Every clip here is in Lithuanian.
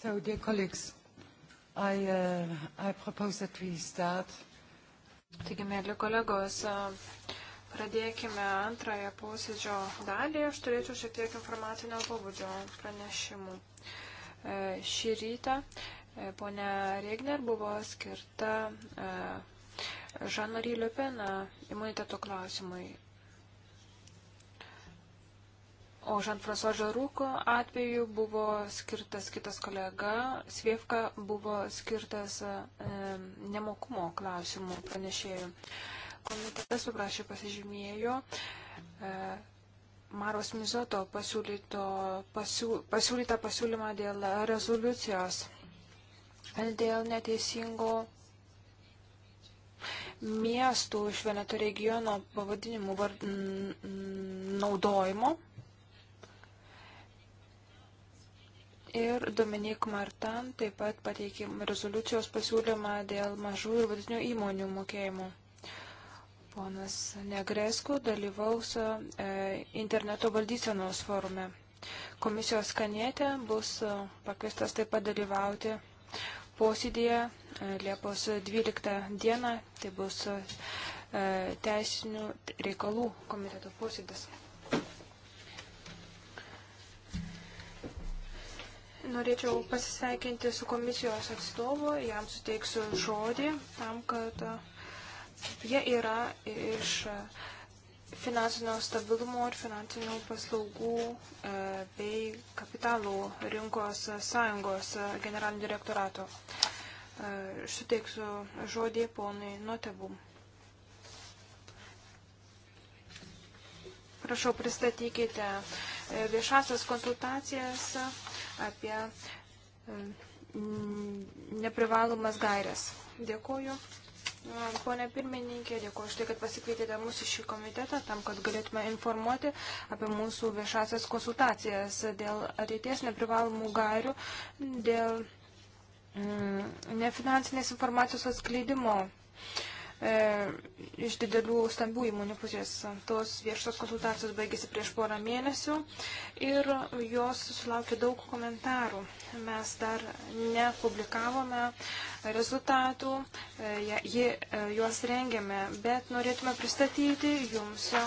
So, dear colleagues, I, uh, I propose that we start. Taigi, mėly kolegos, pradėkime antrąją posėdžio dalį. Aš turėčiau šiek tiek informacinio pobūdžio pranešimų. E, šį rytą e, ponia Regner buvo skirta Žano e, Ryliupena imuniteto klausimui O Žanfraso Žarūko atveju buvo skirtas kitas kolega, Svievka buvo skirtas e, nemokumo klausimų pranešėjų. Komitetas paprašė pasižymėjo e, Maros Mizoto pasiūlyto, pasiū, pasiūlytą pasiūlymą dėl rezoliucijos, dėl neteisingo miestų iš Veneto regiono pavadinimų vard, naudojimo. Ir Dominik Martan taip pat pateikė rezoliucijos pasiūlymą dėl mažų ir vidutinių įmonių mokėjimų. Ponas Negresku dalyvaus e, interneto valdysenos forume. Komisijos kanėtė bus e, pakvistas taip pat dalyvauti posėdėje e, Liepos 12 dieną. Tai bus e, teisinių reikalų komiteto posėdis. Norėčiau pasisveikinti su komisijos atstovu, jam suteiksiu žodį tam, kad uh, jie yra iš uh, finansinio stabilumo ir finansinių paslaugų uh, bei kapitalų rinkos sąjungos generalinio direktorato. Suteiksiu žodį ponui Notebu. Prašau, pristatykite viešasias konsultacijas apie e, neprivalomas gairias. Dėkuoju, ponė pirmininkė, dėkuoju už tai, kad pasikvietėte mūsų šį komitetą, tam, kad galėtume informuoti apie mūsų viešasias konsultacijas dėl ateities neprivalomų gairių, dėl mm, nefinansinės informacijos atskleidimo. E, iš didelių stambių įmonių pusės. Tos viešos konsultacijos baigėsi prieš porą mėnesių ir jos sulaukė daug komentarų. Mes dar nepublikavome rezultatų, e, jie, juos rengėme, bet norėtume pristatyti jums e,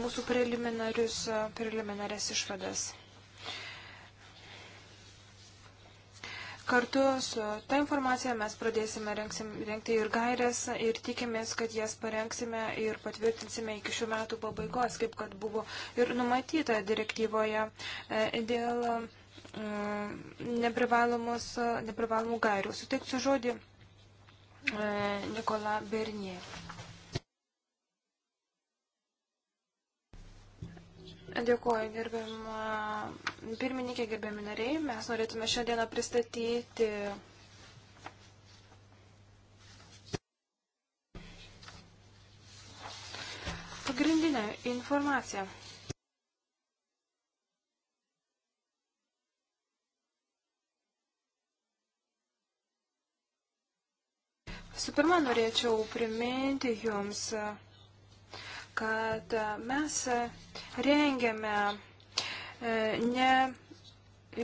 mūsų preliminarius, preliminarias išvadas. Kartu su ta informacija mes pradėsime renksim, renkti ir gairės ir tikimės, kad jas parengsime ir patvirtinsime iki šių metų pabaigos, kaip kad buvo ir numatyta direktyvoje e, dėl mm, neprivalomų gairių. Suteiksiu žodį e, Nikola Bernier. Dėkuoju, gerbiam pirmininkė, gerbiam nariai. Mes norėtume šiandieną pristatyti pagrindinę informaciją. Visų pirma, norėčiau priminti jums, kad mes rengiame e, ne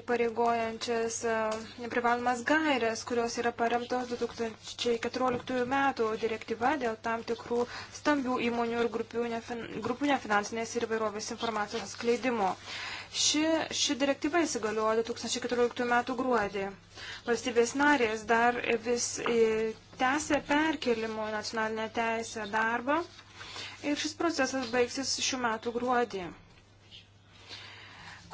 įpareigojančias e, neprivalomas gairias, kurios yra paremtos 2014 metų direktyva dėl tam tikrų stambių įmonių ir grupių, nefin, grupių nefinansinės ir vairovės informacijos skleidimo. Ši, ši direktyva įsigaliojo 2014 metų gruodį. Valstybės narės dar vis e, tęsia perkelimo nacionalinę teisę darbą Ir šis procesas baigsis šių metų gruodį.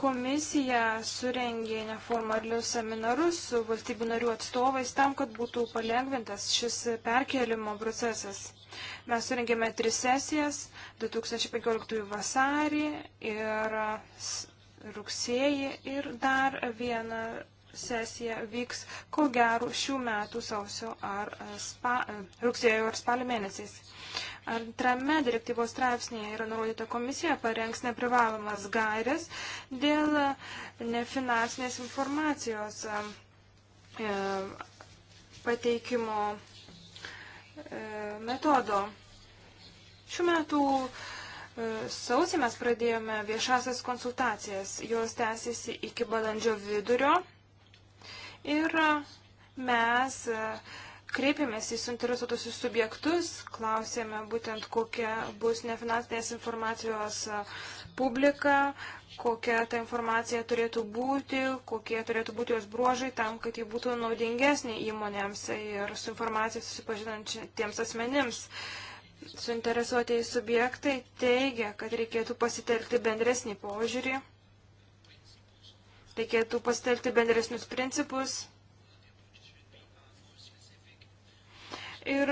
Komisija surengė neformalius seminarus su valstybių narių atstovais tam, kad būtų palengvintas šis perkelimo procesas. Mes surengėme tris sesijas 2015 vasarį ir rugsėjį ir dar vieną sesija vyks ko gero šių metų sausio ar e, spa, e, rugsėjo ar spalio mėnesiais. Antrame direktyvos straipsnėje yra nurodyta komisija parengs neprivalomas gairės dėl nefinansinės informacijos e, pateikimo metodo. Šiuo metu sausį mes pradėjome viešasias konsultacijas. Jos tęsiasi iki balandžio vidurio. Ir e, mes e, kreipėmės į suinteresuotusius subjektus, klausėme būtent, kokia bus nefinansinės informacijos e, publika, kokia ta informacija turėtų būti, kokie turėtų būti jos bruožai tam, kad jie būtų naudingesnė įmonėms ir su informacija susipažinantiems asmenims. Suinteresuotieji subjektai teigia, kad reikėtų pasitelkti bendresnį požiūrį Reikėtų pastelti bendresnius principus. ir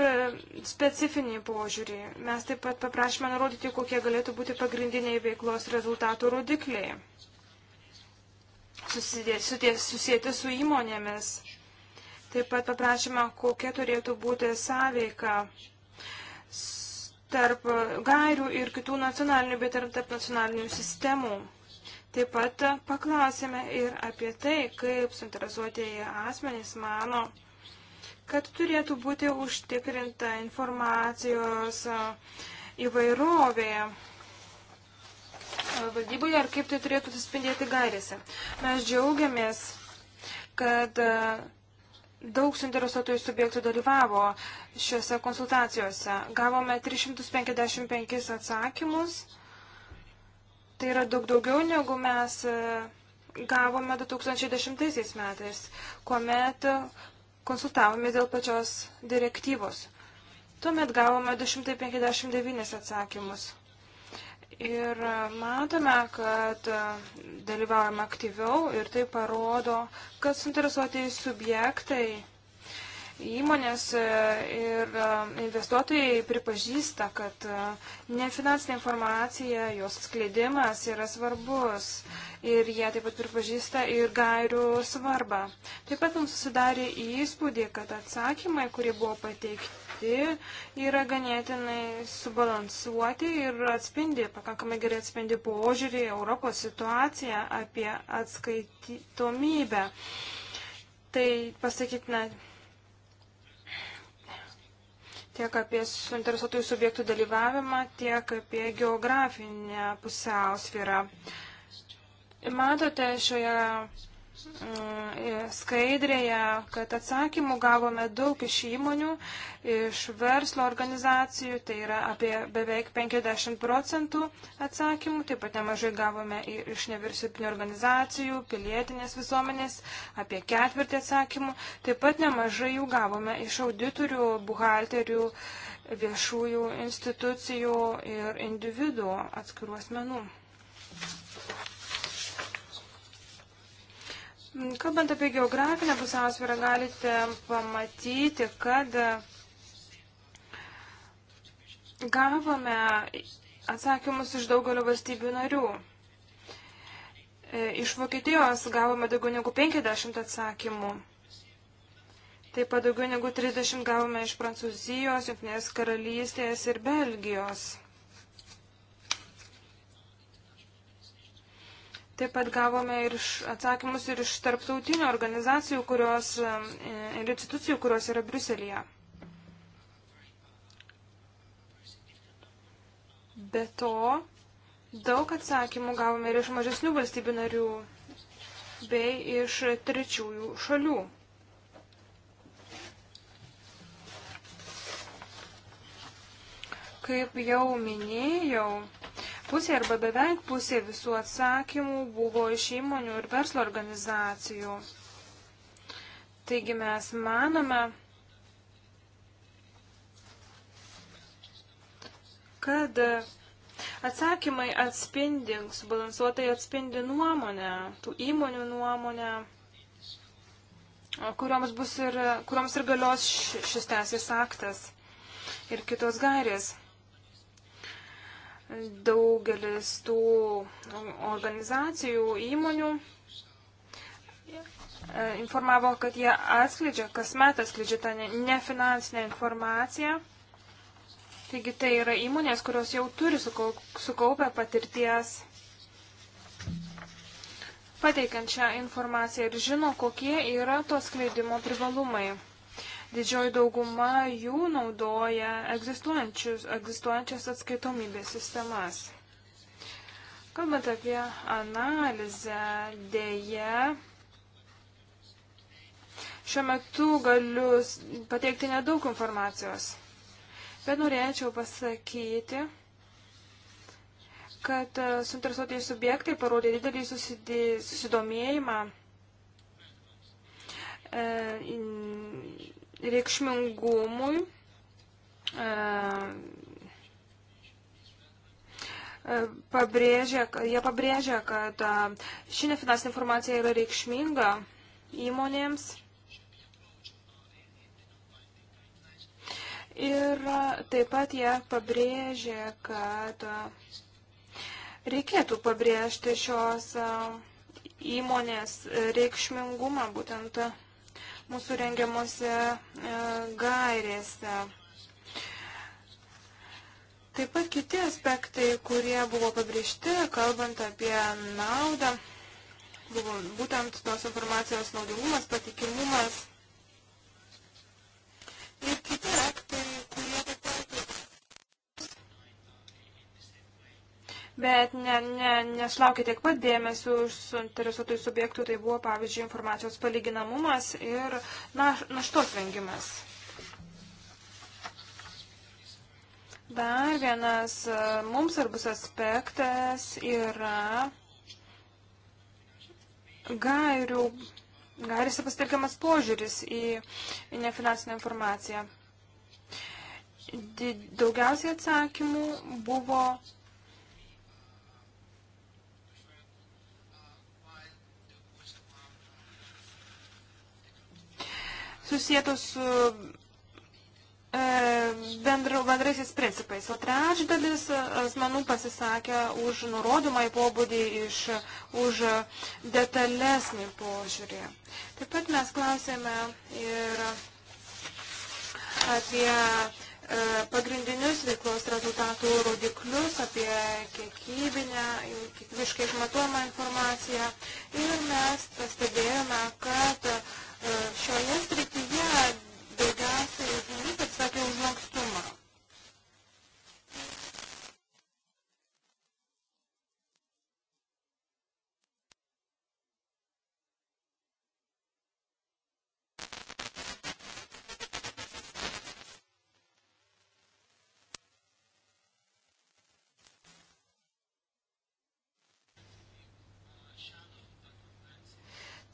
specifinį požiūrį. Mes taip pat paprašėme nurodyti, kokie galėtų būti pagrindiniai veiklos rezultatų rodikliai, susijęti su įmonėmis. Taip pat paprašėme, kokia turėtų būti sąveika tarp gairių ir kitų nacionalinių, bet ir tarp nacionalinių sistemų. Taip pat paklausėme ir apie tai, kaip suinteresuotieji asmenys mano, kad turėtų būti užtikrinta informacijos įvairovė valdyboje ir kaip tai turėtų suspindėti gairėse. Mes džiaugiamės, kad daug suinteresuotojų subjektų dalyvavo šiuose konsultacijose. Gavome 355 atsakymus Tai yra daug daugiau negu mes e, gavome 2010 metais, kuomet konsultavomės dėl pačios direktyvos. Tuomet gavome 259 atsakymus. Ir e, matome, kad e, dalyvaujame aktyviau ir tai parodo, kad suinteresuotieji subjektai įmonės e, ir e, investuotojai pripažįsta, kad e, nefinansinė informacija, jos skleidimas yra svarbus ir jie taip pat pripažįsta ir gairių svarbą. Taip pat mums susidarė įspūdį, kad atsakymai, kurie buvo pateikti, yra ganėtinai subalansuoti ir atspindi, pakankamai gerai atspindi požiūrį Europos situaciją apie atskaitomybę. Tai pasakytina tiek apie suinteresuotųjų subjektų dalyvavimą, tiek apie geografinę pusiausvyrą. Matote šioje Mm, skaidrėje, kad atsakymų gavome daug iš įmonių, iš verslo organizacijų, tai yra apie beveik 50 procentų atsakymų, taip pat nemažai gavome iš nevyriausybinio organizacijų, pilietinės visuomenės, apie ketvirtį atsakymų, taip pat nemažai jų gavome iš auditorių, buhalterių, viešųjų institucijų ir individų atskiruos menų. Thank you. Kalbant apie geografinę pusiausvyrą, galite pamatyti, kad gavome atsakymus iš daugelio valstybių narių. Iš Vokietijos gavome daugiau negu 50 atsakymų. Taip pat daugiau negu 30 gavome iš Prancūzijos, Junktinės karalystės ir Belgijos. Taip pat gavome ir iš atsakymus ir iš tarptautinių organizacijų kurios, ir institucijų, kurios yra Bruselėje. Be to, daug atsakymų gavome ir iš mažesnių valstybių narių bei iš trečiųjų šalių. Kaip jau minėjau, Pusė arba beveik pusė visų atsakymų buvo iš įmonių ir verslo organizacijų. Taigi mes manome, kad atsakymai atspindi, subalansuotai atspindi nuomonę, tų įmonių nuomonę, kurioms, bus ir, kurioms ir galios šis teisės aktas ir kitos gairės. Daugelis tų organizacijų, įmonių e, informavo, kad jie atskleidžia, kasmet atskleidžia tą nefinansinę informaciją. Taigi tai yra įmonės, kurios jau turi sukaupę patirties pateikiant šią informaciją ir žino, kokie yra to skleidimo privalumai. Didžioji dauguma jų naudoja egzistuojančias atskaitomybės sistemas. Kalbant apie analizę, dėje, šiuo metu galiu pateikti nedaug informacijos, bet norėčiau pasakyti, kad e, suinteresuotieji subjektai parodė didelį susidomėjimą e, reikšmingumui e, e, pabrėžia, jie pabrėžia, kad e, ši nefinansinė informacija yra reikšminga įmonėms. Ir taip pat jie pabrėžė, kad reikėtų pabrėžti šios įmonės reikšmingumą būtent mūsų rengiamuose e, gairėse. Taip pat kiti aspektai, kurie buvo pabrėžti, kalbant apie naudą, buvo būtent tos informacijos naudingumas, patikimumas ir kiti bet ne, ne, neslaukė tiek pat dėmesio iš suinteresuotų subjektų, tai buvo, pavyzdžiui, informacijos palyginamumas ir na, naštos vengimas. Dar vienas e, mums svarbus aspektas yra gairių, gairėse pasitelkiamas požiūris į nefinansinę informaciją. Daugiausiai atsakymų buvo susijėtos su e, bendra, bendraisiais principais. O trečdalis e, asmenų pasisakė už nurodymą į pobūdį, iš, už detalesnį požiūrį. Taip pat mes klausėme ir apie e, pagrindinius veiklos rezultatų rodiklius, apie kiekybinę, kiekybiškai išmatuojamą informaciją. Ir mes pastebėjome, kad Šioje srityje daugiausiai žmonių, kaip sakė, užmoksta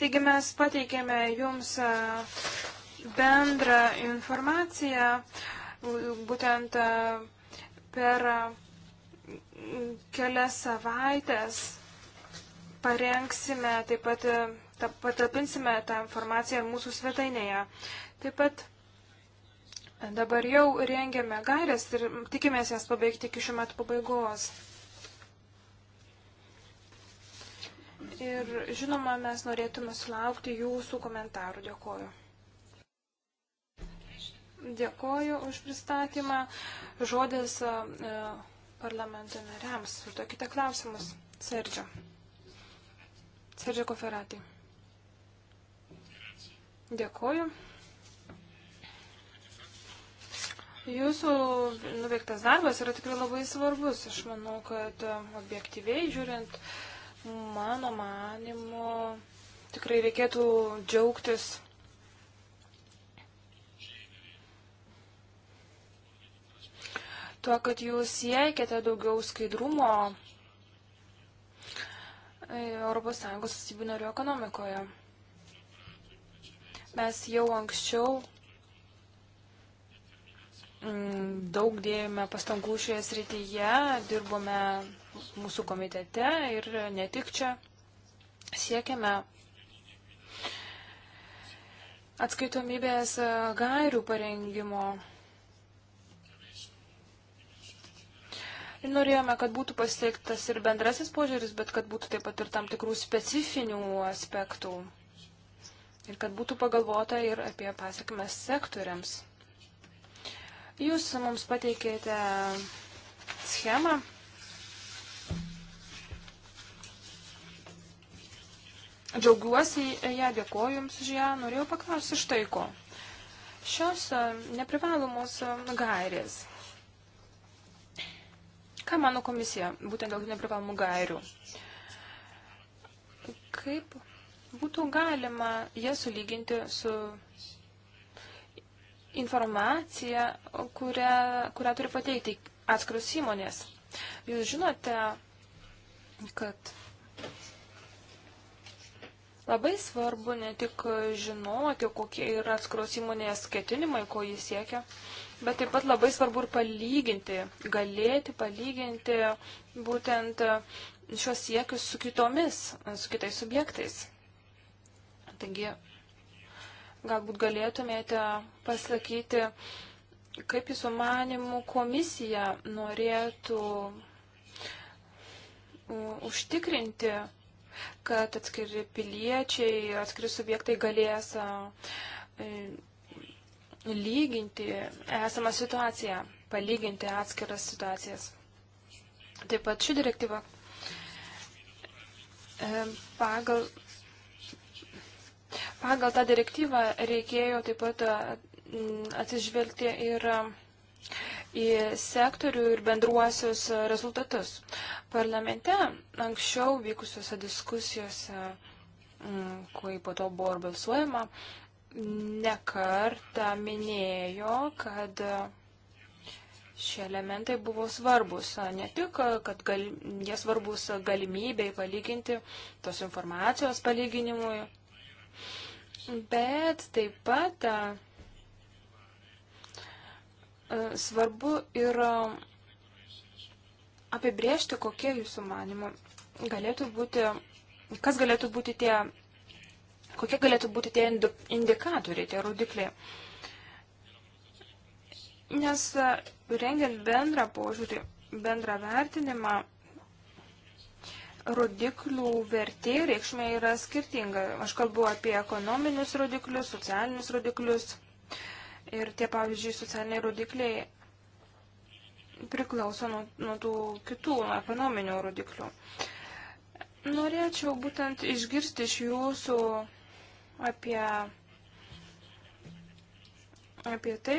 Taigi mes pateikėme jums e, bendrą informaciją, būtent e, per e, kelias savaitės parengsime, taip pat ta, patalpinsime tą informaciją mūsų svetainėje. Taip pat dabar jau rengiame gairias ir tikimės jas pabaigti iki šių metų pabaigos. ir žinoma, mes norėtume sulaukti jūsų komentarų. Dėkoju. Dėkoju už pristatymą. Žodis e, parlamento nariams. Užduokite klausimus. Serdžio. Serdžio Koferatį. Dėkoju. Jūsų nuveiktas darbas yra tikrai labai svarbus. Aš manau, kad objektyviai žiūrint, uh, Mano manimu, tikrai reikėtų džiaugtis tuo, kad jūs siekiate daugiau skaidrumo ES valstybių narių ekonomikoje. Mes jau anksčiau mm, daug dėjome pastangų šioje srityje, dirbome mūsų komitete ir ne tik čia siekiame atskaitomybės e, gairių parengimo. Ir norėjome, kad būtų pasiektas ir bendrasis požiūris, bet kad būtų taip pat ir tam tikrų specifinių aspektų. Ir kad būtų pagalvota ir apie pasiekmes sektoriams. Jūs mums pateikėte schemą Džiaugiuosi ją, ja, dėkoju Jums už ją, norėjau paklausti štai ko. Šios e, neprivalomos e, gairės. Ką mano komisija būtent dėl neprivalomų gairių? Kaip būtų galima jas sulyginti su informacija, kurią, kurią turi pateikti atskiros įmonės? Jūs žinote, kad Labai svarbu ne tik žinoti, kokie yra atskiros įmonės ketinimai, ko jis siekia, bet taip pat labai svarbu ir palyginti, galėti palyginti būtent šios siekius su kitomis, su kitais subjektais. Taigi, galbūt galėtumėte pasakyti, kaip jūsų manimų komisija norėtų užtikrinti kad atskiri piliečiai, atskiri subjektai galės e, lyginti esamą situaciją, palyginti atskiras situacijas. Taip pat ši direktyva e, pagal, pagal tą direktyvą reikėjo taip pat atsižvelgti ir į sektorių ir bendruosius rezultatus. Parlamente anksčiau vykusiuose diskusijose, mm, kai po to buvo ir balsuojama, nekarta minėjo, kad šie elementai buvo svarbus. Ne tik, kad gal, jie svarbus galimybei palyginti tos informacijos palyginimui, bet taip pat E, svarbu yra apibriežti, kokie jūsų manimo galėtų būti, kas galėtų būti tie, kokie galėtų būti tie indikatoriai, tie rodikliai. Nes e, rengiant bendrą požiūrį, bendrą vertinimą, rodiklių vertė reikšmė yra skirtinga. Aš kalbu apie ekonominius rodiklius, socialinius rodiklius, ir tie, pavyzdžiui, socialiniai rodikliai priklauso nuo, nuo tų kitų nuo ekonominių rodiklių. Norėčiau būtent išgirsti iš jūsų apie, apie tai.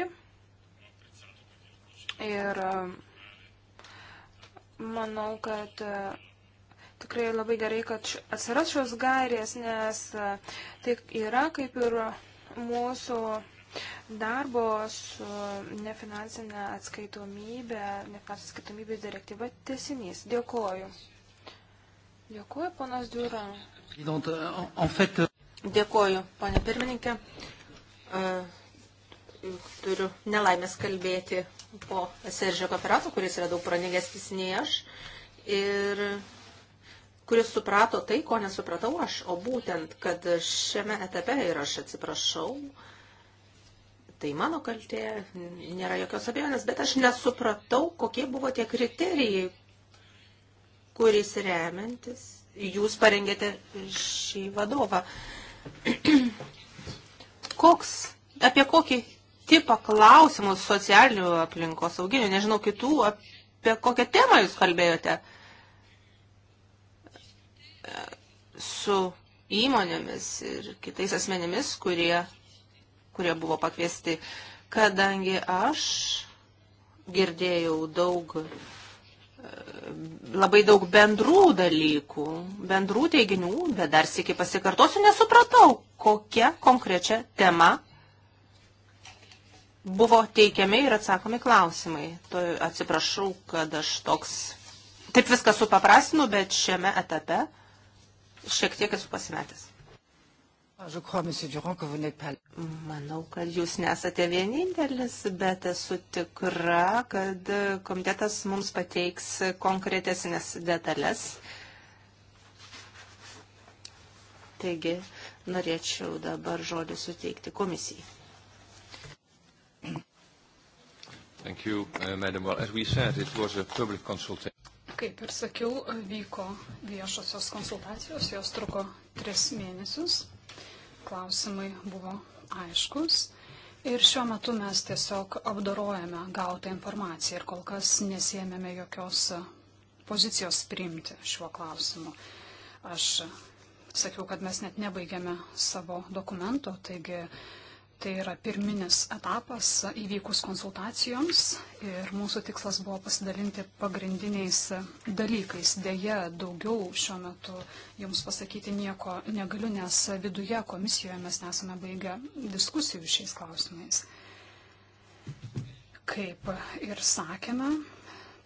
Ir e, manau, kad e, tikrai labai gerai, kad atsiras šios gairės, nes tai yra kaip ir mūsų Darbo su nefinansinė atskaitomybė, nefinansinė atskaitomybė direktyva tesinys. Dėkuoju. Dėkuoju, ponas Diura. Dėkuoju, ponė pirmininkė. E, turiu nelaimės kalbėti po Seržio Kaperato, kuris yra daug pranigesnis nei aš. Ir kuris suprato tai, ko nesupratau aš, o būtent, kad šiame etape, ir aš atsiprašau, uh, tai mano kaltė, nėra jokios abejonės, bet aš nesupratau, kokie buvo tie kriterijai, kuriais remiantis jūs parengėte šį vadovą. Koks, apie kokį tipą klausimų socialinių aplinkos sauginių, nežinau kitų, apie kokią temą jūs kalbėjote su įmonėmis ir kitais asmenimis, kurie kurie buvo pakviesti, kadangi aš girdėjau daug e, labai daug bendrų dalykų, bendrų teiginių, bet dar sėki pasikartosiu, nesupratau, kokia konkrečia tema buvo teikiami ir atsakomi klausimai. To atsiprašau, kad aš toks, taip viską supaprastinu, bet šiame etape šiek tiek esu pasimetęs. Ah, Manau, kad jūs nesate vienintelis, bet esu tikra, kad komitetas mums pateiks konkretesnės detalės. Taigi, norėčiau dabar žodį suteikti komisijai. Thank you, uh, Madam. Well, as we said, it was a public consultation. Kaip ir sakiau, vyko viešosios konsultacijos, jos truko tris mėnesius klausimai buvo aiškus. Ir šiuo metu mes tiesiog apdarojame gautą informaciją ir kol kas nesėmėme jokios pozicijos priimti šiuo klausimu. Aš sakiau, kad mes net nebaigėme savo dokumento, taigi Tai yra pirminis etapas įvykus konsultacijoms ir mūsų tikslas buvo pasidalinti pagrindiniais dalykais. Deja, daugiau šiuo metu jums pasakyti nieko negaliu, nes viduje komisijoje mes nesame baigę diskusijų šiais klausimais. Kaip ir sakėme,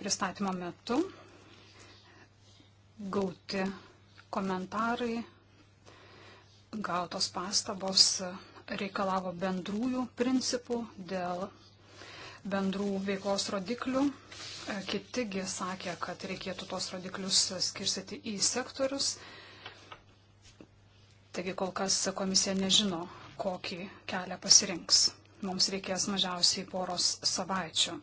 pristatymo metu gauti komentarai, gautos pastabos reikalavo bendrųjų principų dėl bendrų veiklos rodiklių. E, kitigi sakė, kad reikėtų tos rodiklius skirstyti į sektorius. Taigi kol kas komisija nežino, kokį kelią pasirinks. Mums reikės mažiausiai poros savaičių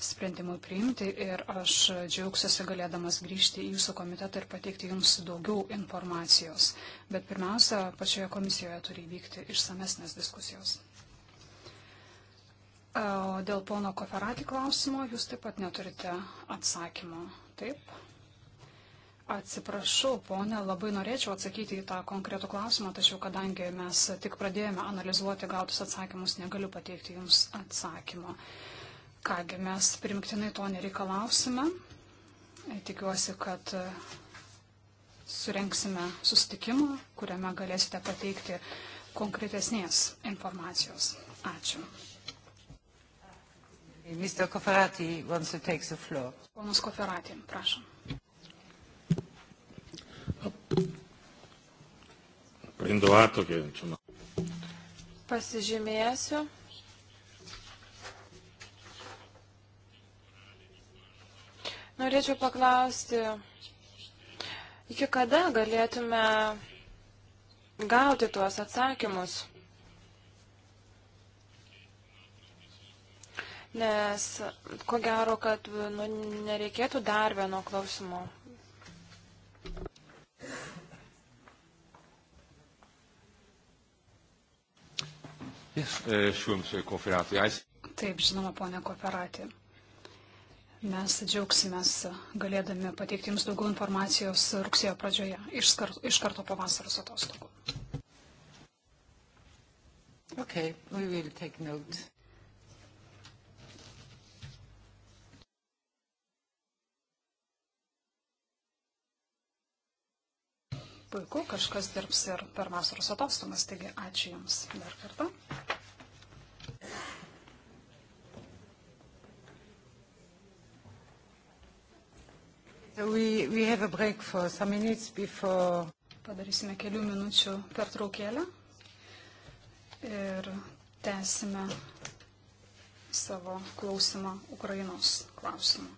sprendimui priimti ir aš džiaugsiuosi galėdamas grįžti į jūsų komitetą ir pateikti jums daugiau informacijos. Bet pirmiausia, pačioje komisijoje turi vykti išsamesnės diskusijos. O dėl pono Koferati klausimo jūs taip pat neturite atsakymo. Taip? Atsiprašau, ponė, labai norėčiau atsakyti į tą konkretų klausimą, tačiau kadangi mes tik pradėjome analizuoti gautus atsakymus, negaliu pateikti Jums atsakymo. Kągi mes primiktinai to nereikalausime. E, tikiuosi, kad e, surenksime sustikimą, kuriame galėsite pateikti konkretesnės informacijos. Ačiū. Mr. Koferati wants to take the floor. Ponas Koferati, prašom. Prendo atto che insomma. Pasižymėsiu. Norėčiau paklausti, iki kada galėtume gauti tuos atsakymus? Nes ko gero, kad nu, nereikėtų dar vieno klausimo Taip, žinoma, ponia Kooperatė. Mes džiaugsimės galėdami pateikti jums daugiau informacijos rugsėjo pradžioje, iš, skar, iš karto po vasaros atostogų. Okay, we will take note. Puiku, kažkas dirbs ir per vasaros atostogas, taigi ačiū Jums dar kartą. We, we have a break for some minutes before. Padarysime kelių minučių pertraukėlę ir tęsime savo klausimą Ukrainos klausimu.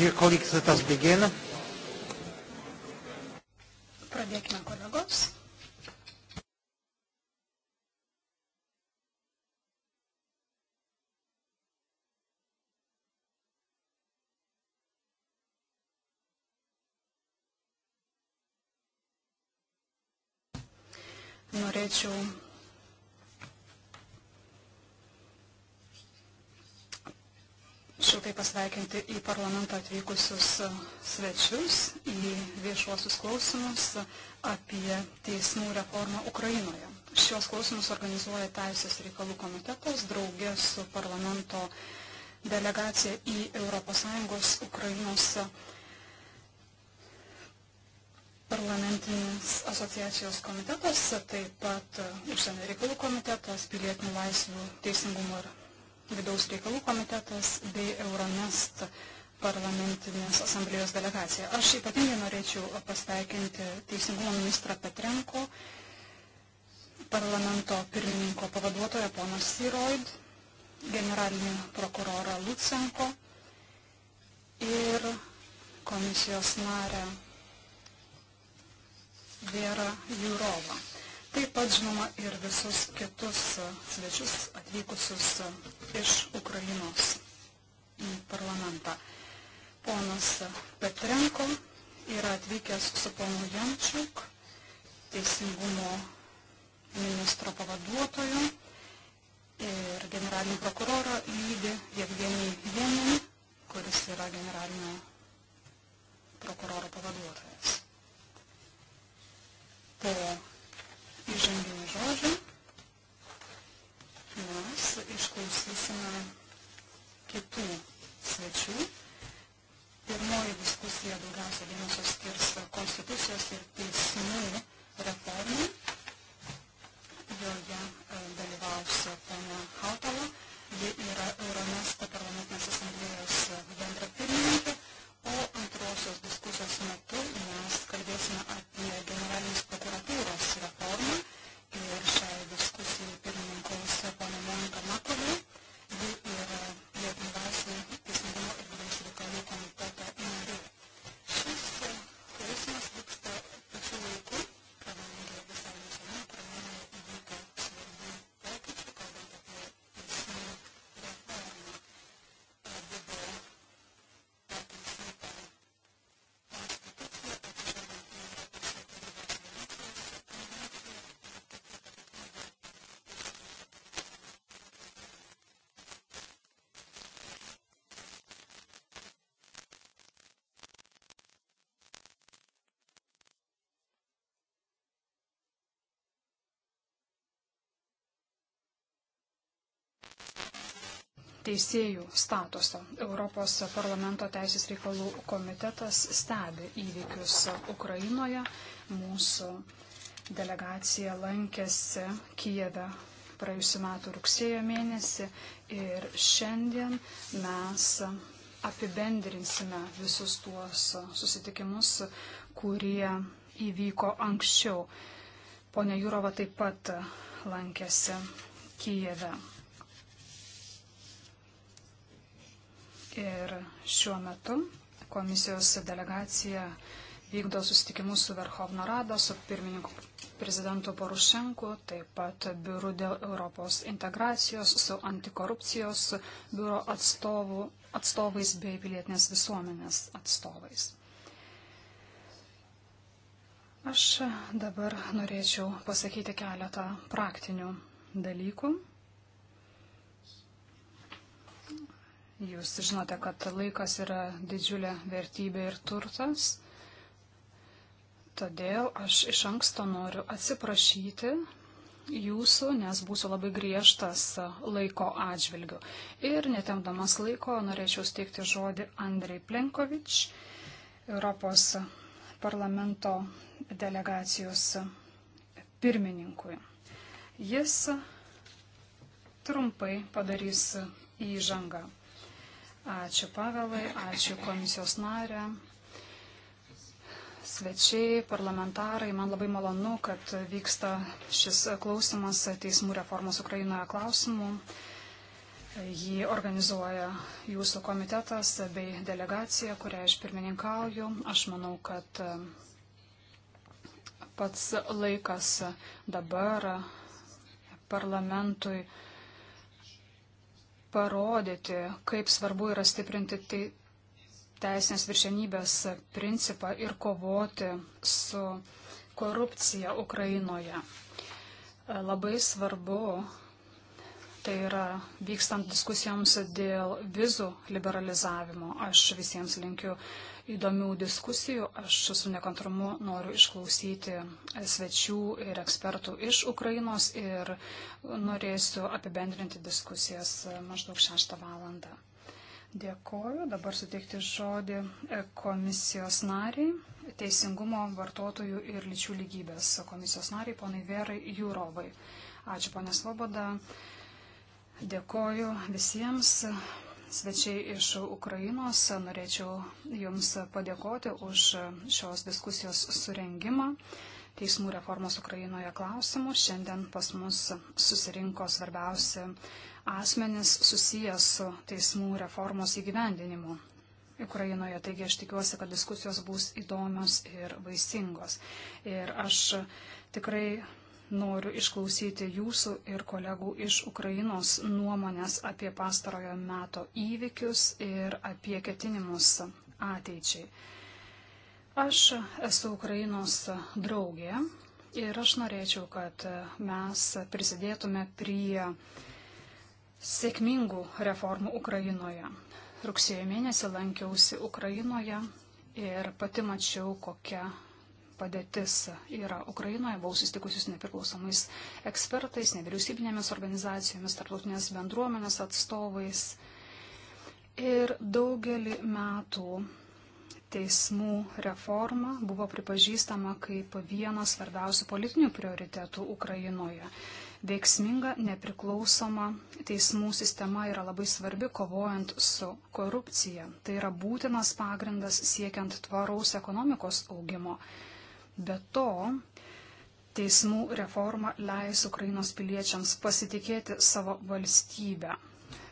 Dear colleagues, let us begin. Pradėkime, kolegos. Norėčiau šiltai pasveikinti į parlamentą atvykusius svečius, į viešuosius klausimus apie teismų reformą Ukrainoje. Šios klausimus organizuoja Teisės reikalų komitetas draugė su parlamento delegacija į ES Ukrainos parlamentinis asociacijos komitetas, taip pat užsienio reikalų komitetas, pilietinių laisvių, teisingumo ir vidaus reikalų komitetas bei Euronest parlamentinės asamblėjos delegacija. Aš ypatingai norėčiau pasveikinti teisingumo ministrą Petrenko, parlamento pirmininko pavaduotoją poną Siroid, generalinį prokurorą Lucenko ir komisijos narę Vėra Jūrovą. Taip pat žinoma ir visus kitus e, svečius atvykusius e, iš Ukrainos į parlamentą. Ponas e, Petrenko yra atvykęs su ponu Jančiuk, teisingumo ministro pavaduotoju ir generalinį prokurorą lydi Jevgenij Jenin, kuris yra generalinio prokuroro pavaduotojas. Po įžanginį žodžį. Mes išklausysime kitų svečių. Pirmoji diskusija daugiausia dėmesio skirs konstitucijos ir teismų reformai. Joje e, dalyvaus ponia Hautala. Ji yra Euronesto parlamentinės asamblėjos e, bendra pirmininkė. O antrosios diskusijos metu mes kalbėsime apie teisėjų statuso. Europos parlamento teisės reikalų komitetas stebi įvykius Ukrainoje. Mūsų delegacija lankėsi Kijeve praėjusiu metu rugsėjo mėnesį ir šiandien mes apibendrinsime visus tuos susitikimus, kurie įvyko anksčiau. Pone Jurova taip pat lankėsi Kijeve. Ir šiuo metu komisijos delegacija vykdo susitikimus su Verhovno Rada, su pirmininku prezidentu Porušenku, taip pat biuru dėl Europos integracijos, su antikorupcijos biuro atstovu, atstovais bei pilietinės visuomenės atstovais. Aš dabar norėčiau pasakyti keletą praktinių dalykų Jūs žinote, kad laikas yra didžiulė vertybė ir turtas. Todėl aš iš anksto noriu atsiprašyti jūsų, nes būsiu labai griežtas laiko atžvilgiu. Ir netemdamas laiko norėčiau steigti žodį Andrei Plenkovič, Europos parlamento delegacijos pirmininkui. Jis trumpai padarys įžangą. Ačiū Pavelai, ačiū komisijos narė. Svečiai, parlamentarai, man labai malonu, kad vyksta šis klausimas teismų reformos Ukrainoje klausimų. Jį organizuoja jūsų komitetas bei delegacija, kurią aš pirmininkauju. Aš manau, kad pats laikas dabar parlamentui parodyti, kaip svarbu yra stiprinti tai teisinės viršenybės principą ir kovoti su korupcija Ukrainoje. Labai svarbu, tai yra vykstant diskusijoms dėl vizų liberalizavimo, aš visiems linkiu įdomių diskusijų. Aš su nekantrumu noriu išklausyti svečių ir ekspertų iš Ukrainos ir norėsiu apibendrinti diskusijas maždaug 6 valandą. Dėkoju. Dabar suteikti žodį komisijos nariai, Teisingumo vartotojų ir lyčių lygybės komisijos nariai, ponai Vėrai Jūrovai. Ačiū, ponė Svoboda. Dėkoju visiems svečiai iš Ukrainos. Norėčiau Jums padėkoti už šios diskusijos surengimą. Teismų reformos Ukrainoje klausimų. Šiandien pas mus susirinko svarbiausi asmenys susijęs su teismų reformos įgyvendinimu. Ukrainoje. Taigi aš tikiuosi, kad diskusijos bus įdomios ir vaisingos. Ir aš tikrai Noriu išklausyti jūsų ir kolegų iš Ukrainos nuomonės apie pastarojo meto įvykius ir apie ketinimus ateičiai. Aš esu Ukrainos draugė ir aš norėčiau, kad mes prisidėtume prie sėkmingų reformų Ukrainoje. Rugsėjo mėnesį lankiausi Ukrainoje ir pati mačiau, kokia padėtis yra Ukrainoje. Buvau sustikusius nepriklausomais ekspertais, nevyriausybinėmis organizacijomis, tarptautinės bendruomenės atstovais. Ir daugelį metų teismų reforma buvo pripažįstama kaip vienas svarbiausių politinių prioritetų Ukrainoje. Veiksminga, nepriklausoma teismų sistema yra labai svarbi kovojant su korupcija. Tai yra būtinas pagrindas siekiant tvaraus ekonomikos augimo. Be to, teismų reforma leis Ukrainos piliečiams pasitikėti savo valstybę.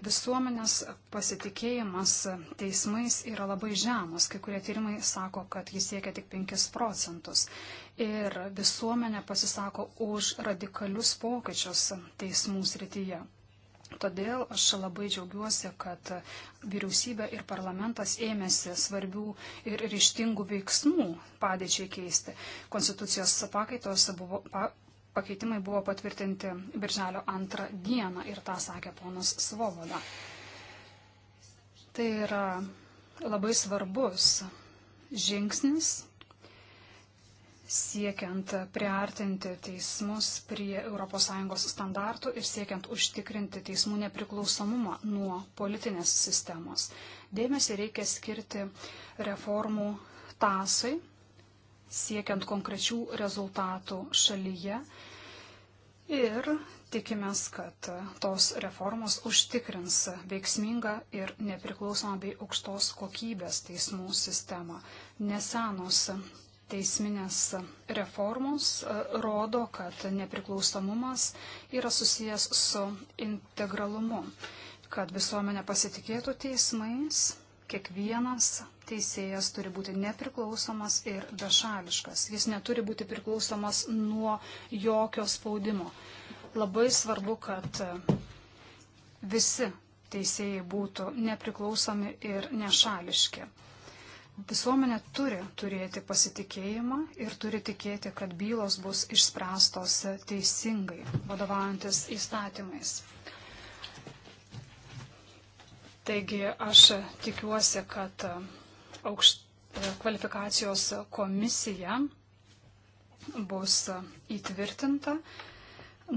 Visuomenės pasitikėjimas teismais yra labai žemas, kai kurie tyrimai sako, kad jis siekia tik 5 procentus. Ir visuomenė pasisako už radikalius pokyčius teismų srityje. Todėl aš labai džiaugiuosi, kad vyriausybė ir parlamentas ėmėsi svarbių ir ryštingų veiksmų padėčiai keisti. Konstitucijos pakaitos buvo, pa, pakeitimai buvo patvirtinti birželio antrą dieną ir tą sakė ponas Svoboda. Tai yra labai svarbus žingsnis siekiant priartinti teismus prie ES standartų ir siekiant užtikrinti teismų nepriklausomumą nuo politinės sistemos. Dėmesį reikia skirti reformų tasai, siekiant konkrečių rezultatų šalyje ir tikimės, kad tos reformos užtikrins veiksmingą ir nepriklausomą bei aukštos kokybės teismų sistemą. Nesenos teisminės reformos e, rodo, kad nepriklausomumas yra susijęs su integralumu, kad visuomenė pasitikėtų teismais, kiekvienas teisėjas turi būti nepriklausomas ir bešališkas. Jis neturi būti priklausomas nuo jokio spaudimo. Labai svarbu, kad visi teisėjai būtų nepriklausomi ir nešališki. Visuomenė turi turėti pasitikėjimą ir turi tikėti, kad bylos bus išspręstos teisingai, vadovaujantis įstatymais. Taigi aš tikiuosi, kad aukšt, kvalifikacijos komisija bus įtvirtinta,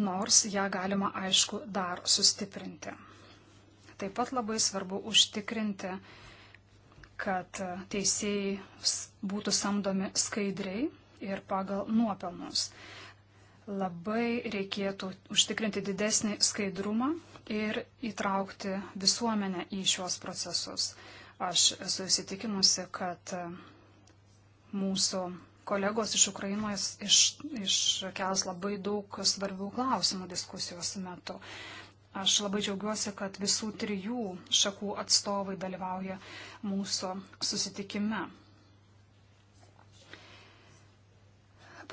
nors ją galima aišku dar sustiprinti. Taip pat labai svarbu užtikrinti, kad teisėjai būtų samdomi skaidriai ir pagal nuopelnus. Labai reikėtų užtikrinti didesnį skaidrumą ir įtraukti visuomenę į šios procesus. Aš esu įsitikinusi, kad e, mūsų kolegos iš Ukrainos iš, iškels labai daug svarbių klausimų diskusijos metu. Aš labai džiaugiuosi, kad visų trijų šakų atstovai dalyvauja mūsų susitikime.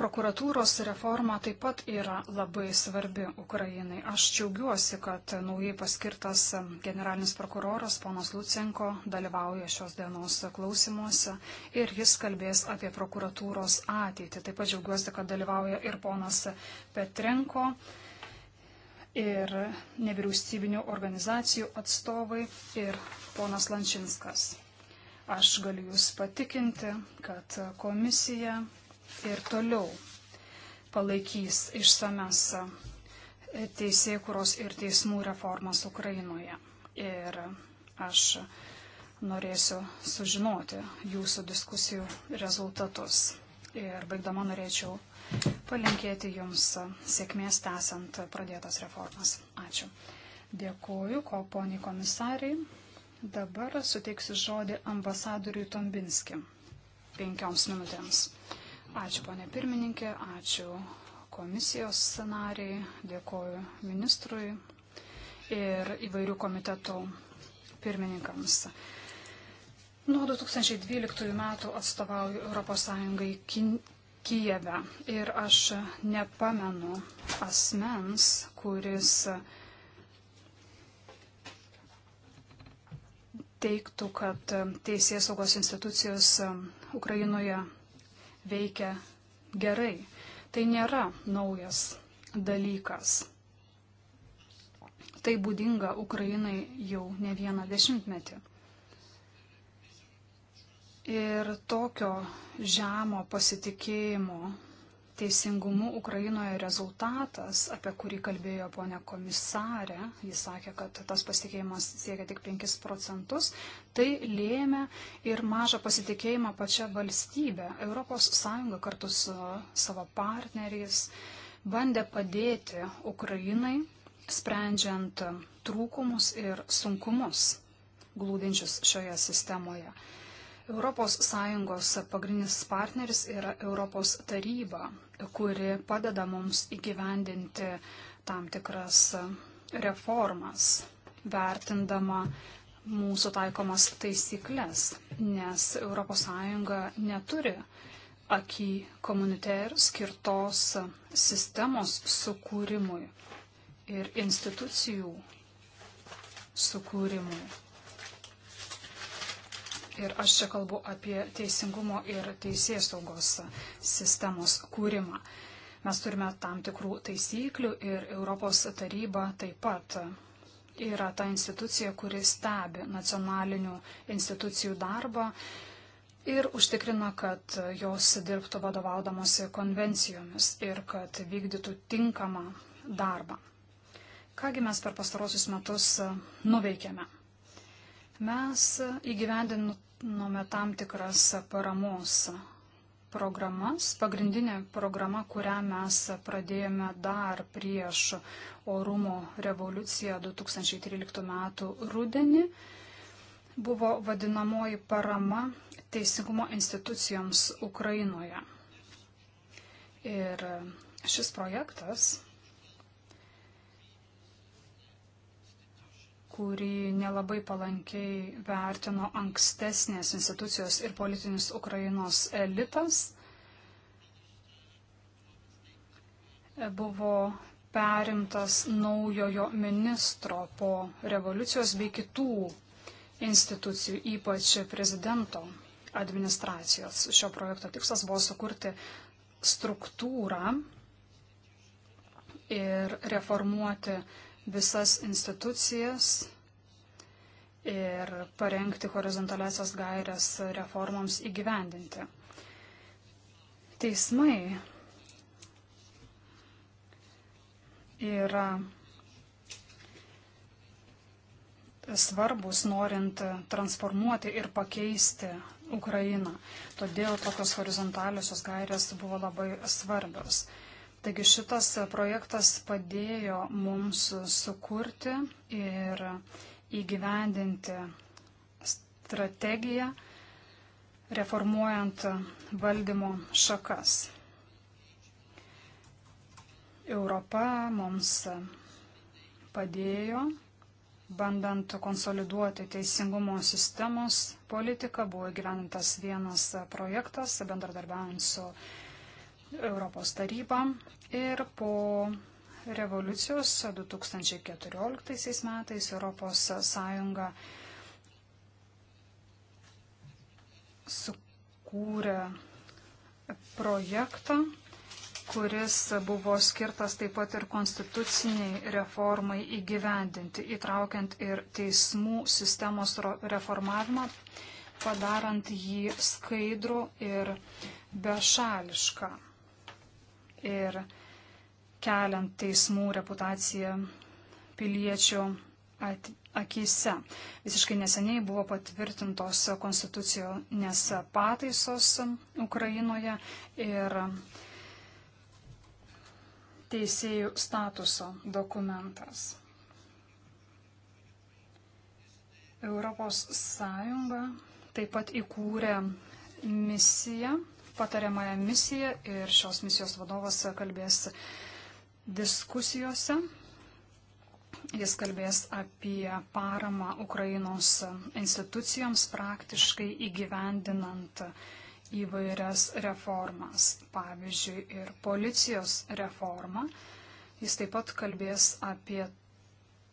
Prokuratūros reforma taip pat yra labai svarbi Ukrainai. Aš džiaugiuosi, kad naujai paskirtas generalinis prokuroras ponas Lucenko dalyvauja šios dienos klausimuose ir jis kalbės apie prokuratūros ateitį. Taip pat džiaugiuosi, kad dalyvauja ir ponas Petrenko. Uh, ir nevyriausybinių organizacijų atstovai ir ponas Lančinskas. Aš galiu Jūs patikinti, kad komisija ir toliau palaikys išsames teisėkuros ir teismų reformas Ukrainoje. Ir aš norėsiu sužinoti jūsų diskusijų rezultatus. Ir baigdama norėčiau palinkėti Jums sėkmės tęsant pradėtas reformas. Ačiū. Dėkuoju, ko poniai komisariai. Dabar suteiksiu žodį ambasadoriui Tombinski. Penkioms minutėms. Ačiū, ponė pirmininkė, ačiū komisijos scenarijai, dėkoju ministrui ir įvairių komitetų pirmininkams. Nuo 2012 metų atstovauju ES Kijeve. Ir aš nepamenu asmens, kuris teiktų, kad teisės saugos institucijos um, Ukrainoje veikia gerai. Tai nėra naujas dalykas. Tai būdinga Ukrainai jau ne vieną dešimtmetį. Ir tokio žemo pasitikėjimo teisingumu Ukrainoje rezultatas, apie kurį kalbėjo ponė komisarė, jis sakė, kad tas pasitikėjimas siekia tik 5 procentus, tai lėmė ir mažą pasitikėjimą pačią valstybę. ES kartu su savo partneriais bandė padėti Ukrainai, sprendžiant trūkumus ir sunkumus glūdinčius šioje sistemoje. ES pagrindinis partneris yra Europos taryba, kuri padeda mums įgyvendinti tam tikras reformas, vertindama mūsų taikomas taisyklės, nes ES neturi akį komuniter skirtos sistemos sukūrimui ir institucijų sukūrimui. Ir aš čia kalbu apie teisingumo ir teisės saugos sistemos kūrimą. Mes turime tam tikrų taisyklių ir Europos taryba taip pat yra ta institucija, kuri stebi nacionalinių institucijų darbą ir užtikrina, kad jos dirbtų vadovaudamosi konvencijomis ir kad vykdytų tinkamą darbą. Kągi mes per pastarosius metus nuveikėme? Mes įgyvendiname nuome tam tikras paramos programas. Pagrindinė programa, kurią mes pradėjome dar prieš orumo revoliuciją 2013 m. rudenį, buvo vadinamoji parama teisingumo institucijoms Ukrainoje. Ir šis projektas kurį nelabai palankiai vertino ankstesnės institucijos ir politinis Ukrainos elitas. Buvo perimtas naujojo ministro po revoliucijos bei kitų institucijų, ypač prezidento administracijos. Šio projekto tikslas buvo sukurti struktūrą ir reformuoti visas institucijas ir parengti horizontalesias gairias reformoms įgyvendinti. Teismai yra svarbus norint transformuoti ir pakeisti Ukrainą. Todėl tokios horizontaliosios gairės buvo labai svarbios. Taigi šitas projektas padėjo mums sukurti ir įgyvendinti strategiją, reformuojant valdymo šakas. Europa mums padėjo, bandant konsoliduoti teisingumo sistemos politiką, buvo įgyvendintas vienas projektas, bendradarbiaujant su Europos tarybą ir po revoliucijos 2014 metais Europos Sąjunga sukūrė projektą, kuris buvo skirtas taip pat ir konstituciniai reformai įgyvendinti, įtraukiant ir teismų sistemos reformavimą, padarant jį skaidrų ir bešališką ir keliant teismų reputaciją piliečių akise. Visiškai neseniai buvo patvirtintos konstitucijos pataisos Ukrainoje ir teisėjų statuso dokumentas. Europos Sąjunga taip pat įkūrė misiją patariamąją misiją ir šios misijos vadovas kalbės diskusijose. Jis kalbės apie paramą Ukrainos institucijoms praktiškai įgyvendinant įvairias reformas, pavyzdžiui, ir policijos reformą. Jis taip pat kalbės apie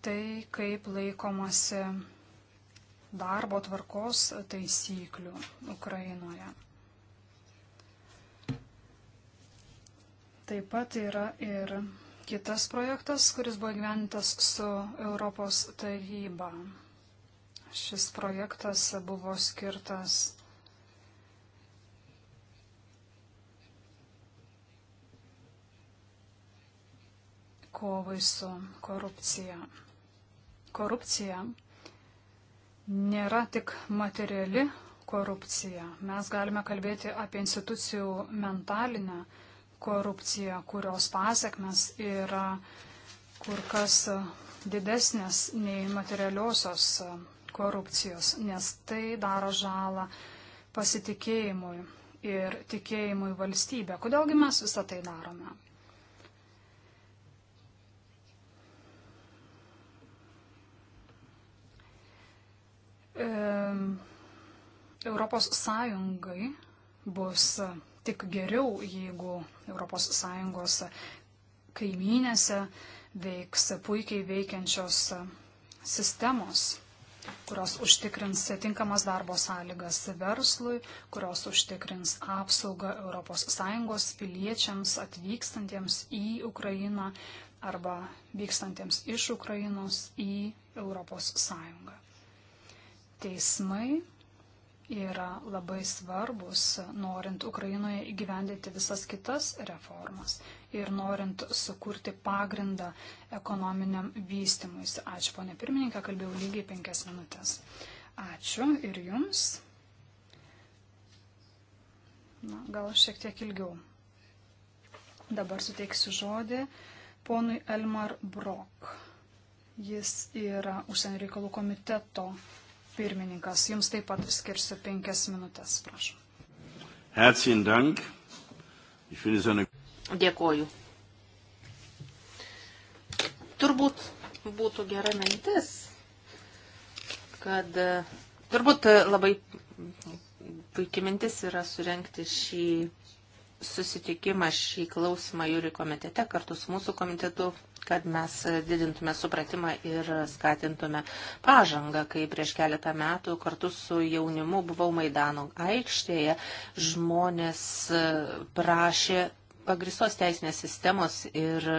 tai, kaip laikomasi darbo tvarkos taisyklių Ukrainoje. Taip pat yra ir kitas projektas, kuris buvo gyventas su Europos taryba. Šis projektas buvo skirtas kovai su korupcija. Korupcija nėra tik materiali korupcija. Mes galime kalbėti apie institucijų mentalinę korupciją korupcija, kurios pasiekmes yra kur kas didesnės nei materialiosios korupcijos, nes tai daro žalą pasitikėjimui ir tikėjimui valstybę. Kodėlgi mes visą tai darome? Europos Sąjungai bus tik geriau, jeigu ES kaimynėse veiks puikiai veikiančios sistemos, kurios užtikrins tinkamas darbo sąlygas verslui, kurios užtikrins apsaugą ES piliečiams atvykstantiems į Ukrainą arba vykstantiems iš Ukrainos į ES. Teismai yra labai svarbus, norint Ukrainoje įgyvendinti visas kitas reformas ir norint sukurti pagrindą ekonominiam vystimuisi. Ačiū, ponė pirmininkė, kalbėjau lygiai penkias minutės. Ačiū ir jums. Na, gal šiek tiek ilgiau. Dabar suteiksiu žodį ponui Elmar Brok. Jis yra užsienio reikalų komiteto Pirmininkas, jums taip pat skirsiu penkias minutės, prašom. Herzlichen Dank. Ich finde es eine. Dėkoju. Turbūt būtų gera mintis, kad turbūt labai puikia mintis yra surenkti šį susitikimą, šį klausimą jūri komitete kartu su mūsų komitetu kad mes didintume supratimą ir skatintume pažangą, kai prieš keletą metų kartu su jaunimu buvau Maidano aikštėje, žmonės prašė pagristos teisinės sistemos ir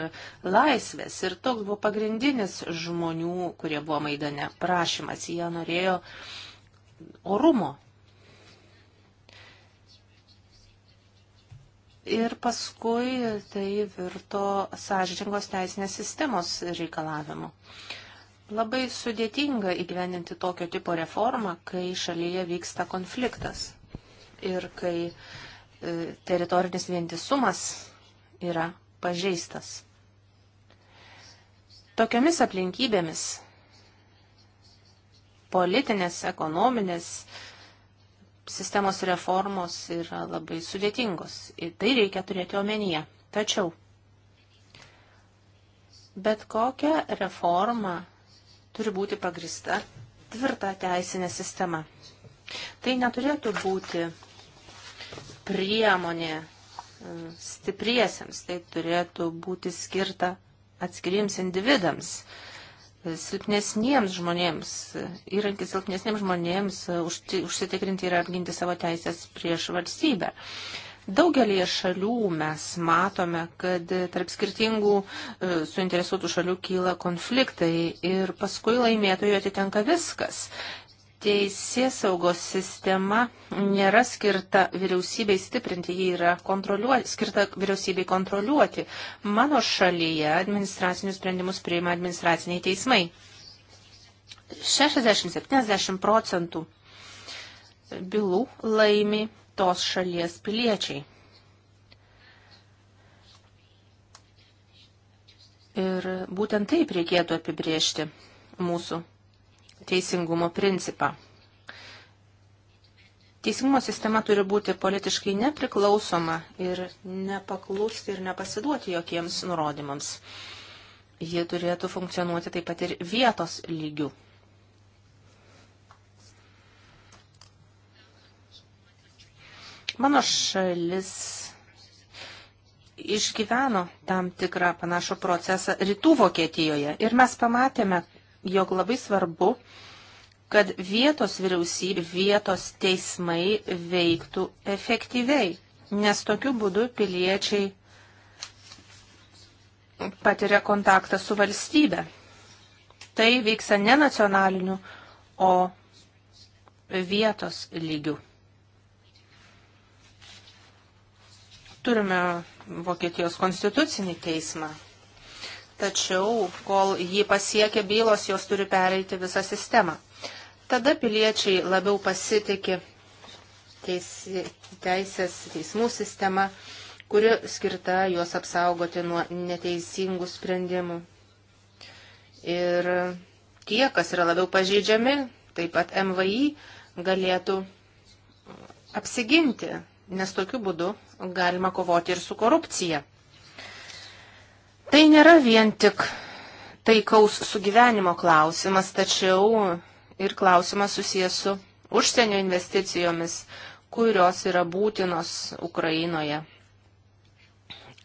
laisvės. Ir toks buvo pagrindinis žmonių, kurie buvo Maidane prašymas. Jie norėjo orumo Ir paskui tai virto sąžiningos teisinės sistemos reikalavimu. Labai sudėtinga įgyveninti tokio tipo reformą, kai šalyje vyksta konfliktas ir kai e, teritorinis vientisumas yra pažeistas. Tokiamis aplinkybėmis politinės, ekonominės, sistemos reformos yra labai sudėtingos ir tai reikia turėti omenyje. Tačiau bet kokia reforma turi būti pagrista tvirta teisinė sistema. Tai neturėtų būti priemonė mm, stipriesiems, tai turėtų būti skirta atskiriems individams, silpnesniems žmonėms, įrankis silpnesniems žmonėms e, užsitikrinti ir apginti savo teisės prieš valstybę. Daugelį šalių mes matome, kad tarp skirtingų e, suinteresuotų šalių kyla konfliktai ir paskui laimėtojų atitenka viskas. Teisės saugos sistema nėra skirta vyriausybei stiprinti, ji yra skirta vyriausybei kontroliuoti. Mano šalyje administracinius sprendimus priima administraciniai teismai. 60-70 procentų bylų laimi tos šalies piliečiai. Ir būtent taip reikėtų apibriežti mūsų teisingumo principą. Teisingumo sistema turi būti politiškai nepriklausoma ir nepaklusti ir nepasiduoti jokiems nurodymams. Ji turėtų funkcionuoti taip pat ir vietos lygių. Mano šalis išgyveno tam tikrą panašų procesą rytų Vokietijoje ir mes pamatėme, jog labai svarbu, kad vietos vyriausybė, vietos teismai veiktų efektyviai, nes tokiu būdu piliečiai patiria kontaktą su valstybe. Tai vyksta ne nacionaliniu, o vietos lygių. Turime Vokietijos konstitucinį teismą, tačiau kol jį pasiekia bylos, jos turi pereiti visą sistemą. Tada piliečiai labiau pasitikė teis, teisės teismų sistema, kuri skirta juos apsaugoti nuo neteisingų sprendimų. Ir tie, kas yra labiau pažeidžiami, taip pat MVI, galėtų apsiginti, nes tokiu būdu galima kovoti ir su korupcija. Tai nėra vien tik taikaus sugyvenimo klausimas, tačiau ir klausimas susijęs su užsienio investicijomis, kurios yra būtinos Ukrainoje,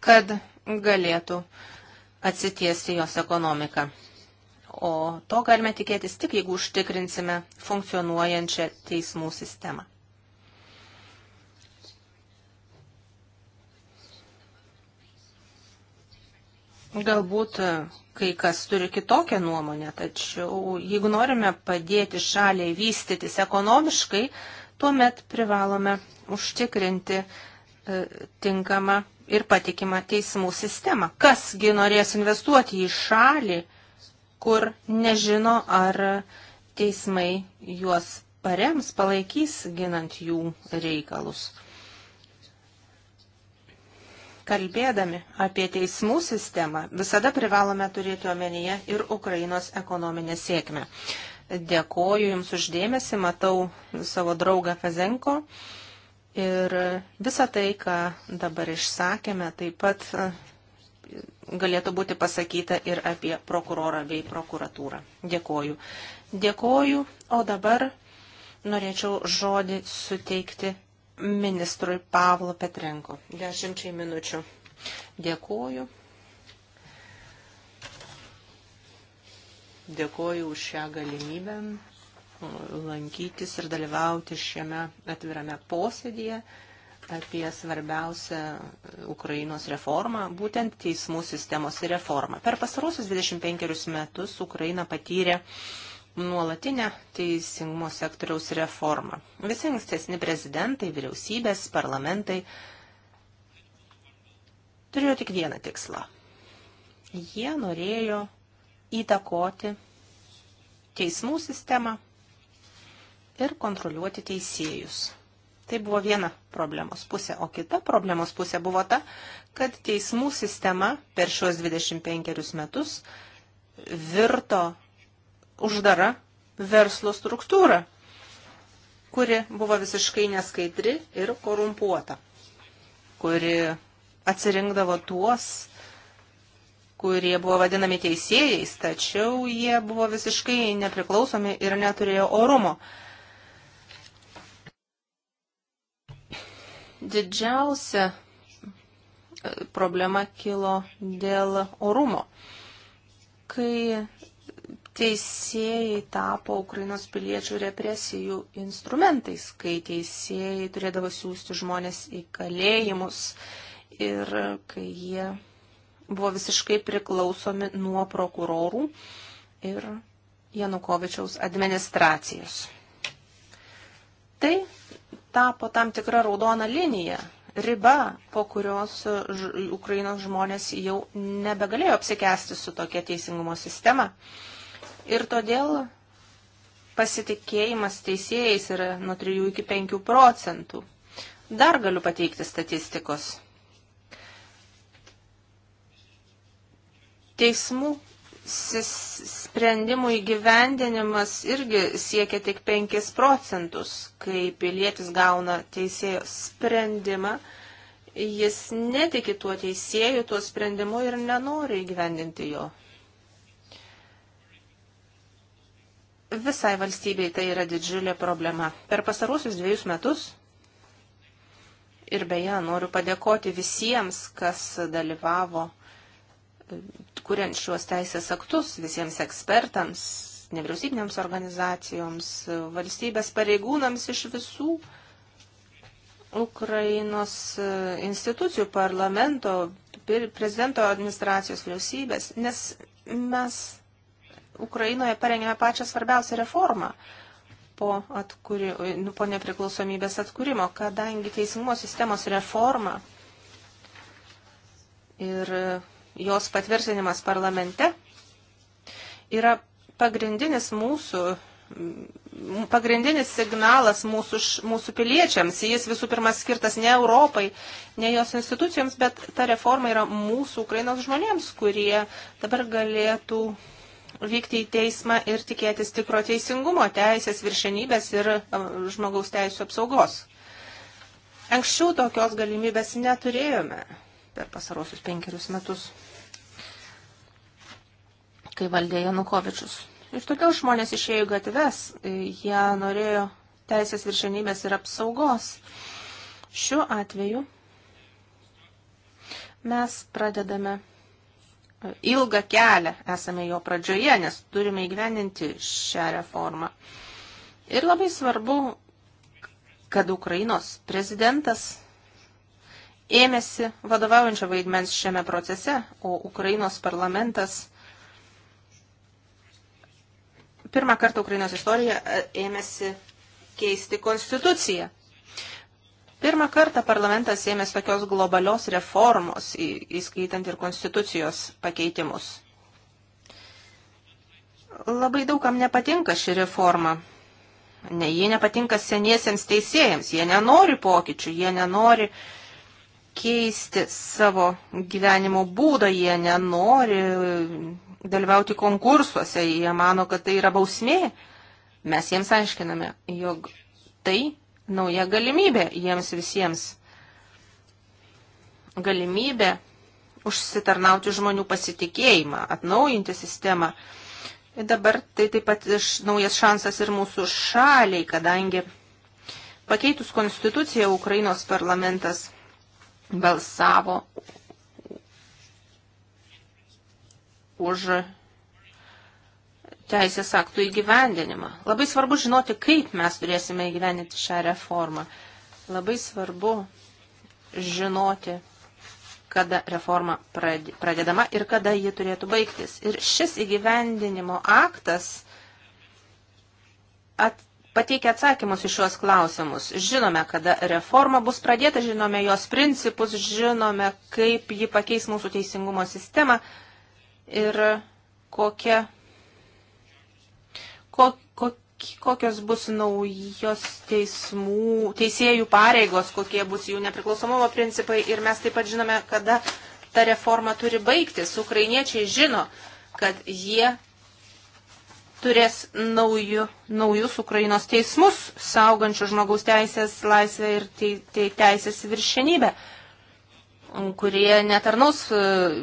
kad galėtų atsitiesti jos ekonomiką. O to galime tikėtis tik, jeigu užtikrinsime funkcionuojančią teismų sistemą. Galbūt e, kai kas turi kitokią nuomonę, tačiau jeigu norime padėti šaliai vystytis ekonomiškai, tuomet privalome užtikrinti e, tinkamą ir patikimą teismų sistemą. Kasgi norės investuoti į šalį, kur nežino, ar teismai juos parems, palaikys ginant jų reikalus. Kalbėdami apie teismų sistemą, visada privalome turėti omenyje ir Ukrainos ekonominę sėkmę. Dėkoju Jums uždėmesi, matau savo draugą Fazenko ir visą tai, ką dabar išsakėme, taip pat e, galėtų būti pasakyta ir apie prokurorą bei prokuratūrą. Dėkoju. Dėkoju, o dabar norėčiau žodį suteikti ministrui Pavlo Petrenko. Dešimčiai minučių. Dėkuoju. Dėkuoju už šią galimybę lankytis ir dalyvauti šiame atvirame posėdėje apie svarbiausią Ukrainos reformą, būtent teismų sistemos reformą. Per pasarusius 25 metus Ukraina patyrė uh, nuolatinę teisingumo sektoriaus reformą. Visi ankstesni prezidentai, vyriausybės, parlamentai turėjo tik vieną tikslą. Jie norėjo įtakoti teismų sistemą ir kontroliuoti teisėjus. Tai buvo viena problemos pusė, o kita problemos pusė buvo ta, kad teismų sistema per šios 25 metus virto uždara verslo struktūra, kuri buvo visiškai neskaidri ir korumpuota, kuri atsirinkdavo tuos, kurie buvo vadinami teisėjais, tačiau jie buvo visiškai nepriklausomi ir neturėjo orumo. Didžiausia e, problema kilo dėl orumo. Kai teisėjai tapo Ukrainos piliečių represijų instrumentais, kai teisėjai turėdavo siūsti žmonės į kalėjimus ir kai jie buvo visiškai priklausomi nuo prokurorų ir Janukovičiaus administracijos. Tai tapo tam tikra raudona linija, riba, po kurios Ukrainos žmonės jau nebegalėjo apsikesti su tokia teisingumo sistema. Ir todėl pasitikėjimas teisėjais yra nuo 3 iki 5 procentų. Dar galiu pateikti statistikos. Teismų sprendimų įgyvendinimas irgi siekia tik 5 procentus, kai pilietis gauna teisėjo sprendimą, jis netiki tuo teisėju, tuo sprendimu ir nenori įgyvendinti jo. Visai valstybei tai yra didžiulė problema. Per pasarusius dviejus metus ir beje noriu padėkoti visiems, kas dalyvavo e, kuriant šiuos teisės aktus, visiems ekspertams, nevyriausybinėms organizacijoms, valstybės pareigūnams iš visų Ukrainos e, institucijų, parlamento, prezidento administracijos, vyriausybės, nes mes Ukrainoje parengėme pačią svarbiausią reformą po, atkuri, nu, po nepriklausomybės atkūrimo, kadangi teisingumo sistemos reforma ir jos patvirtinimas parlamente yra pagrindinis mūsų pagrindinis signalas mūsų, mūsų piliečiams. Jis visų pirma skirtas ne Europai, ne jos institucijoms, bet ta reforma yra mūsų Ukrainos žmonėms, kurie dabar galėtų vykti į teismą ir tikėtis tikro teisingumo, teisės viršenybės ir e, žmogaus teisų apsaugos. Anksčiau tokios galimybės neturėjome per pasarosius penkerius metus, kai valdė Janukovičius. Ir todėl žmonės išėjo į gatves, e, jie norėjo teisės viršenybės ir apsaugos. Šiuo atveju mes pradedame ilgą kelią esame jo pradžioje, nes turime įgyveninti šią reformą. Ir labai svarbu, kad Ukrainos prezidentas ėmėsi vadovaujančio vaidmens šiame procese, o Ukrainos parlamentas pirmą kartą Ukrainos istorijoje ėmėsi keisti konstituciją. Pirmą kartą parlamentas ėmės tokios globalios reformos, įskaitant ir konstitucijos pakeitimus. Labai daugam nepatinka ši reforma. Ne, jie nepatinka seniesiems teisėjams, jie nenori pokyčių, jie nenori keisti savo gyvenimo būdą, jie nenori dalyvauti konkursuose, jie mano, kad tai yra bausmė. Mes jiems aiškiname, jog tai nauja galimybė jiems visiems. Galimybė užsitarnauti žmonių pasitikėjimą, atnaujinti sistemą. Ir dabar tai taip pat iš, naujas šansas ir mūsų šaliai, kadangi pakeitus konstituciją Ukrainos parlamentas balsavo už teisės aktų įgyvendinimą. Labai svarbu žinoti, kaip mes turėsime įgyvendinti šią reformą. Labai svarbu žinoti, kada reforma pradedama ir kada ji turėtų baigtis. Ir šis įgyvendinimo aktas at, pateikia atsakymus į šiuos klausimus. Žinome, kada reforma bus pradėta, žinome jos principus, žinome, kaip ji pakeis mūsų teisingumo sistemą ir kokia ko, ko, kokios bus naujos teismų, teisėjų pareigos, kokie bus jų nepriklausomumo principai ir mes taip pat žinome, kada ta reforma turi baigtis. Ukrainiečiai žino, kad jie turės naujų, naujus Ukrainos teismus, saugančių žmogaus teisės, laisvę ir te, te, teisės viršenybę kurie netarnaus e,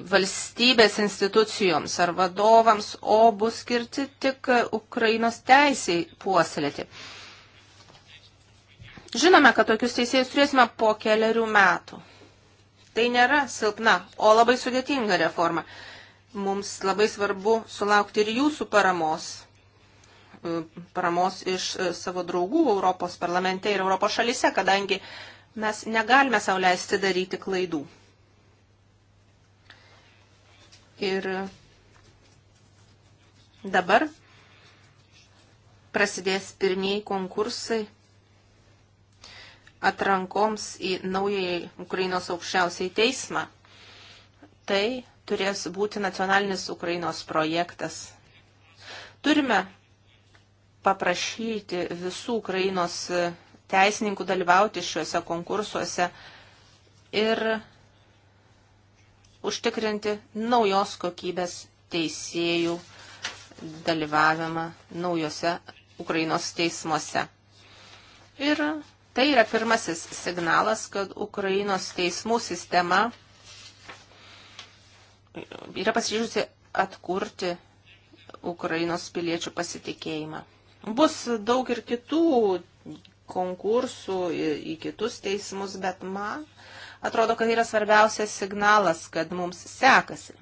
valstybės institucijoms ar vadovams, o bus skirti tik e, Ukrainos teisiai puoselėti. Žinome, kad tokius teisėjus turėsime po keliarių metų. Tai nėra silpna, o labai sudėtinga reforma. Mums labai svarbu sulaukti ir jūsų paramos, e, paramos iš savo draugų Europos parlamente ir Europos šalyse, kadangi mes negalime sauliaisti daryti klaidų. Ir dabar prasidės pirmieji konkursai atrankoms į naująjį Ukrainos aukščiausiai teismą. Tai turės būti nacionalinis Ukrainos projektas. Turime paprašyti visų Ukrainos teisininkų dalyvauti šiuose konkursuose ir užtikrinti naujos kokybės teisėjų dalyvavimą naujose Ukrainos teismuose. Ir tai yra pirmasis signalas, kad Ukrainos teismų sistema yra pasiryžusi atkurti Ukrainos piliečių pasitikėjimą. Bus daug ir kitų konkursų į, į kitus teismus, bet man Atrodo, kad tai yra svarbiausias signalas, kad mums sekasi.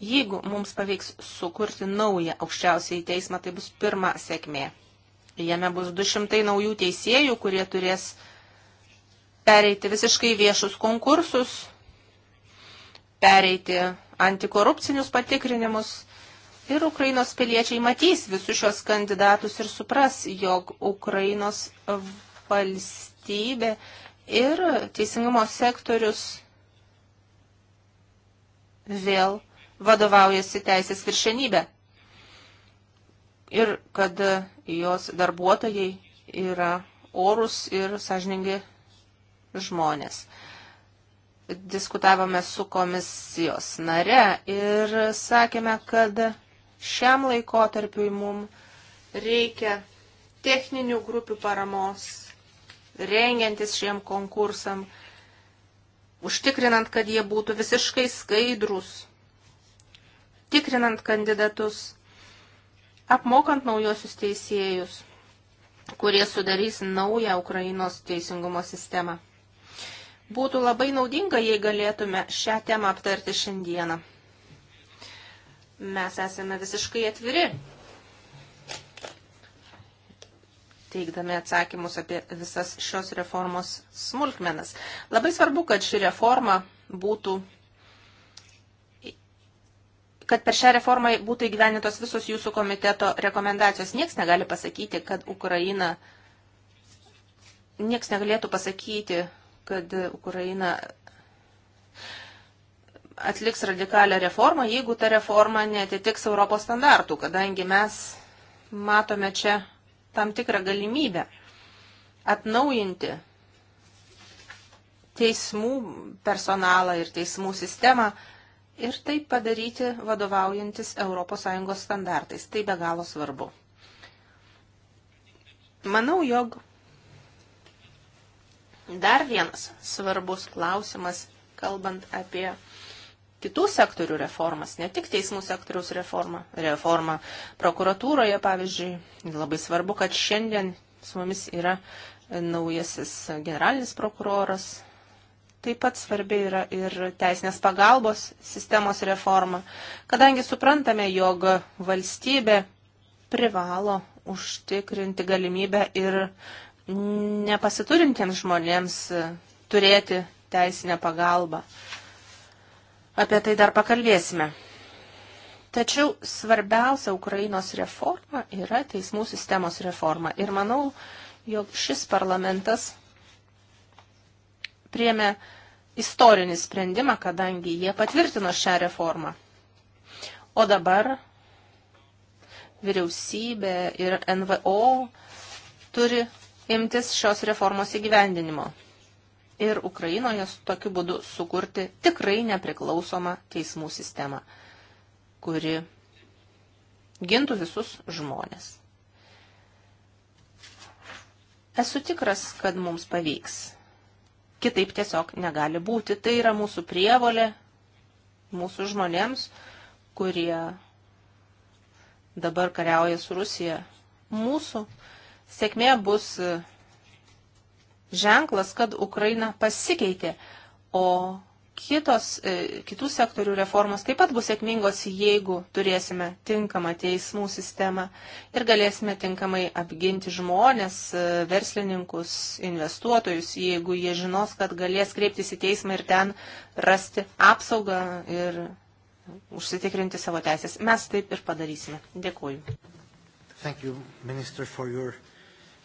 Jeigu mums pavyks sukurti naują aukščiausiai teismą, tai bus pirma sėkmė. Jame bus 200 naujų teisėjų, kurie turės pereiti visiškai viešus konkursus, pereiti antikorupcinius patikrinimus. Ir Ukrainos piliečiai matys visus šios kandidatus ir supras, jog Ukrainos valstybė Ir teisingumo sektorius vėl vadovaujasi teisės viršenybė. Ir kad jos darbuotojai yra orus ir sąžiningi žmonės. Diskutavome su komisijos nare ir sakėme, kad šiam laikotarpiui mums reikia techninių grupių paramos rengiantis šiem konkursam, užtikrinant, kad jie būtų visiškai skaidrus, tikrinant kandidatus, apmokant naujosius teisėjus, kurie sudarys naują Ukrainos teisingumo sistemą. Būtų labai naudinga, jei galėtume šią temą aptarti šiandieną. Mes esame visiškai atviri teikdami atsakymus apie visas šios reformos smulkmenas. Labai svarbu, kad ši reforma būtų kad per šią reformą būtų įgyvenintos visos jūsų komiteto rekomendacijos. Niekas negali pasakyti, kad Ukraina, niekas negalėtų pasakyti, kad Ukraina atliks radikalią reformą, jeigu ta reforma netitiks Europos standartų, kadangi mes matome čia tam tikrą galimybę atnaujinti teismų personalą ir teismų sistemą ir tai padaryti vadovaujantis ES standartais. Tai be galo svarbu. Manau, jog dar vienas svarbus klausimas, kalbant apie kitų sektorių reformas, ne tik teismų sektoriaus reformą, reformą prokuratūroje, pavyzdžiui. Labai svarbu, kad šiandien su mumis yra naujasis generalinis prokuroras. Taip pat svarbi yra ir teisinės pagalbos sistemos reforma, kadangi suprantame, jog valstybė privalo užtikrinti galimybę ir nepasiturintiems žmonėms turėti teisinę pagalbą. Apie tai dar pakalbėsime. Tačiau svarbiausia Ukrainos reforma yra teismų sistemos reforma. Ir manau, jog šis parlamentas priemė istorinį sprendimą, kadangi jie patvirtino šią reformą. O dabar vyriausybė ir NVO turi imtis šios reformos įgyvendinimo ir Ukrainoje tokiu būdu sukurti tikrai nepriklausomą teismų sistemą, kuri gintų visus žmonės. Esu tikras, kad mums pavyks. Kitaip tiesiog negali būti. Tai yra mūsų prievolė, mūsų žmonėms, kurie dabar kariauja su Rusija. Mūsų sėkmė bus ženklas, kad Ukraina pasikeitė, o kitos, e, kitų sektorių reformos taip pat bus sėkmingos, jeigu turėsime tinkamą teismų sistemą ir galėsime tinkamai apginti žmonės, e, verslininkus, investuotojus, jeigu jie žinos, kad galės kreiptis į teismą ir ten rasti apsaugą ir užsitikrinti savo teisės. Mes taip ir padarysime. Dėkuoju. Thank you, Minister, for your,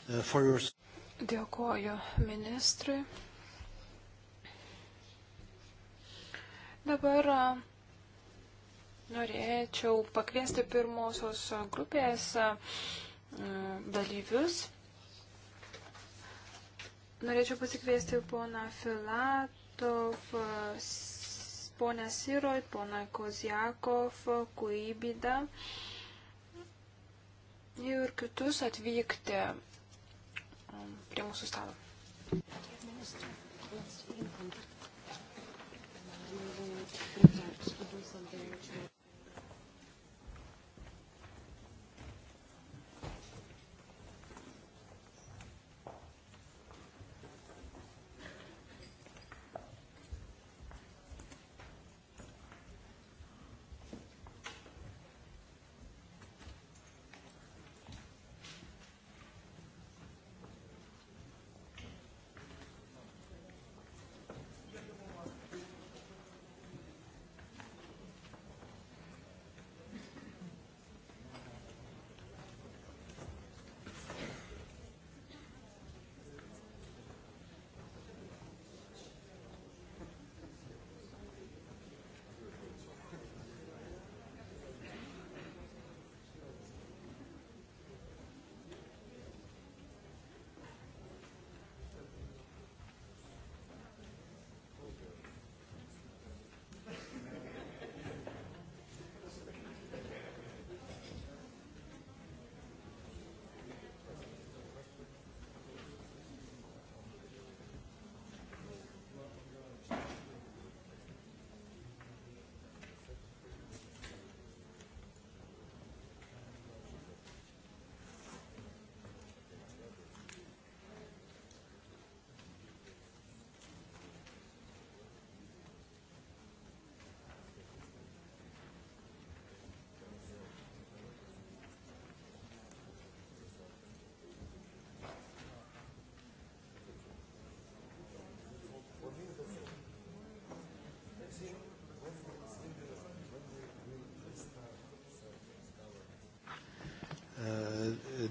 uh, for your... Dėkoju ministrui. Dabar norėčiau pakviesti pirmosios grupės dalyvius. Norėčiau pasikviesti poną Filatov, poną Siroid, poną Koziakov, Kuibydą ir kitus atvykti prie mūsų stalo. Ministrė.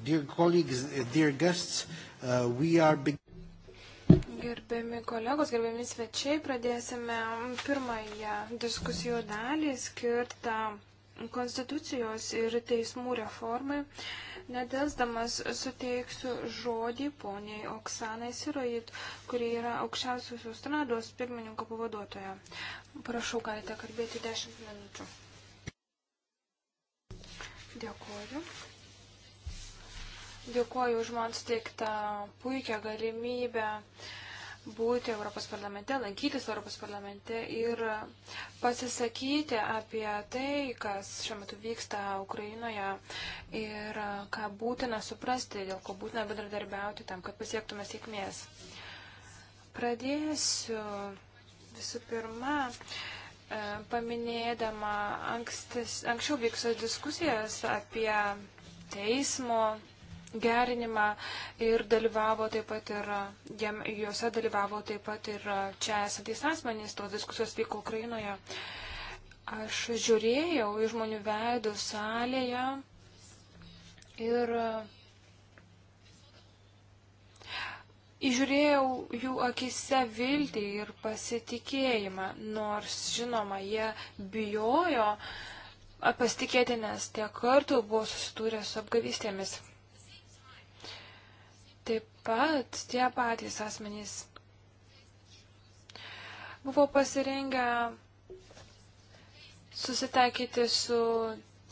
Dear colleagues, uh, dear guests, uh, we are Gerbiami kolegos, gerbiami svečiai, pradėsime pirmąją diskusijų dalį skirtą konstitucijos ir teismų reformai. Nedelsdamas suteiksiu žodį poniai Oksanai Sirojit, kuri yra aukščiausiosios trados pirmininko pavaduotoja. Prašau, galite kalbėti 10 minučių. Dėkuoju. Dėkuoju už man suteiktą puikią galimybę būti Europos parlamente, lankytis Europos parlamente ir pasisakyti apie tai, kas šiuo metu vyksta Ukrainoje ir ką būtina suprasti, dėl ko būtina bendradarbiauti tam, kad pasiektume sėkmės. Pradėsiu visų pirma e, paminėdama ankstis, anksčiau vykusias diskusijas apie teismo gerinimą ir dalyvavo taip pat ir, jam, juose dalyvavo taip pat ir čia esantys asmenys, tos diskusijos vyko Ukrainoje. Aš žiūrėjau į žmonių veidų salėje ir Įžiūrėjau jų akise viltį ir pasitikėjimą, nors, žinoma, jie bijojo pasitikėti, nes tiek kartų buvo susidūrę su apgavystėmis. Taip pat tie patys asmenys buvo pasirengę susitaikyti su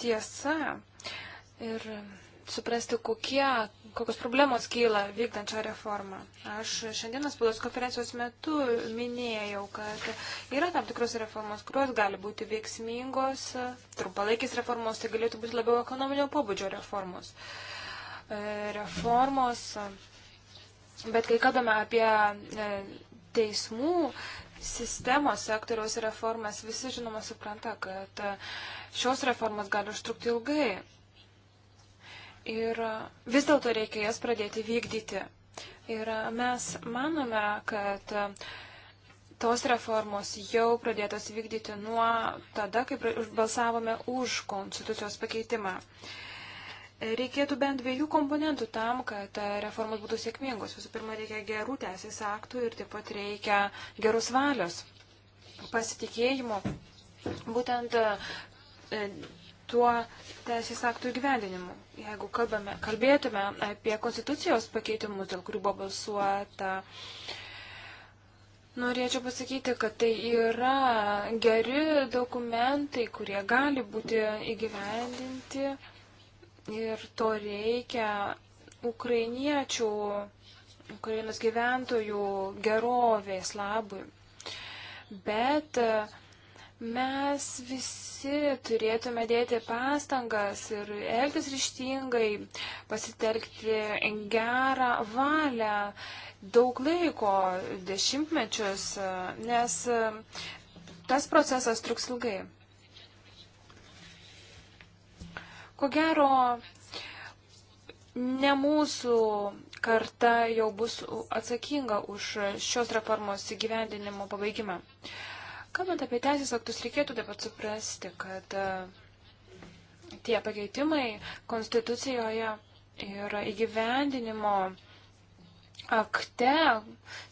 tiesa ir suprasti, kokie, kokios problemos kyla vykdant šią reformą. Aš šiandienos spaudos konferencijos metu minėjau, kad yra tam tikros reformos, kurios gali būti veiksmingos, trumpalaikis reformos, tai galėtų būti labiau ekonominio pobūdžio reformos. Uh, reformos, bet kai kalbame apie e, teismų sistemos sektoriaus reformas, visi žinoma supranta, kad e, šios reformos gali užtrukti ilgai. Ir e, vis dėlto reikia jas pradėti vykdyti. Ir mes manome, kad tos reformos jau pradėtos vykdyti nuo tada, kai balsavome už konstitucijos pakeitimą. Uh, Reikėtų bent dviejų komponentų tam, kad reformos būtų sėkmingos. Visų pirma, reikia gerų teisės aktų ir taip pat reikia gerus valios, pasitikėjimo, būtent e, tuo teisės aktų įgyvendinimu. Jeigu kalbame, kalbėtume apie konstitucijos pakeitimus, dėl kurių buvo balsuota, norėčiau pasakyti, kad tai yra geri dokumentai, kurie gali būti įgyvendinti Ir to reikia ukrainiečių, Ukrainos gyventojų gerovės labui. Bet e, mes visi turėtume dėti pastangas ir elgtis ryštingai, pasitelkti gerą valią daug laiko, dešimtmečius, e, nes e, tas procesas truks ilgai. Ko gero, ne mūsų karta jau bus atsakinga už šios reformos įgyvendinimo pabaigimą. Kalbant apie teisės aktus, reikėtų taip pat suprasti, kad e, tie pakeitimai konstitucijoje ir įgyvendinimo akte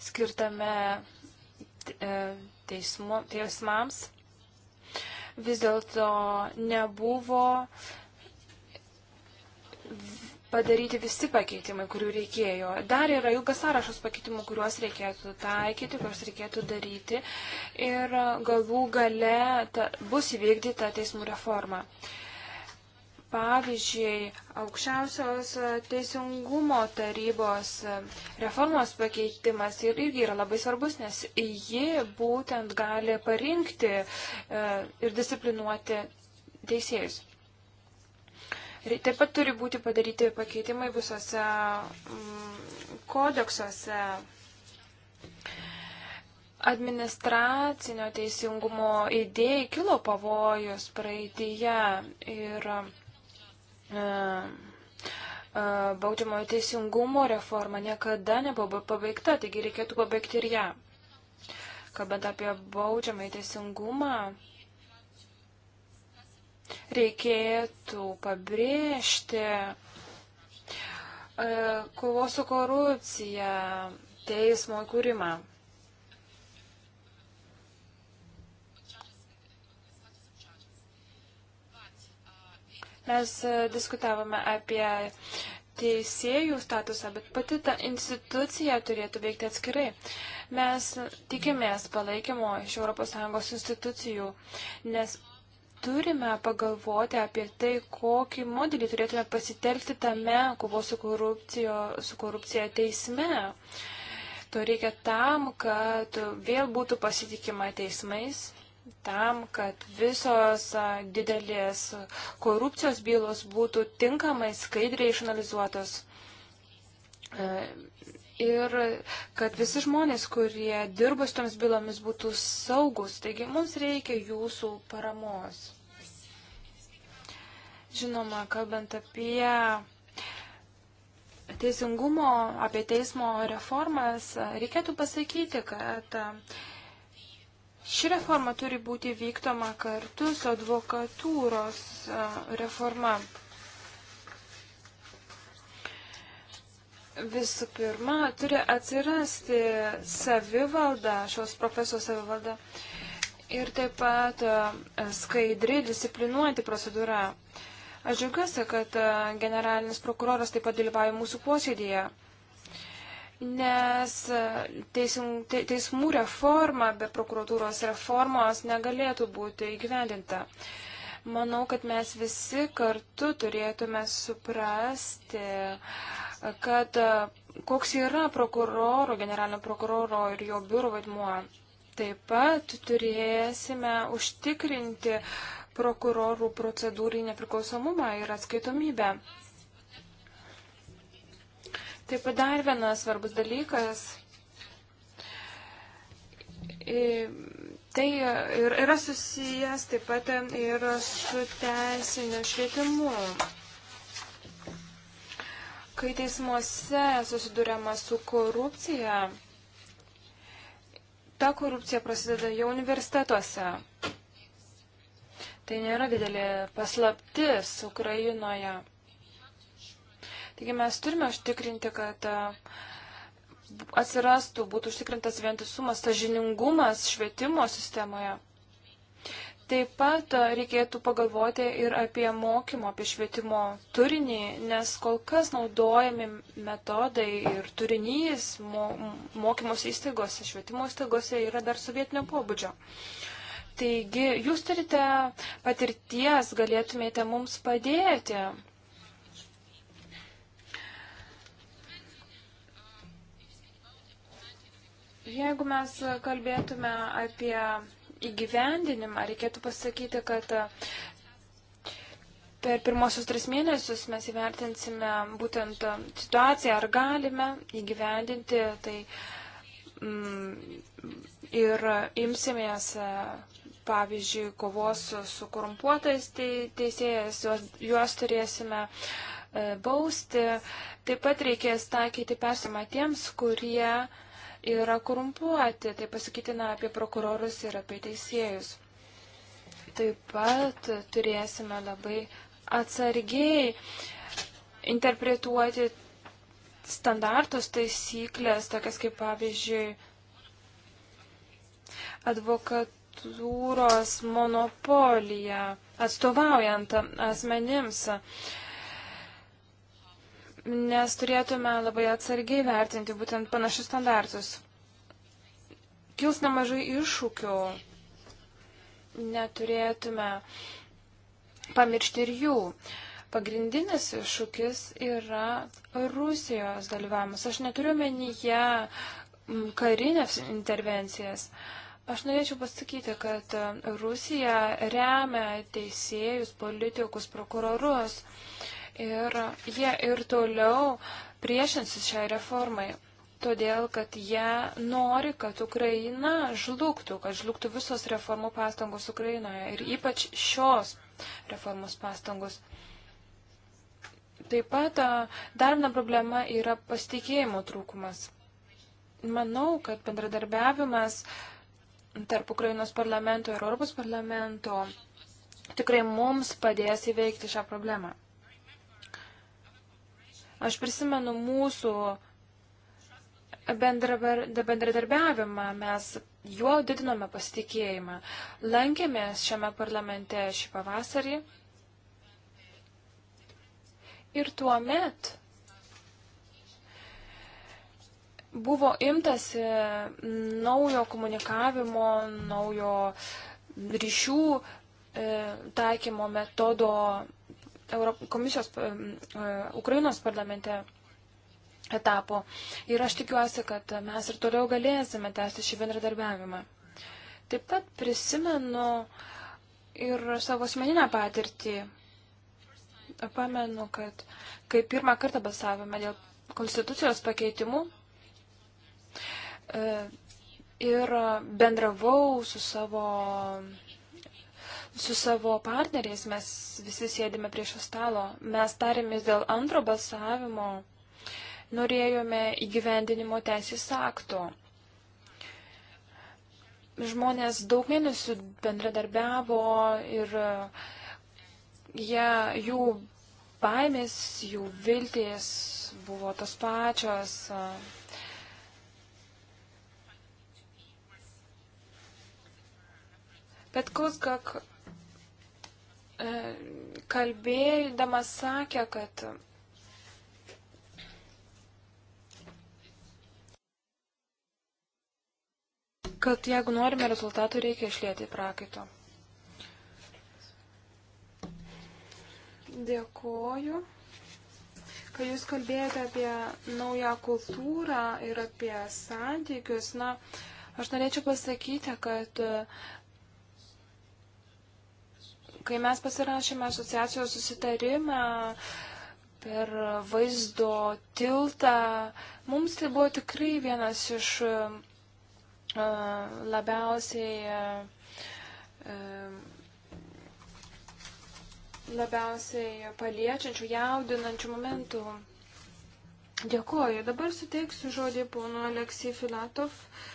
skirtame e, teismu, teismams vis dėlto nebuvo padaryti visi pakeitimai, kurių reikėjo. Dar yra ilgas sąrašas pakeitimų, kuriuos reikėtų taikyti, kuriuos reikėtų daryti ir e, galų gale ta, bus įvykdyta teismų reforma. Pavyzdžiui, aukščiausios e, teisingumo tarybos e, reformos pakeitimas ir irgi yra labai svarbus, nes ji būtent gali parinkti ir disciplinuoti teisėjus. Taip pat turi būti padaryti pakeitimai visose mm, kodeksuose administracinio teisingumo idėjai kilo pavojus praeitėje ir e, e, baudžiamojo teisingumo reforma niekada nebuvo pabaigta, taigi reikėtų pabaigti ir ją. Kalbant apie baudžiamąjį teisingumą, reikėtų pabrėžti e, kovos su korupcija teismo įkūrimą. Mes e, diskutavome apie teisėjų statusą, bet pati ta institucija turėtų veikti atskirai. Mes tikimės palaikymo iš ES institucijų, nes turime pagalvoti apie tai, kokį modelį turėtume pasitelkti tame kovos su, su korupcija teisme. To reikia tam, kad vėl būtų pasitikima teismais, tam, kad visos didelės korupcijos bylos būtų tinkamai skaidriai išanalizuotos. E, ir kad visi žmonės, kurie dirba šitoms bylomis, būtų saugus. Taigi mums reikia jūsų paramos. Žinoma, kalbant apie teisingumo, apie teismo reformas, reikėtų pasakyti, kad ši reforma turi būti vykdoma kartu su advokatūros reforma. Visų pirma, turi atsirasti savivalda, šios profesijos savivalda ir taip pat e, skaidri, disciplinuojanti procedūra. Aš džiaugiuosi, kad e, generalinis prokuroras taip pat dalyvauja mūsų posėdėje, nes e, teisim, te, teismų reforma be prokuratūros reformos negalėtų būti įgyvendinta. Manau, kad mes visi kartu turėtume suprasti, uh, kad e, koks yra prokuroro, generalinio prokuroro ir jo biuro vaidmuo. Taip pat turėsime užtikrinti prokurorų procedūrinį priklausomumą ir atskaitomybę. Taip pat dar vienas svarbus dalykas. E, tai yra susijęs taip pat ir su teisiniu švietimu. Kai teismuose susidurėma su korupcija, ta korupcija prasideda jau universitetuose. Tai nėra didelė paslaptis Ukrainoje. Taigi mes turime užtikrinti, kad e, atsirastų, būtų užtikrintas vientisumas, sažiningumas švietimo sistemoje. Taip pat reikėtų pagalvoti ir apie mokymo, apie švietimo turinį, nes kol kas naudojami metodai ir turinys mo, mokymos įstaigose, švietimo įstaigose yra dar sovietinio pobūdžio. Taigi, jūs turite patirties, galėtumėte mums padėti. Jeigu mes kalbėtume apie įgyvendinimą, reikėtų pasakyti, kad e, per pirmosius tris mėnesius mes įvertinsime būtent e, situaciją, ar galime įgyvendinti tai mm, ir imsimės, e, pavyzdžiui, kovos su korumpuotais teisėjais, juos, juos turėsime bausti. Taip pat reikės taikyti persimą tiems, kurie yra korumpuoti, tai pasakytina apie prokurorus ir apie teisėjus. Taip pat turėsime labai atsargiai interpretuoti standartus, taisyklės, tokias kaip pavyzdžiui advokatūros monopolija, atstovaujant asmenims. Uh, nes turėtume labai atsargiai vertinti būtent panašius standartus. Kils nemažai iššūkių, neturėtume pamiršti ir jų. Pagrindinis iššūkis yra Rusijos dalyvavimas. Aš neturiu menyje mm, karinės intervencijas. Aš norėčiau pasakyti, kad e, Rusija remia teisėjus, politikus, prokurorus. Uh, Ir jie ir toliau priešinsis šiai reformai, todėl kad jie nori, kad Ukraina žlugtų, kad žlugtų visos reformų pastangos Ukrainoje ir ypač šios reformos pastangos. Taip pat dar viena problema yra pasitikėjimo trūkumas. Manau, kad bendradarbiavimas tarp Ukrainos parlamento ir Europos parlamento tikrai mums padės įveikti šią problemą. Aš prisimenu mūsų bendradarbiavimą, mes juo didinome pasitikėjimą. Lankėmės šiame parlamente šį pavasarį ir tuo met buvo imtasi naujo komunikavimo, naujo ryšių e, taikymo metodo Europ komisijos e, Ukrainos parlamente etapo. Ir aš tikiuosi, kad mes ir toliau galėsime tęsti šį bendradarbiavimą. Taip pat prisimenu ir savo asmeninę patirtį. Pamenu, kad kai pirmą kartą balsavome dėl konstitucijos pakeitimų e, ir bendravau su savo su savo partneriais, mes visi sėdime prie šio stalo, mes tarėmės dėl antro balsavimo, norėjome įgyvendinimo teisės akto. Žmonės daug mėnesių bendradarbiavo ir jie, jų baimės, jų viltys buvo tos pačios. Bet Kuzgak E, kalbėdamas sakė, kad kad jeigu norime rezultatų, reikia išlėti prakaito. Dėkoju, kad jūs kalbėjote apie naują kultūrą ir apie santykius. Na, aš norėčiau pasakyti, kad Kai mes pasirašėme asociacijos susitarimą per vaizdo tiltą, mums tai buvo tikrai vienas iš e, labiausiai e, e, labiausiai paliečiančių, jaudinančių momentų. Dėkoju. Dabar suteiksiu žodį pono Aleksijai Filatov. Uh,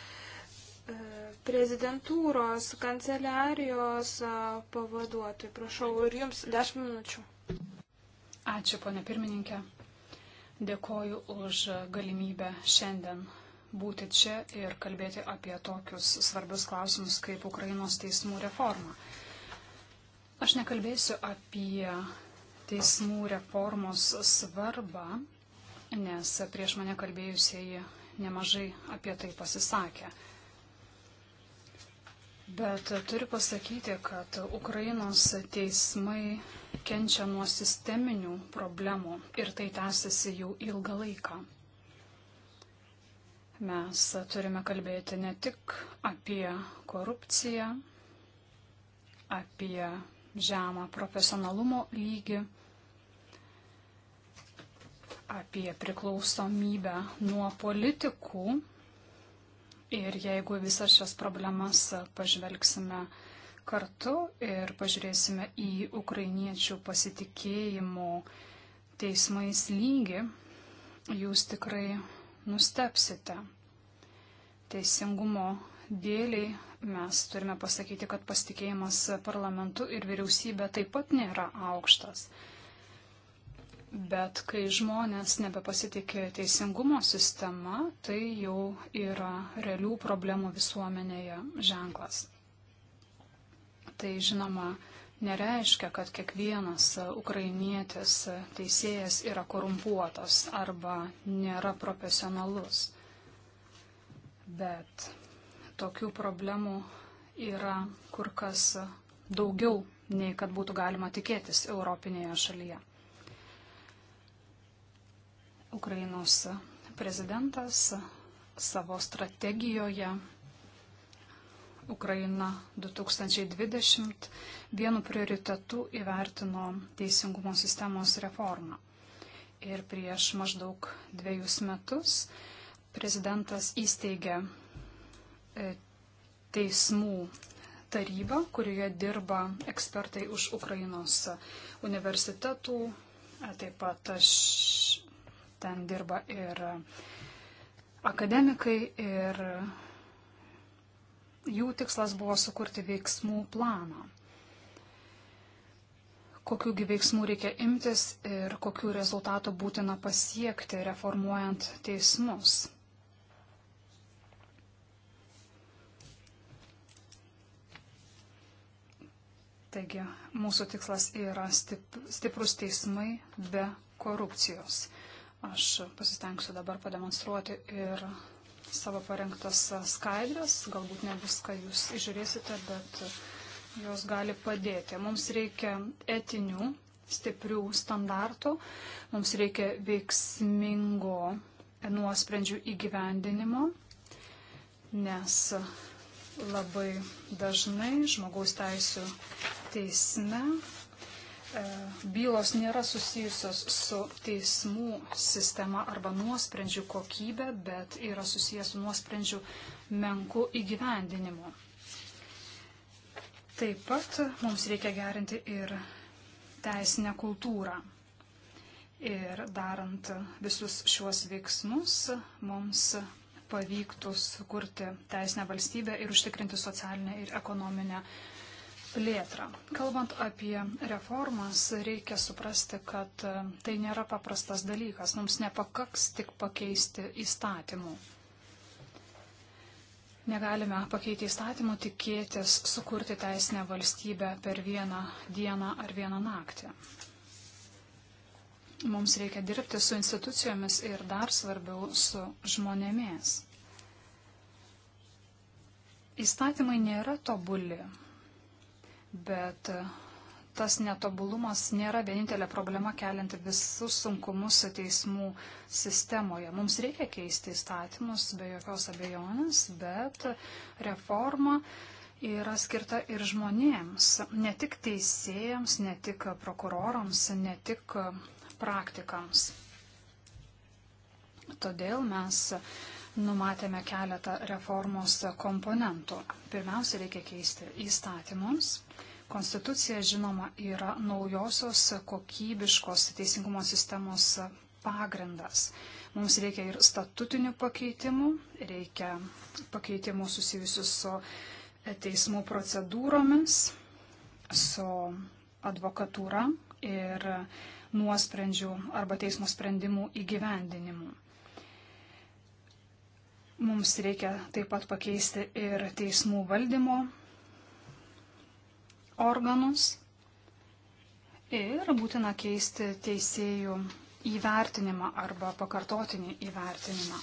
prezidentūros, kanceliarijos pavaduotojai. Prašau, ir jums 10 minučių. Ačiū, ponė pirmininkė. Dėkoju už galimybę šiandien būti čia ir kalbėti apie tokius svarbius klausimus kaip Ukrainos teismų reforma. Aš nekalbėsiu apie teismų reformos svarbą, nes prieš mane kalbėjusieji nemažai apie tai pasisakė. Bet turiu pasakyti, kad Ukrainos teismai kenčia nuo sisteminių problemų ir tai tęsiasi jau ilgą laiką. Mes turime kalbėti ne tik apie korupciją, apie žemą profesionalumo lygį, apie priklausomybę nuo politikų Ir jeigu visas šias problemas pažvelgsime kartu ir pažiūrėsime į ukrainiečių pasitikėjimo teismais lygį, jūs tikrai nustepsite. Teisingumo dėliai mes turime pasakyti, kad pasitikėjimas parlamentu ir vyriausybė taip pat nėra aukštas. Bet kai žmonės nebepasitikė teisingumo sistema, tai jau yra realių problemų visuomenėje ženklas. Tai žinoma, nereiškia, kad kiekvienas ukrainietis teisėjas yra korumpuotas arba nėra profesionalus. Bet tokių problemų yra kur kas daugiau nei kad būtų galima tikėtis Europinėje šalyje. Ukrainos prezidentas savo strategijoje Ukraina 2020 vienu prioritetu įvertino teisingumo sistemos reformą. Ir prieš maždaug dviejus metus prezidentas įsteigė e, teismų tarybą, kurioje dirba ekspertai už Ukrainos universitetų, taip pat aš Ten dirba ir akademikai, ir jų tikslas buvo sukurti veiksmų planą. Kokiųgi veiksmų reikia imtis ir kokių rezultatų būtina pasiekti reformuojant teismus. Taigi mūsų tikslas yra stip, stiprus teismai be korupcijos. Aš pasistengsiu dabar pademonstruoti ir savo parengtas skaidrės. Galbūt ne viską jūs žiūrėsite, bet jos gali padėti. Mums reikia etinių, stiprių standartų, mums reikia veiksmingo nuosprendžių įgyvendinimo, nes labai dažnai žmogaus teisų teisme E, bylos nėra susijusios su teismų sistema arba nuosprendžių kokybė, bet yra susijęs su nuosprendžių menku įgyvendinimu. Taip pat mums reikia gerinti ir teisinę kultūrą. Ir darant visus šiuos veiksmus, mums pavyktų sukurti teisinę valstybę ir užtikrinti socialinę ir ekonominę plėtrą. Kalbant apie reformas, reikia suprasti, kad e, tai nėra paprastas dalykas. Mums nepakaks tik pakeisti įstatymų. Negalime pakeiti įstatymų tikėtis sukurti teisinę valstybę per vieną dieną ar vieną naktį. Mums reikia dirbti su institucijomis ir dar svarbiau su žmonėmis. Įstatymai nėra tobuli, bet e, tas netobulumas nėra vienintelė problema kelianti visus sunkumus teismų sistemoje. Mums reikia keisti įstatymus be jokios abejonės, bet reforma yra skirta ir žmonėms, ne tik teisėjams, ne tik prokurorams, ne tik praktikams. Todėl mes numatėme keletą reformos komponentų. Pirmiausia, reikia keisti įstatymus. Konstitucija, žinoma, yra naujosios kokybiškos teisingumo sistemos pagrindas. Mums reikia ir statutinių pakeitimų, reikia pakeitimų susijusių su teismų procedūromis, su advokatūra ir nuosprendžių arba teismo sprendimų įgyvendinimu. Mums reikia taip pat pakeisti ir teismų valdymo organus ir būtina keisti teisėjų įvertinimą arba pakartotinį įvertinimą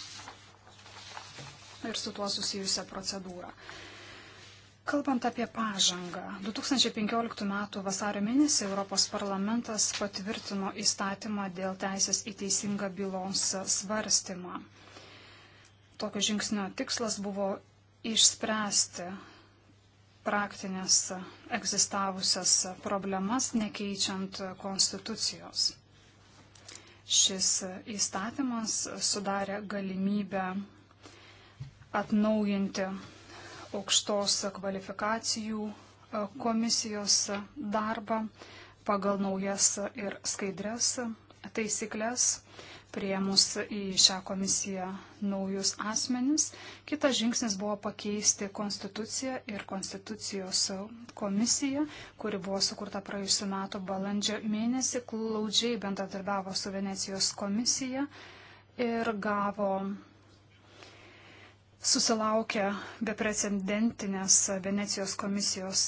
ir su tuo susijusią procedūrą. Kalbant apie pažangą, 2015 m. vasario mėnesį Europos parlamentas patvirtino įstatymą dėl teisės į teisingą bylos svarstymą tokio žingsnio tikslas buvo išspręsti praktinės egzistavusias problemas, nekeičiant konstitucijos. Šis įstatymas sudarė galimybę atnaujinti aukštos kvalifikacijų komisijos darbą pagal naujas ir skaidres taisyklės prieimus į šią komisiją naujus asmenis. Kitas žingsnis buvo pakeisti konstituciją ir konstitucijos komisiją, kuri buvo sukurta praėjusiu metu balandžio mėnesį, glaudžiai bendradarbiavo su Venecijos komisija ir gavo susilaukė beprecedentinės Venecijos komisijos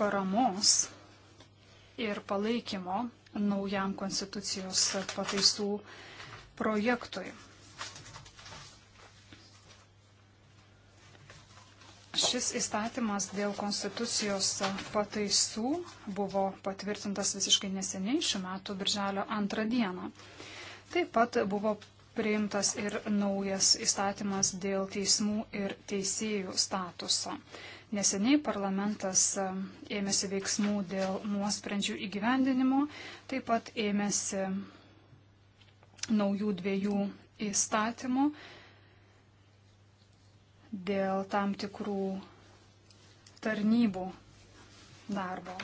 paramos ir palaikymo naujam konstitucijos pataisų projektui. Šis įstatymas dėl konstitucijos pataisų buvo patvirtintas visiškai neseniai, šiuo metu birželio antrą dieną. Taip pat buvo priimtas ir naujas įstatymas dėl teismų ir teisėjų statuso. Neseniai parlamentas ėmėsi veiksmų dėl nuosprendžių įgyvendinimo, taip pat ėmėsi naujų dviejų įstatymų dėl tam tikrų tarnybų darbo.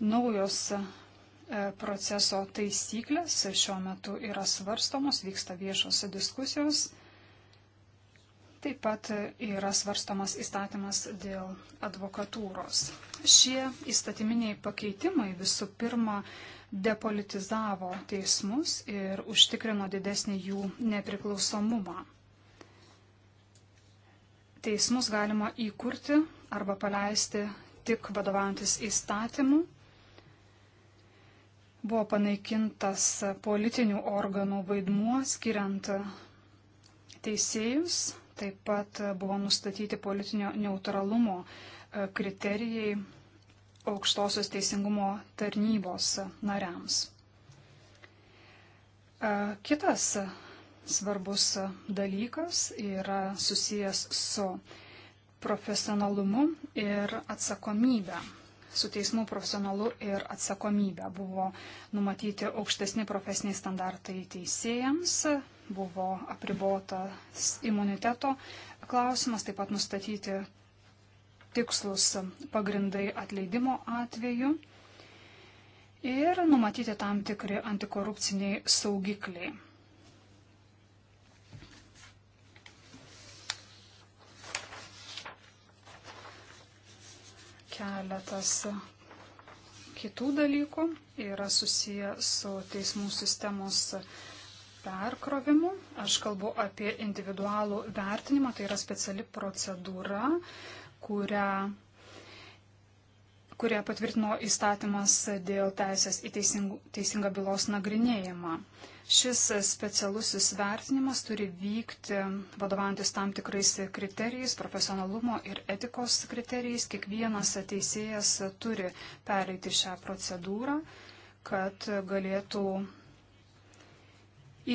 Naujos e, proceso taisyklės šiuo metu yra svarstomos, vyksta viešos diskusijos. Taip pat yra svarstomas įstatymas dėl advokatūros. Šie įstatyminiai pakeitimai visų pirma depolitizavo teismus ir užtikrino didesnį jų nepriklausomumą. Teismus galima įkurti arba paleisti tik vadovantis įstatymu. Buvo panaikintas politinių organų vaidmuo skiriant teisėjus, taip pat buvo nustatyti politinio neutralumo kriterijai aukštosios teisingumo tarnybos nariams. E, kitas svarbus dalykas yra susijęs su profesionalumu ir atsakomybė su teismų profesionalu ir atsakomybė. Buvo numatyti aukštesni profesiniai standartai teisėjams, buvo apribotas imuniteto klausimas, taip pat nustatyti tikslus pagrindai atleidimo atveju ir numatyti tam tikri antikorupciniai saugikliai. Keletas kitų dalykų yra susiję su teismų sistemos perkrovimu. Aš kalbu apie individualų vertinimą, tai yra speciali procedūra, kurią kurie patvirtino įstatymas dėl teisės į teisingų, teisingą bylos nagrinėjimą. Šis specialusis vertinimas turi vykti vadovantis tam tikrais kriterijais, profesionalumo ir etikos kriterijais. Kiekvienas teisėjas turi pereiti šią procedūrą, kad galėtų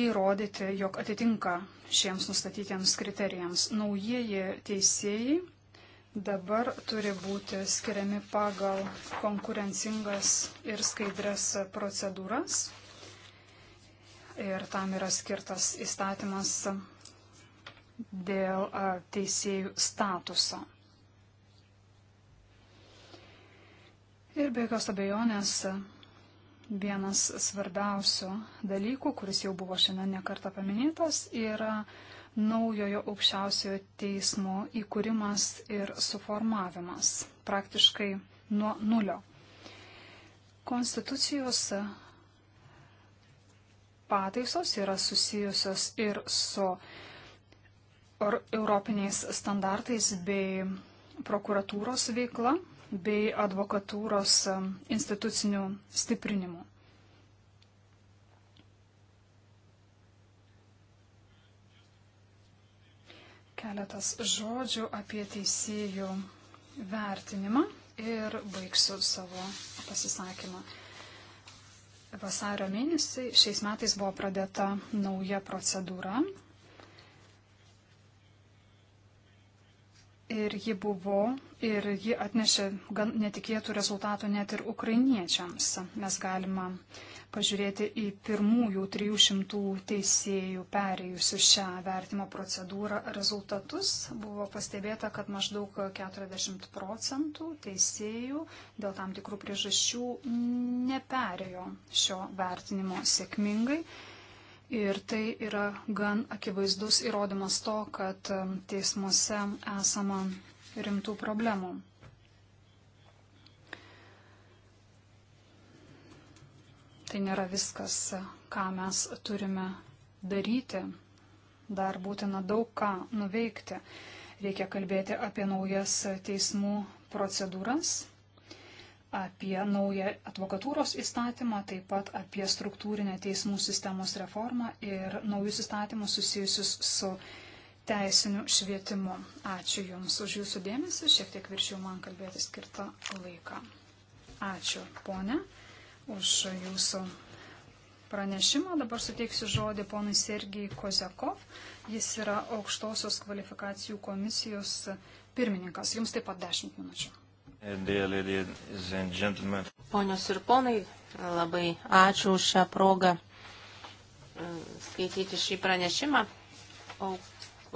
įrodyti, jog atitinka šiems nustatytiems kriterijams. Naujieji teisėjai dabar turi būti skiriami pagal konkurencingas ir skaidres procedūras. Ir tam yra skirtas įstatymas dėl teisėjų statuso. Ir be jokios abejonės vienas svarbiausių dalykų, kuris jau buvo šiandien nekarta paminėtas, yra naujojo aukščiausiojo teismo įkūrimas ir suformavimas praktiškai nuo nulio. Konstitucijos pataisos yra susijusios ir su europiniais standartais bei prokuratūros veikla bei advokatūros um, institucinių stiprinimų. keletas žodžių apie teisėjų vertinimą ir baigsiu savo pasisakymą. Vasario mėnesį šiais metais buvo pradėta nauja procedūra, ir ji buvo, ir ji atnešė gan netikėtų rezultatų net ir ukrainiečiams. Mes galima pažiūrėti į pirmųjų 300 teisėjų perėjusių šią vertimo procedūrą rezultatus. Buvo pastebėta, kad maždaug 40 procentų teisėjų dėl tam tikrų priežasčių neperėjo šio vertinimo sėkmingai. Ir tai yra gan akivaizdus įrodymas to, kad teismuose esama rimtų problemų. Tai nėra viskas, ką mes turime daryti. Dar būtina daug ką nuveikti. Reikia kalbėti apie naujas teismų procedūras, apie naują advokatūros įstatymą, taip pat apie struktūrinę teismų sistemos reformą ir naujus įstatymus susijusius su teisiniu švietimu. Ačiū Jums už Jūsų dėmesį, šiek tiek viršiau man kalbėti skirtą laiką. Ačiū, ponė, už Jūsų pranešimą. Dabar suteiksiu žodį ponui Sergijai Kozekov. Jis yra aukštosios kvalifikacijų komisijos pirmininkas. Jums taip pat 10 minučių. Ponios ir ponai, labai ačiū už šią progą e, skaityti šį pranešimą.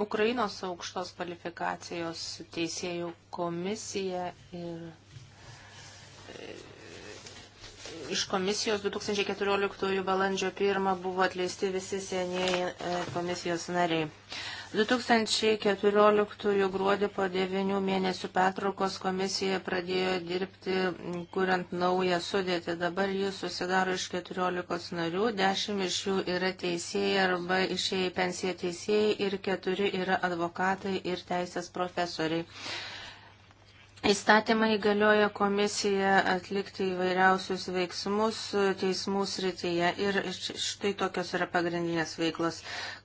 Ukrainos aukštos kvalifikacijos teisėjų komisija ir e, iš komisijos 2014 balandžio 1 buvo atleisti visi senieji e, komisijos nariai. 2014 gruodį po devinių mėnesių pertraukos komisija pradėjo dirbti, kuriant naują sudėtį. Dabar jis susidaro iš 14 narių, 10 iš jų yra teisėjai arba išėjai pensiją teisėjai ir 4 yra advokatai ir teisės profesoriai. Įstatymai galioja komisiją atlikti įvairiausius veiksmus teismų srityje ir štai tokios yra pagrindinės veiklos.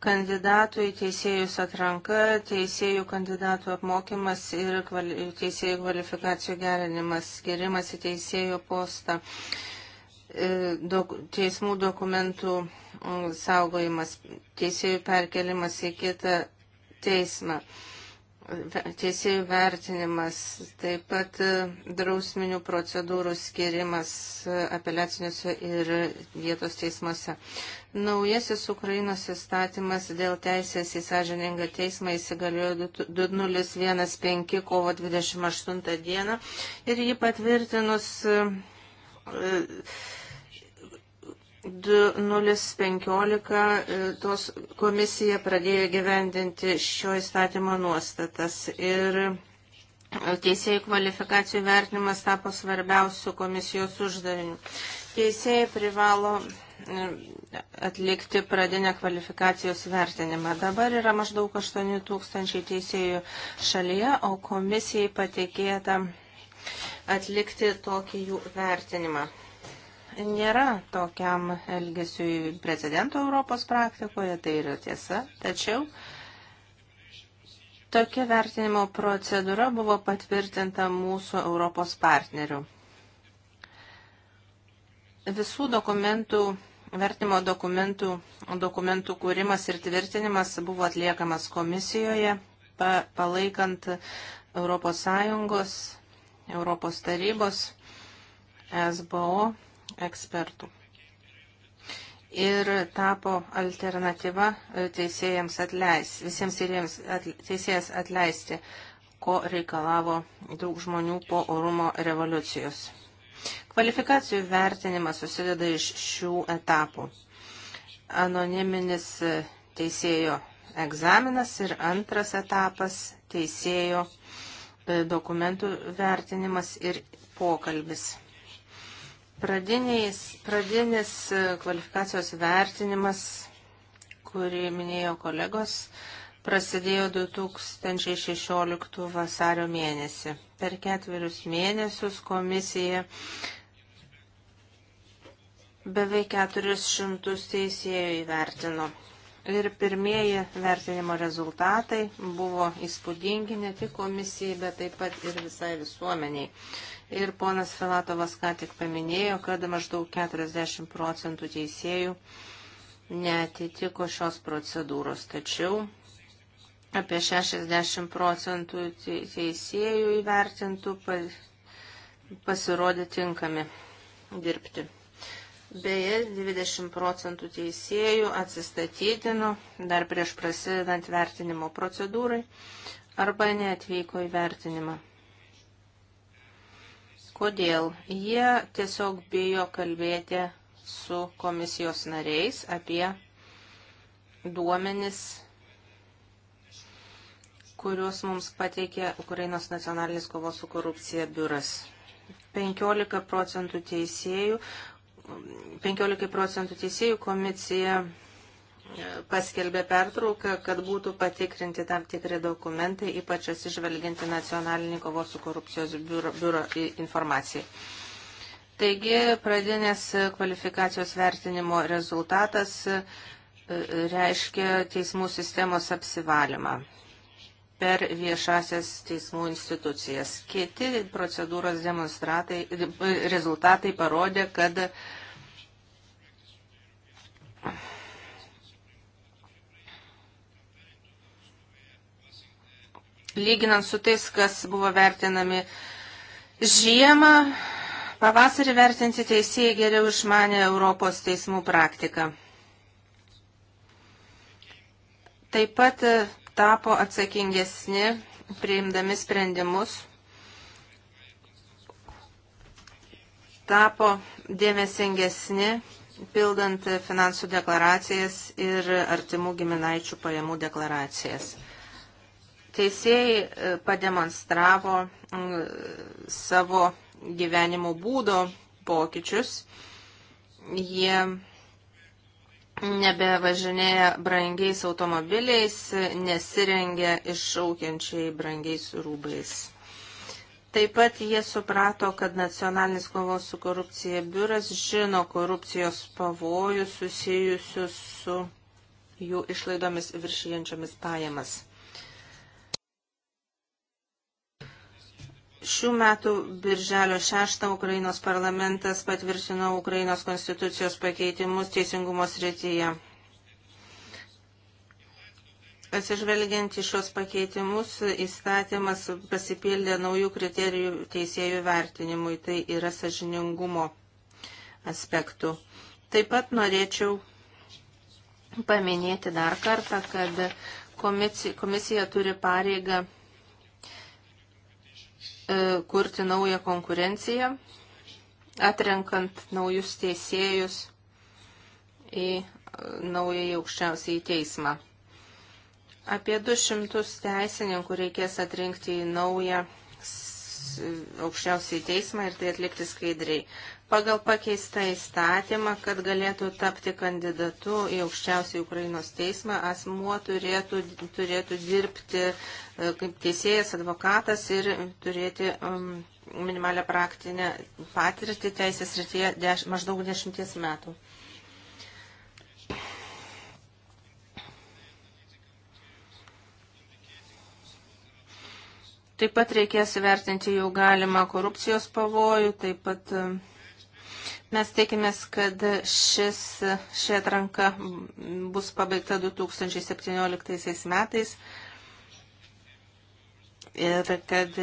Kandidatų į teisėjus atranka, teisėjų kandidatų apmokymas ir kvali, teisėjų kvalifikacijų gerinimas, skirimas į teisėjų postą, e, dok, teismų dokumentų mm, saugojimas, teisėjų perkelimas į kitą teismą teisėjų vertinimas, taip pat e, drausminių procedūrų skirimas e, apeliaciniuose ir vietos teismuose. Naujasis Ukrainos įstatymas dėl teisės į sąžiningą teismą įsigaliojo 2015 kovo 28 dieną ir jį patvirtinus e, 2015 e, tos komisija pradėjo gyvendinti šio įstatymo nuostatas ir e, teisėjų kvalifikacijų vertinimas tapo svarbiausių komisijos uždavinių. Teisėjai privalo e, atlikti pradinę kvalifikacijos vertinimą. Dabar yra maždaug 8 tūkstančiai teisėjų šalyje, o komisijai patikėta atlikti tokį jų vertinimą nėra tokiam elgesiui precedento Europos praktikoje, tai yra tiesa, tačiau tokia vertinimo procedūra buvo patvirtinta mūsų Europos partnerių. Visų dokumentų, vertimo dokumentų, dokumentų kūrimas ir tvirtinimas buvo atliekamas komisijoje, pa, palaikant Europos Sąjungos, Europos tarybos, SBO ekspertų ir tapo alternatyva e, teisėjams atleis, visiems tyrėjams atle, teisėjas atleisti, ko reikalavo daug žmonių po orumo revoliucijos. Kvalifikacijų vertinimas susideda iš šių etapų. Anoniminis e, teisėjo egzaminas ir antras etapas teisėjo e, dokumentų vertinimas ir pokalbis. Pradiniais, pradinis e, kvalifikacijos vertinimas, kurį minėjo kolegos, prasidėjo 2016 vasario mėnesį. Per ketverius mėnesius komisija beveik 400 teisėjų įvertino. Ir pirmieji vertinimo rezultatai buvo įspūdingi ne tik komisijai, bet taip pat ir visai visuomeniai. Ir ponas Filatovas ką tik paminėjo, kad maždaug 40 procentų teisėjų netitiko šios procedūros. Tačiau apie 60 procentų teisėjų įvertintų pasirodė tinkami dirbti. Beje, 20 procentų teisėjų atsistatydino dar prieš prasidedant vertinimo procedūrai arba neatvyko į vertinimą. Kodėl? Jie tiesiog bijo kalbėti su komisijos nariais apie duomenis, kuriuos mums pateikė Ukrainos nacionalinis kovos su korupcija biuras. 15 procentų teisėjų, 15 procentų teisėjų komisija paskelbė pertrauką, kad būtų patikrinti tam tikri dokumentai, ypač atsižvelginti nacionalinį kovos su korupcijos biuro, biuro informaciją. Taigi, pradinės kvalifikacijos vertinimo rezultatas e, reiškia teismų sistemos apsivalymą per viešasias teismų institucijas. Kiti procedūros demonstratai, rezultatai parodė, kad lyginant su tais, kas buvo vertinami žiemą, pavasarį vertinti teisėjai geriau išmanė Europos teismų praktiką. Taip pat e, tapo atsakingesni priimdami sprendimus, tapo dėmesingesni pildant finansų deklaracijas ir artimų giminaičių pajamų deklaracijas. Teisėjai e, pademonstravo savo gyvenimo būdo pokyčius. Jie nebevažinėja brangiais automobiliais, nesirengia iššaukiančiai brangiais rūbais. Taip pat jie suprato, kad nacionalinis kovos su korupcija biuras žino korupcijos pavojus susijusius su jų išlaidomis viršijančiomis pajamas. Šių metų birželio 6 Ukrainos parlamentas patvirtino Ukrainos konstitucijos pakeitimus teisingumo srityje. Atsižvelgiant į šios pakeitimus, įstatymas pasipildė naujų kriterijų teisėjų vertinimui, tai yra sažiningumo aspektų. Taip pat norėčiau paminėti dar kartą, kad komisija, komisija turi pareigą E, kurti naują konkurenciją, atrenkant naujus teisėjus į e, naująjį aukščiausiąjį teismą. Apie 200 teisininkų reikės atrinkti į naują aukščiausiai teismą ir tai atlikti skaidriai pagal pakeistą įstatymą, kad galėtų tapti kandidatu į aukščiausią Ukrainos teismą, asmuo turėtų, turėtų dirbti e, kaip teisėjas, advokatas ir turėti um, minimalę praktinę patirtį teisės rytyje deš, maždaug dešimties metų. Taip pat reikės vertinti jau galimą korupcijos pavojų, taip pat um, Mes teikimės, kad šis, ši atranka bus pabaigta 2017 metais ir kad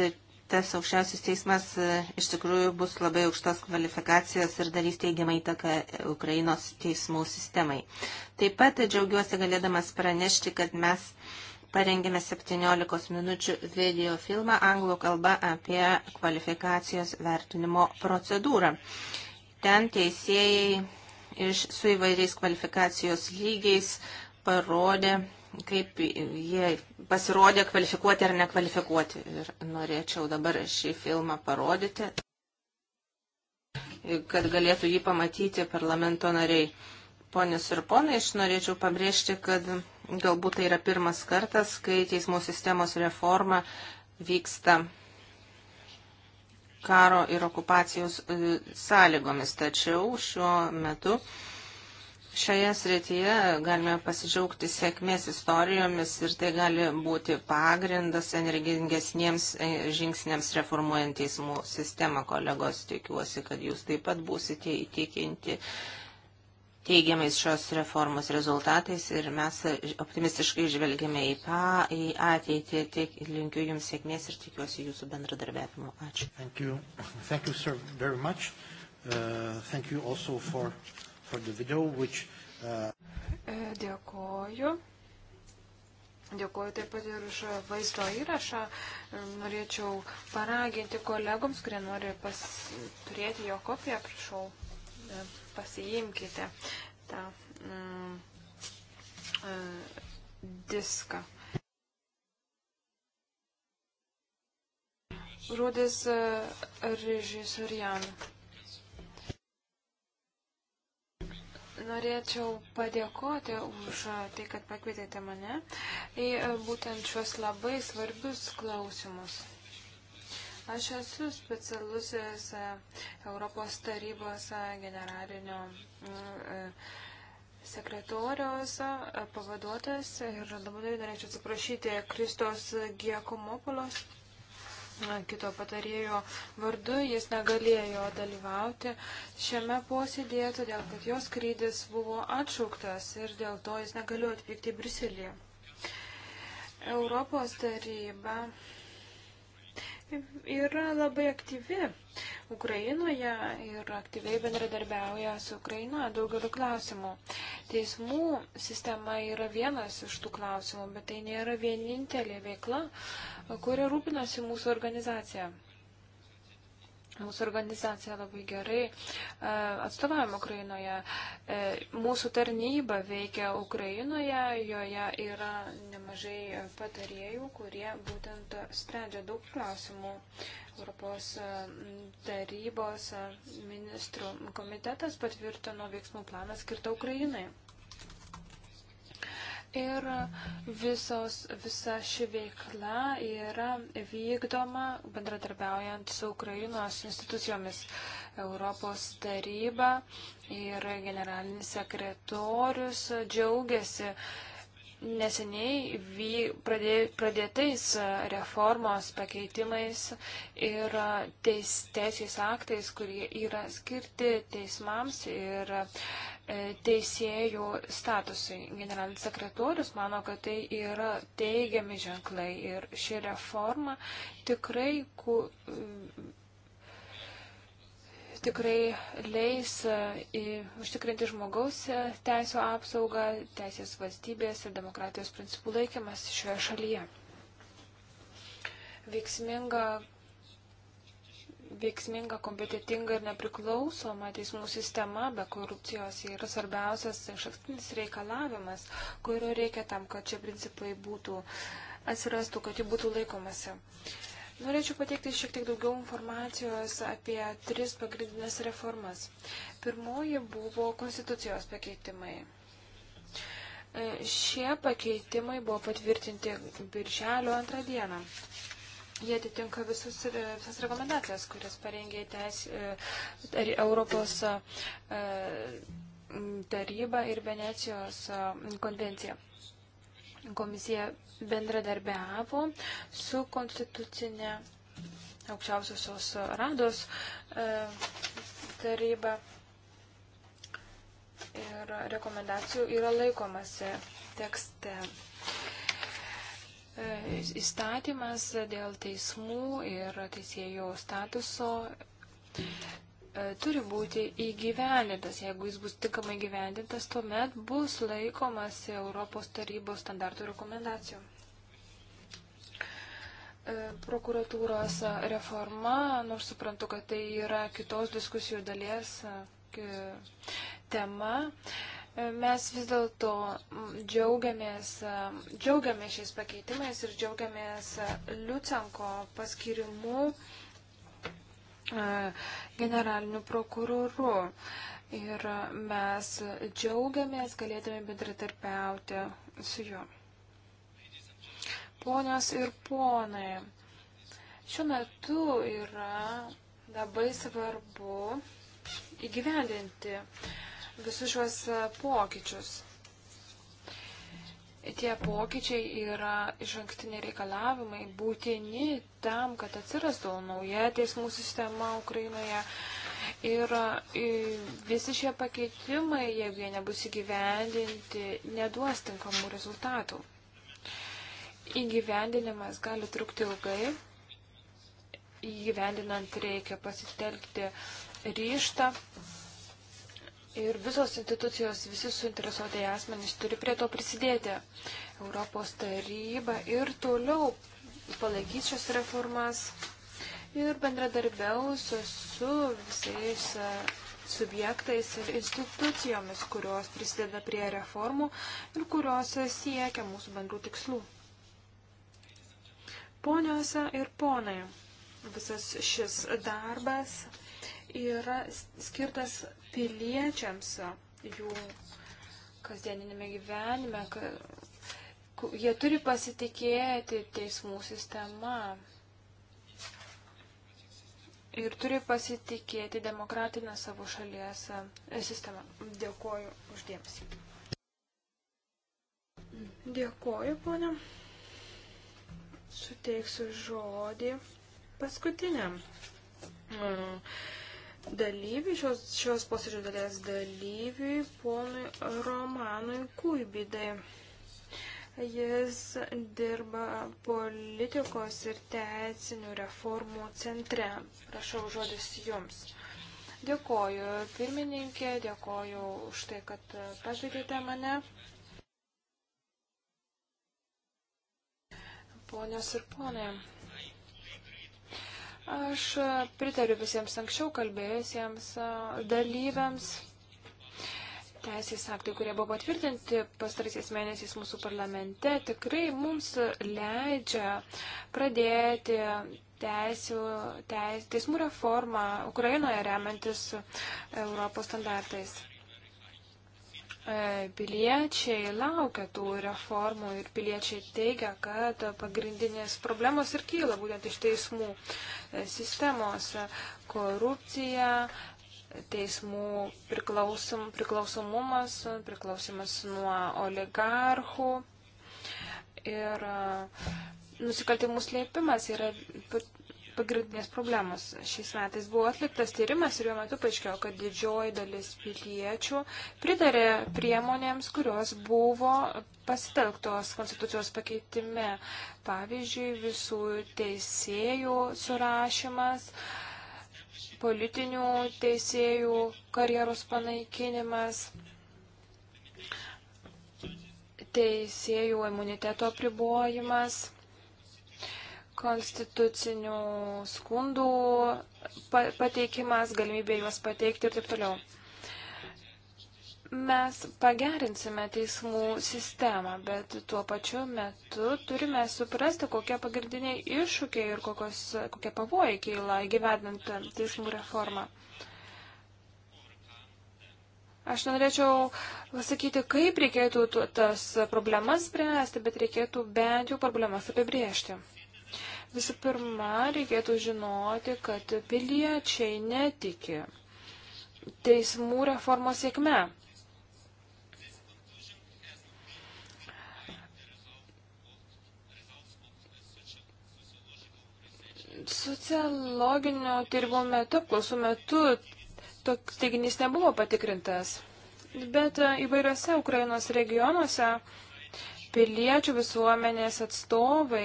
tas aukščiausias teismas e, iš tikrųjų bus labai aukštos kvalifikacijos ir darys teigiamą įtaką Ukrainos teismų sistemai. Taip pat džiaugiuosi galėdamas pranešti, kad mes parengėme 17 minučių video filmą anglų kalba apie kvalifikacijos vertinimo procedūrą. Ten teisėjai iš, su įvairiais kvalifikacijos lygiais parodė, kaip jie pasirodė kvalifikuoti ar nekvalifikuoti. Ir norėčiau dabar šį filmą parodyti, kad galėtų jį pamatyti parlamento nariai. Ponius ir ponai, aš norėčiau pabrėžti, kad galbūt tai yra pirmas kartas, kai teismų sistemos reforma vyksta karo ir okupacijos e, sąlygomis. Tačiau šiuo metu šioje srityje galime pasidžiaugti sėkmės istorijomis ir tai gali būti pagrindas energingesniems e, žingsniams reformuojant teismų sistemą. Kolegos, tikiuosi, kad jūs taip pat būsite įtikinti teigiamais šios reformos rezultatais ir mes optimistiškai žvelgiame į, pa, į ateitį. Tik linkiu Jums sėkmės ir tikiuosi Jūsų bendradarbiavimo. Ačiū. Thank you. Thank you, sir, very much. Uh, thank you also for, for the video, which... Uh... E, dėkoju. Dėkuoju taip pat ir už vaizdo įrašą. E, norėčiau paraginti kolegoms, kurie nori pas... turėti jo kopiją, prašau e, pasiimkite tą mm, e, diską. Rūdis e, režisorian. Norėčiau padėkoti už tai, kad pakvietėte mane į e, būtent šios labai svarbius klausimus. Aš esu specialusis e, Europos tarybos e, generalinio e, sekretoriaus pavaduotojas ir labai norėčiau atsiprašyti Kristos Giekomopolos kito patarėjo vardu, jis negalėjo dalyvauti šiame posėdėje, todėl kad jos skrydis buvo atšauktas ir dėl to jis negalėjo atvykti į Briuselį. Europos taryba yra labai aktyvi Ukrainoje ir aktyviai bendradarbiauja su Ukraina daugeliu klausimų. Teismų sistema yra vienas iš tų klausimų, bet tai nėra vienintelė veikla, kuria rūpinasi mūsų organizacija. Mūsų organizacija labai gerai e, atstovavimo Ukrainoje. E, mūsų tarnyba veikia Ukrainoje, joje yra nemažai patarėjų, kurie būtent sprendžia daug klausimų. Europos e, tarybos ministrų komitetas patvirtino veiksmų planą skirtą Ukrainai. Ir visos, visa ši veikla yra vykdoma bendradarbiaujant su Ukrainos institucijomis. Europos taryba ir generalinis sekretorius džiaugiasi neseniai vy, pradė, pradėtais reformos pakeitimais ir teis, teisės aktais, kurie yra skirti teismams ir E, teisėjų statusui. Generalinis sekretorius mano, kad tai yra teigiami ženklai ir ši reforma tikrai, ku, e, tikrai leis e, į, užtikrinti žmogaus teisų apsaugą, teisės valstybės ir demokratijos principų laikymas šioje šalyje. Veiksminga veiksminga, kompetitinga ir nepriklausoma teismų sistema be korupcijos yra svarbiausias šaktinis reikalavimas, kurio reikia tam, kad čia principai būtų atsirastų, kad jų būtų laikomasi. Norėčiau pateikti šiek tiek daugiau informacijos apie tris pagrindinės reformas. Pirmoji buvo konstitucijos pakeitimai. E, šie pakeitimai buvo patvirtinti birželio antrą dieną jie atitinka visus, e, visas rekomendacijas, kurias parengė teis, e, Europos e, taryba ir Venecijos konvencija. Komisija bendradarbiavo su konstitucinė aukščiausiosios rados taryba ir rekomendacijų yra laikomasi tekste įstatymas dėl teismų ir teisėjų statuso e, turi būti įgyvendintas. Jeigu jis bus tinkamai įgyvendintas, tuomet bus laikomas Europos tarybos standartų rekomendacijų. E, prokuratūros reforma, nors suprantu, kad tai yra kitos diskusijų dalies e, tema, Mes vis dėlto džiaugiamės, džiaugiamės šiais pakeitimais ir džiaugiamės Liucenko paskirimu e, generaliniu prokuroru. Ir mes džiaugiamės galėdami bendratarpiauti su juo. Ponios ir ponai, šiuo metu yra labai svarbu įgyvendinti uh, visus šiuos e, pokyčius. Tie pokyčiai yra iš ankstiniai reikalavimai būtini tam, kad atsirastų nauja teismų sistema Ukrainoje. Ir e, visi šie pakeitimai, jeigu jie nebus įgyvendinti, neduos tinkamų rezultatų. Įgyvendinimas gali trukti ilgai. Įgyvendinant reikia pasitelkti ryštą Ir visos institucijos, visi suinteresuotieji asmenys turi prie to prisidėti. Europos taryba ir toliau palaikys šias reformas ir bendradarbiaus su visais e, subjektais ir institucijomis, kurios prisideda prie reformų ir kurios e, siekia mūsų bendrų tikslų. Poniose ir ponai, visas šis darbas yra skirtas piliečiams jų kasdieninėme gyvenime. Jie turi pasitikėti teismų sistema ir turi pasitikėti demokratinę savo šalies e, sistemą. Dėkoju uždėmesį. Dėkoju, ponė. Suteiksiu žodį paskutiniam mm, dalyviui, šios, šios posėdžio dalies dalyviui, ponui Romanui Kuibidai. Jis dirba politikos ir teisinių reformų centre. Prašau žodis jums. Dėkoju pirmininkė, dėkoju už tai, kad pakvietėte mane. Ponios ir ponai, Aš e, pritariu visiems anksčiau kalbėjusiems e, dalyviams. Teisės aktai, kurie buvo patvirtinti pastaraisiais mėnesiais mūsų parlamente, tikrai mums leidžia pradėti teisų, teis, teismų reformą Ukrainoje remiantis Europos standartais. E, piliečiai laukia tų reformų ir piliečiai teigia, kad pagrindinės problemos ir kyla būtent iš teismų e, sistemos e, - korupcija, teismų priklausom, priklausomumas, priklausimas nuo oligarchų ir nusikaltimų slėpimas yra pagrindinės problemos. Šiais metais buvo atliktas tyrimas ir jo metu paaiškėjo, kad didžioji dalis piliečių pritarė priemonėms, kurios buvo pasitelktos konstitucijos pakeitime. Pavyzdžiui, visų teisėjų surašymas, politinių teisėjų karjeros panaikinimas teisėjų imuniteto apribojimas konstitucinių skundų pateikimas, galimybė juos pateikti ir taip toliau. Mes pagerinsime teismų sistemą, bet tuo pačiu metu turime suprasti, kokie pagrindiniai iššūkiai ir kokios, kokie pavojai keila gyvenant teismų reformą. Aš norėčiau pasakyti, kaip reikėtų tas problemas spręsti, bet reikėtų bent jau problemas apibriežti. Visų pirma, reikėtų žinoti, kad piliečiai netiki teismų reformos sėkme. Sociologinio tyrimo metu, apklausų metu, toks teiginys nebuvo patikrintas. Bet įvairiose Ukrainos regionuose piliečių visuomenės atstovai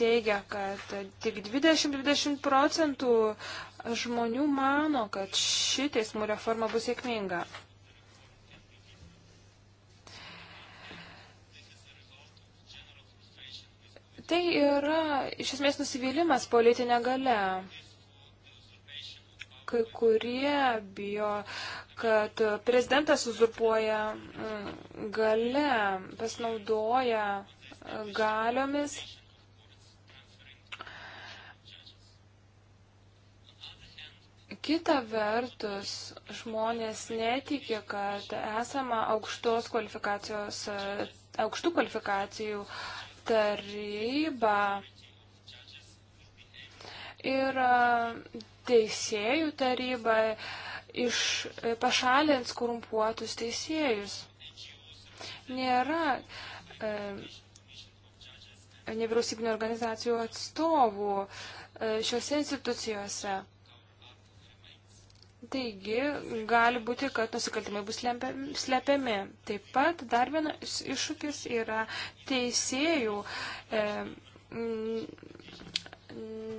teigia, kad tik 20-20 procentų žmonių mano, kad ši teismų reforma bus sėkminga. Tai yra iš esmės nusivylimas politinė gale kai kurie bijo, kad prezidentas uzurpuoja mm, gale, pasinaudoja mm, galiomis. Kita vertus, žmonės netikė, kad esama aukštos kvalifikacijos, aukštų kvalifikacijų taryba. Ir teisėjų taryba iš, e, pašalins korumpuotus teisėjus. Nėra e, nevyriausybinio organizacijų atstovų e, šiuose institucijose. Taigi, gali būti, kad nusikaltimai bus slepiami. Taip pat dar vienas iššūkis yra teisėjų e,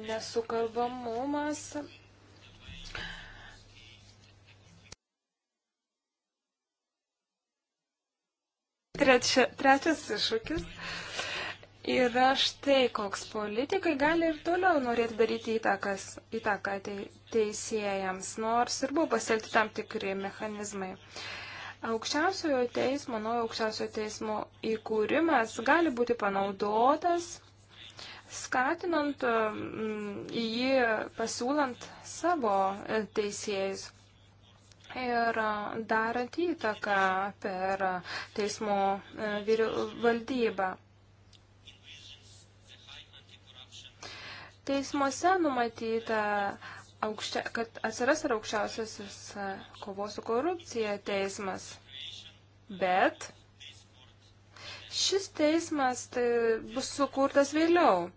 nesukalbamumas. Trečia, trečias iššūkis yra štai koks politikai gali ir toliau norėti daryti įtakas, įtaką te, teisėjams, nors ir buvo pasiekti tam tikri mechanizmai. Aukščiausiojo teismo, naujo aukščiausiojo teismo įkūrimas gali būti panaudotas skatinant mm, jį, pasiūlant savo teisėjus ir darant įtaką per teismo valdybą. Teismuose numatyta, aukščia, kad atsiras ir aukščiausiasis kovos su korupcija teismas, bet šis teismas tai bus sukurtas vėliau.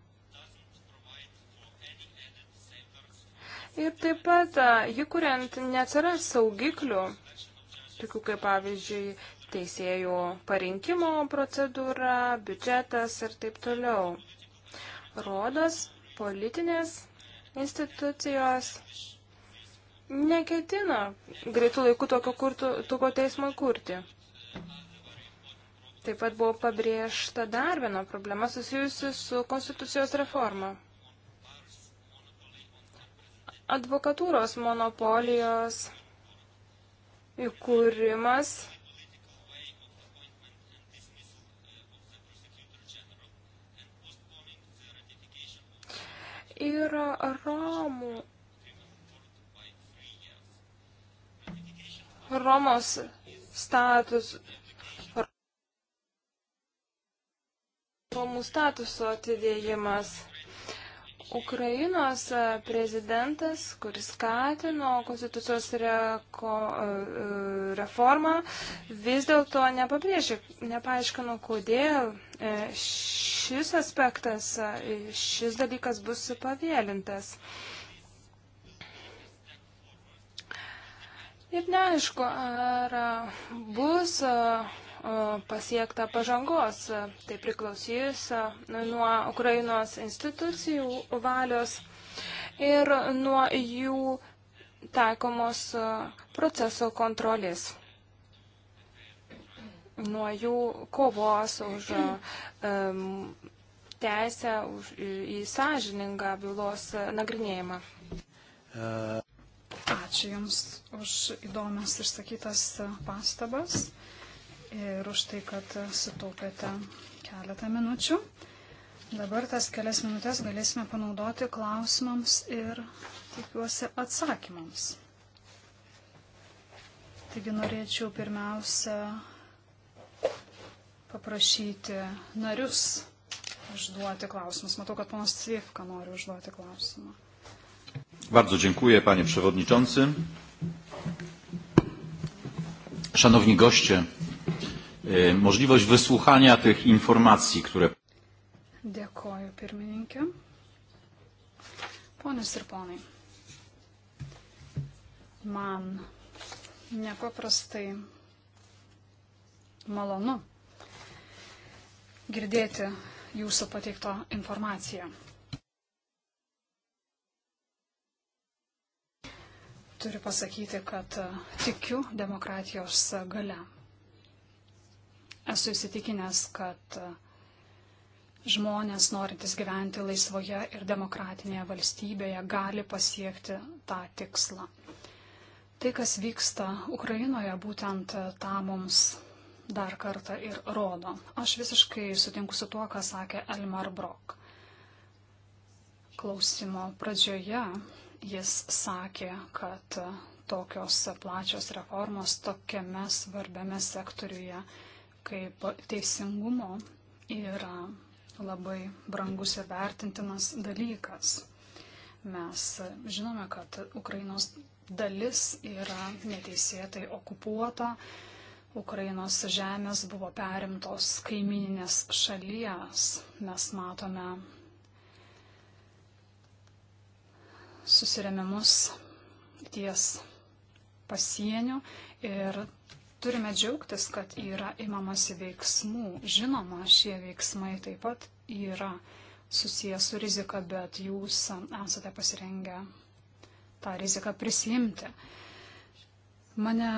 Ir taip pat, jį kuriant, neatsiras saugiklių, tokių kaip pavyzdžiui teisėjų parinkimo procedūra, biudžetas ir taip toliau. Rodos politinės institucijos neketina greitų laikų tokio, kurtų, tokio teismo kurti. Taip pat buvo pabrėžta dar viena problema susijusi su konstitucijos reforma advokatūros monopolijos įkūrimas ir Romų. Romos status. Romų statuso atidėjimas. Ukrainos e, prezidentas, kuris skatino konstitucijos reko, e, e, reformą, vis dėlto nepaaiškino, kodėl šis aspektas, šis dalykas bus pavėlintas. Ir neaišku, ar bus pasiekta pažangos. Tai priklausys e, nuo Ukrainos institucijų valios ir nuo jų taikomos e, proceso kontrolės, nuo jų kovos už um, teisę už, į sąžiningą bylos nagrinėjimą. Ačiū Jums už įdomias išsakytas pastabas ir už tai, kad sutaupėte keletą minučių. Dabar tas kelias minutės galėsime panaudoti klausimams ir, tikiuosi, atsakymams. Taigi norėčiau pirmiausia paprašyti narius užduoti klausimus. Matau, kad ponas Cvifka nori užduoti klausimą. Bardzo dziękuję, panie przewodniczący. Szanowni goście, E, możliwość wysłuchania tych informacji, które. Dėkoju, pirmininkė. Ponas ir ponai, man nepaprastai malonu girdėti jūsų pateikto informaciją. Turiu pasakyti, kad tikiu demokratijos gale. Esu įsitikinęs, kad žmonės norintys gyventi laisvoje ir demokratinėje valstybėje gali pasiekti tą tikslą. Tai, kas vyksta Ukrainoje, būtent tą mums dar kartą ir rodo. Aš visiškai sutinku su tuo, ką sakė Elmar Brok. Klausimo pradžioje jis sakė, kad tokios plačios reformos tokiame svarbiame sektoriuje kaip teisingumo yra labai brangus ir vertintinas dalykas. Mes žinome, kad Ukrainos dalis yra neteisėtai okupuota, Ukrainos žemės buvo perimtos kaimininės šalies. Mes matome susiremimus ties pasieniu ir Turime džiaugtis, kad yra imamasi veiksmų. Žinoma, šie veiksmai taip pat yra susijęs su rizika, bet jūs esate pasirengę tą riziką prisimti. Mane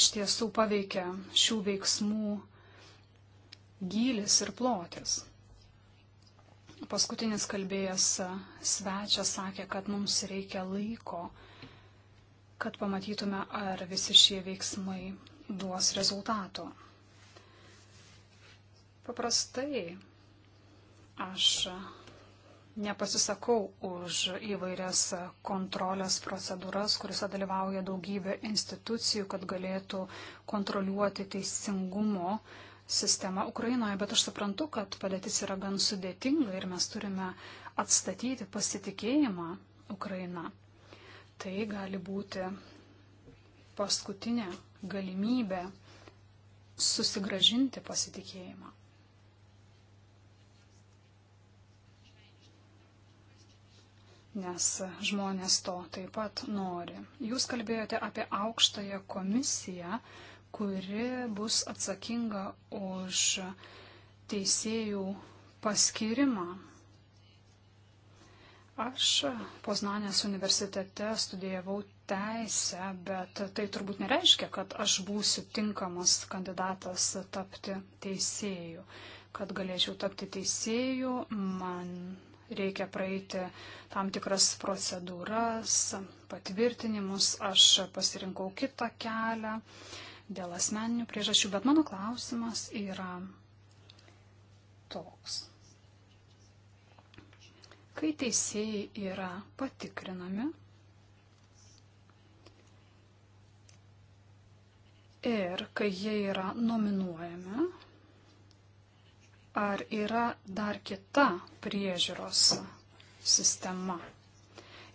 iš tiesų paveikia šių veiksmų gylis ir plotis. Paskutinis kalbėjęs svečias sakė, kad mums reikia laiko kad pamatytume, ar visi šie veiksmai duos rezultato. Paprastai aš nepasisakau už įvairias kontrolės procedūras, kuriuose dalyvauja daugybė institucijų, kad galėtų kontroliuoti teisingumo sistemą Ukrainoje, bet aš suprantu, kad padėtis yra gan sudėtinga ir mes turime atstatyti pasitikėjimą Ukrainą. Tai gali būti paskutinė galimybė susigražinti pasitikėjimą. Nes žmonės to taip pat nori. Jūs kalbėjote apie aukštąją komisiją, kuri bus atsakinga už teisėjų paskirimą Aš Poznanės universitete studijavau teisę, bet tai turbūt nereiškia, kad aš būsiu tinkamas kandidatas tapti teisėju. Kad galėčiau tapti teisėju, man reikia praeiti tam tikras procedūras, patvirtinimus. Aš pasirinkau kitą kelią dėl asmeninių priežasčių, bet mano klausimas yra toks. Kai teisėjai yra patikrinami ir kai jie yra nominuojami, ar yra dar kita priežiūros sistema?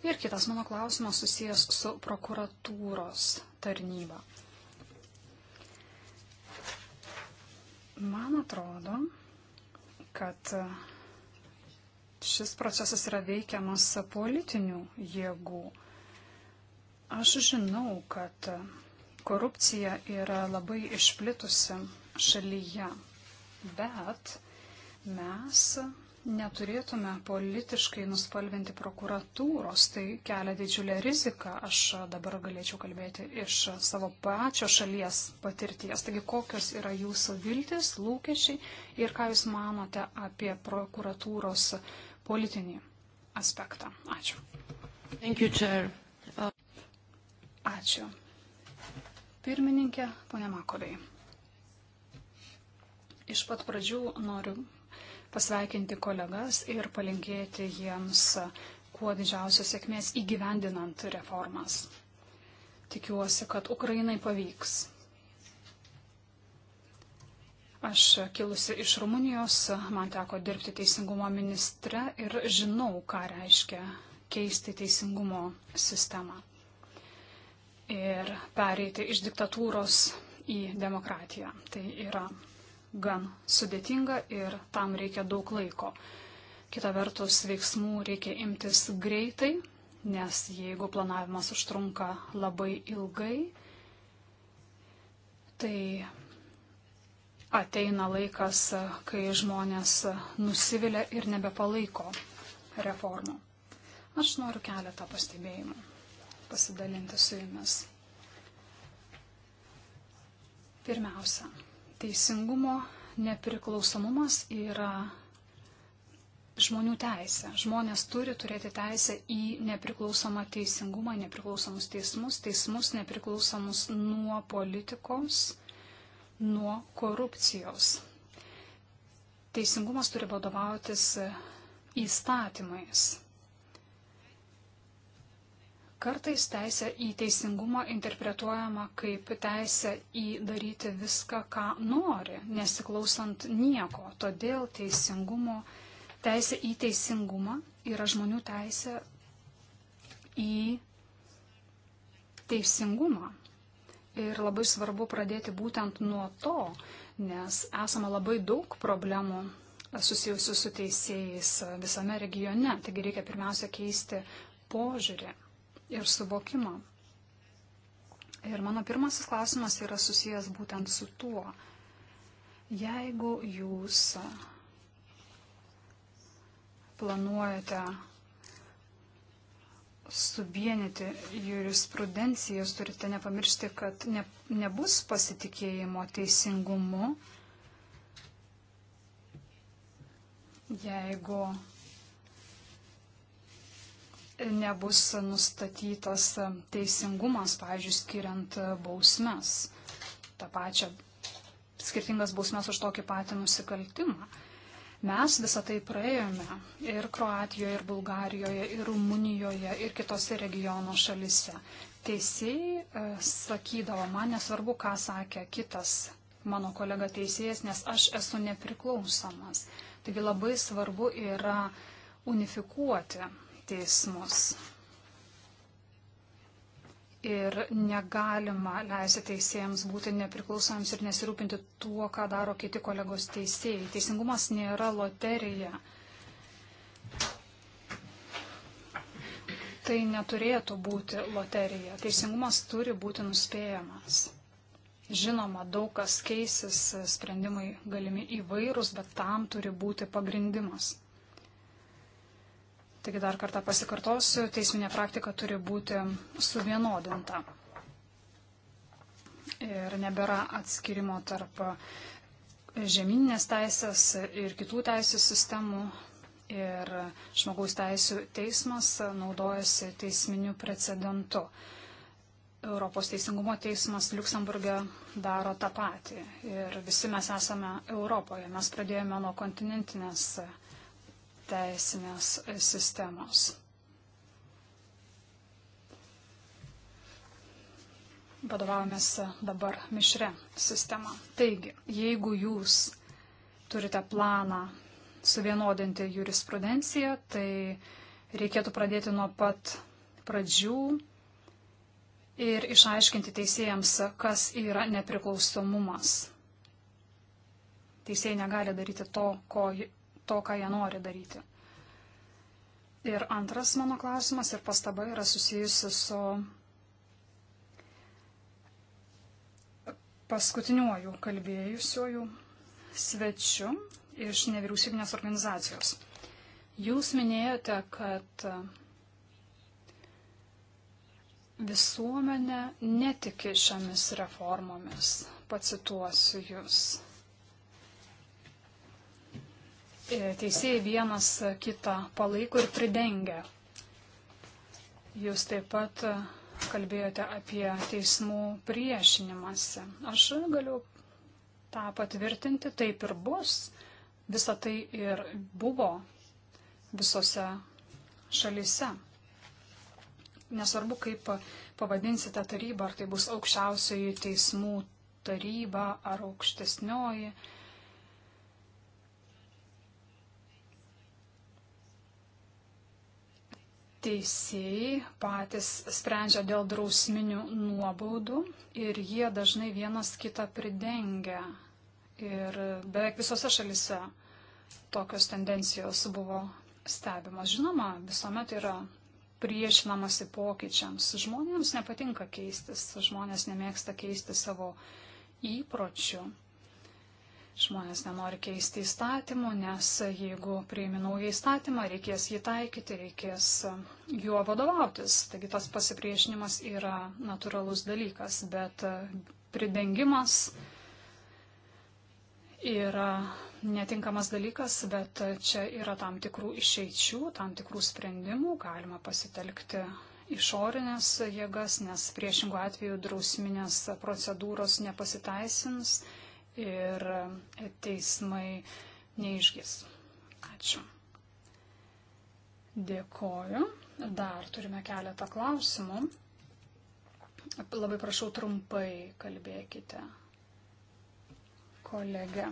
Ir kitas mano klausimas susijęs su prokuratūros tarnyba. Man atrodo, kad šis procesas yra veikiamas politinių jėgų. Aš žinau, kad korupcija yra labai išplitusi šalyje, bet mes neturėtume politiškai nuspalvinti prokuratūros, tai kelia didžiulę riziką. Aš dabar galėčiau kalbėti iš savo pačio šalies patirties. Taigi, kokios yra jūsų viltis, lūkesčiai ir ką jūs manote apie prokuratūros politinį aspektą. Ačiū. Thank you, Chair. Uh... Ačiū. Pirmininkė, ponia Makovei. Iš pat pradžių noriu pasveikinti kolegas ir palinkėti jiems kuo didžiausios sėkmės įgyvendinant reformas. Tikiuosi, kad Ukrainai pavyks Aš kilusi iš Rumunijos, man teko dirbti teisingumo ministre ir žinau, ką reiškia keisti teisingumo sistemą ir pereiti iš diktatūros į demokratiją. Tai yra gan sudėtinga ir tam reikia daug laiko. Kita vertus, veiksmų reikia imtis greitai, nes jeigu planavimas užtrunka labai ilgai, tai ateina laikas, kai žmonės nusivilia ir nebepalaiko reformų. Aš noriu keletą pastebėjimų pasidalinti su jumis. Pirmiausia, teisingumo nepriklausomumas yra žmonių teisė. Žmonės turi turėti teisę į nepriklausomą teisingumą, nepriklausomus teismus, teismus nepriklausomus nuo politikos nuo korupcijos. Teisingumas turi vadovautis įstatymais. Kartais teisė į teisingumą interpretuojama kaip teisė į daryti viską, ką nori, nesiklausant nieko. Todėl teisingumo, teisė į teisingumą yra žmonių teisė į teisingumą. Ir labai svarbu pradėti būtent nuo to, nes esame labai daug problemų susijusių su teisėjais visame regione. Taigi reikia pirmiausia keisti požiūrį ir suvokimą. Ir mano pirmasis klausimas yra susijęs būtent su tuo. Jeigu jūs planuojate suvienyti jurisprudenciją, jūs turite nepamiršti, kad ne, nebus pasitikėjimo teisingumu, jeigu nebus nustatytas teisingumas, pavyzdžiui, skiriant bausmes, tą pačią skirtingas bausmes už tokį patį nusikaltimą. Mes visą tai praėjome ir Kroatijoje, ir Bulgarijoje, ir Rumunijoje, ir kitose regiono šalise. Teisėjai e, sakydavo, man nesvarbu, ką sakė kitas mano kolega teisėjas, nes aš esu nepriklausomas. Taigi labai svarbu yra unifikuoti teismus ir negalima leisti teisėjams būti nepriklausomams ir nesirūpinti tuo, ką daro kiti kolegos teisėjai. Teisingumas nėra loterija. Tai neturėtų būti loterija. Teisingumas turi būti nuspėjamas. Žinoma, daug kas keisis, sprendimai galimi įvairūs, bet tam turi būti pagrindimas. Taigi dar kartą pasikartosiu, teisminė praktika turi būti suvienodinta. Ir nebėra atskirimo tarp žemyninės teisės ir kitų teisės sistemų. Ir žmogaus teisų teismas naudojasi teisminiu precedentu. Europos teisingumo teismas Luksemburgė daro tą patį. Ir visi mes esame Europoje. Mes pradėjome nuo kontinentinės teisinės sistemos. Vadovavomės dabar mišrę sistemą. Taigi, jeigu jūs turite planą suvienodinti jurisprudenciją, tai reikėtų pradėti nuo pat pradžių ir išaiškinti teisėjams, kas yra nepriklausomumas. Teisėjai negali daryti to, ko to, ką jie nori daryti. Ir antras mano klausimas ir pastaba yra susijusi su paskutiniuoju kalbėjusiuoju svečiu iš nevyriausybinės organizacijos. Jūs minėjote, kad visuomenė netiki šiomis reformomis. Pacituosiu jūs. E, teisėjai vienas kitą palaiko ir pridengia. Jūs taip pat e, kalbėjote apie teismų priešinimąsi. Aš galiu tą patvirtinti, taip ir bus. Visa tai ir buvo visose šalise. Nesvarbu, kaip pavadinsite tarybą, ar tai bus aukščiausioji teismų taryba ar aukštesnioji taryba teisėjai patys sprendžia dėl drausminių nuobaudų ir jie dažnai vienas kitą pridengia. Ir beveik visose šalise tokios tendencijos buvo stebimas. Žinoma, visuomet yra priešinamasi pokyčiams. Žmonėms nepatinka keistis, žmonės nemėgsta keisti savo įpročių. Žmonės nenori keisti įstatymų, nes jeigu priimi naują įstatymą, reikės jį taikyti, reikės e, juo vadovautis. Taigi tas pasipriešinimas yra natūralus dalykas, bet e, pridengimas yra netinkamas dalykas, bet e, čia yra tam tikrų išeičių, tam tikrų sprendimų, galima pasitelkti išorinės jėgas, nes priešingų atveju drausminės procedūros nepasiteisins ir teismai neišgis. Ačiū. Dėkoju. Dar turime keletą klausimų. Labai prašau trumpai kalbėkite, kolegė.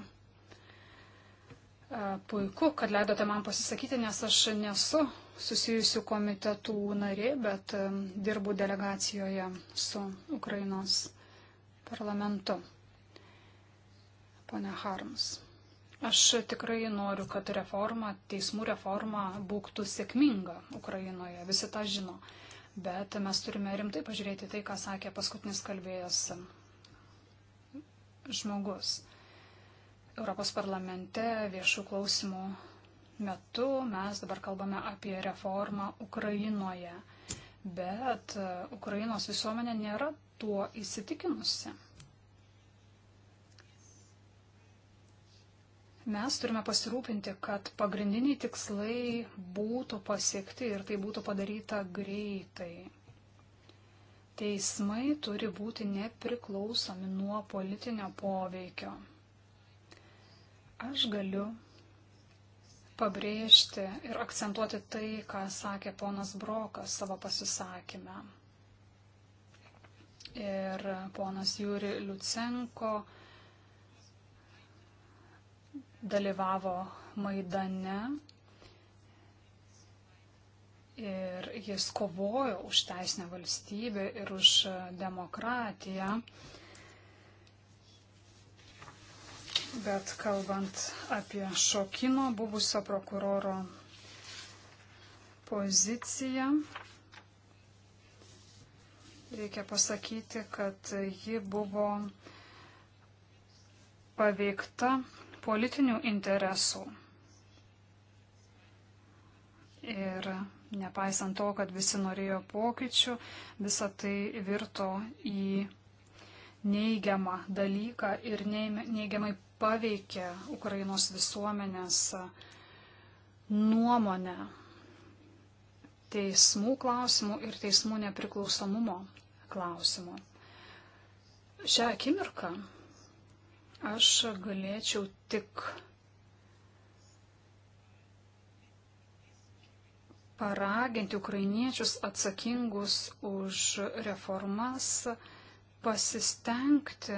Puiku, kad leidote man pasisakyti, nes aš nesu susijusių komitetų narė, bet dirbu delegacijoje su Ukrainos parlamentu. Pone Harms, aš tikrai noriu, kad reforma, teismų reforma būtų sėkminga Ukrainoje, visi tą žino. Bet mes turime rimtai pažiūrėti tai, ką sakė paskutinis kalbėjęs žmogus. Europos parlamente viešų klausimų metu mes dabar kalbame apie reformą Ukrainoje, bet Ukrainos visuomenė nėra tuo įsitikinusi. Mes turime pasirūpinti, kad pagrindiniai tikslai būtų pasiekti ir tai būtų padaryta greitai. Teismai turi būti nepriklausomi nuo politinio poveikio. Aš galiu pabrėžti ir akcentuoti tai, ką sakė ponas Brokas savo pasisakymę. Ir ponas Jūri Lucenko dalyvavo Maidane ir jis kovojo už teisinę valstybę ir už e, demokratiją. Bet kalbant apie Šokino buvusio prokuroro poziciją, reikia pasakyti, kad ji buvo paveikta politinių interesų. Ir nepaisant to, kad visi norėjo pokyčių, visa tai virto į neigiamą dalyką ir neigiamai paveikė Ukrainos visuomenės nuomonę teismų klausimų ir teismų nepriklausomumo klausimų. Šią akimirką aš galėčiau tik paraginti ukrainiečius atsakingus už reformas, pasistengti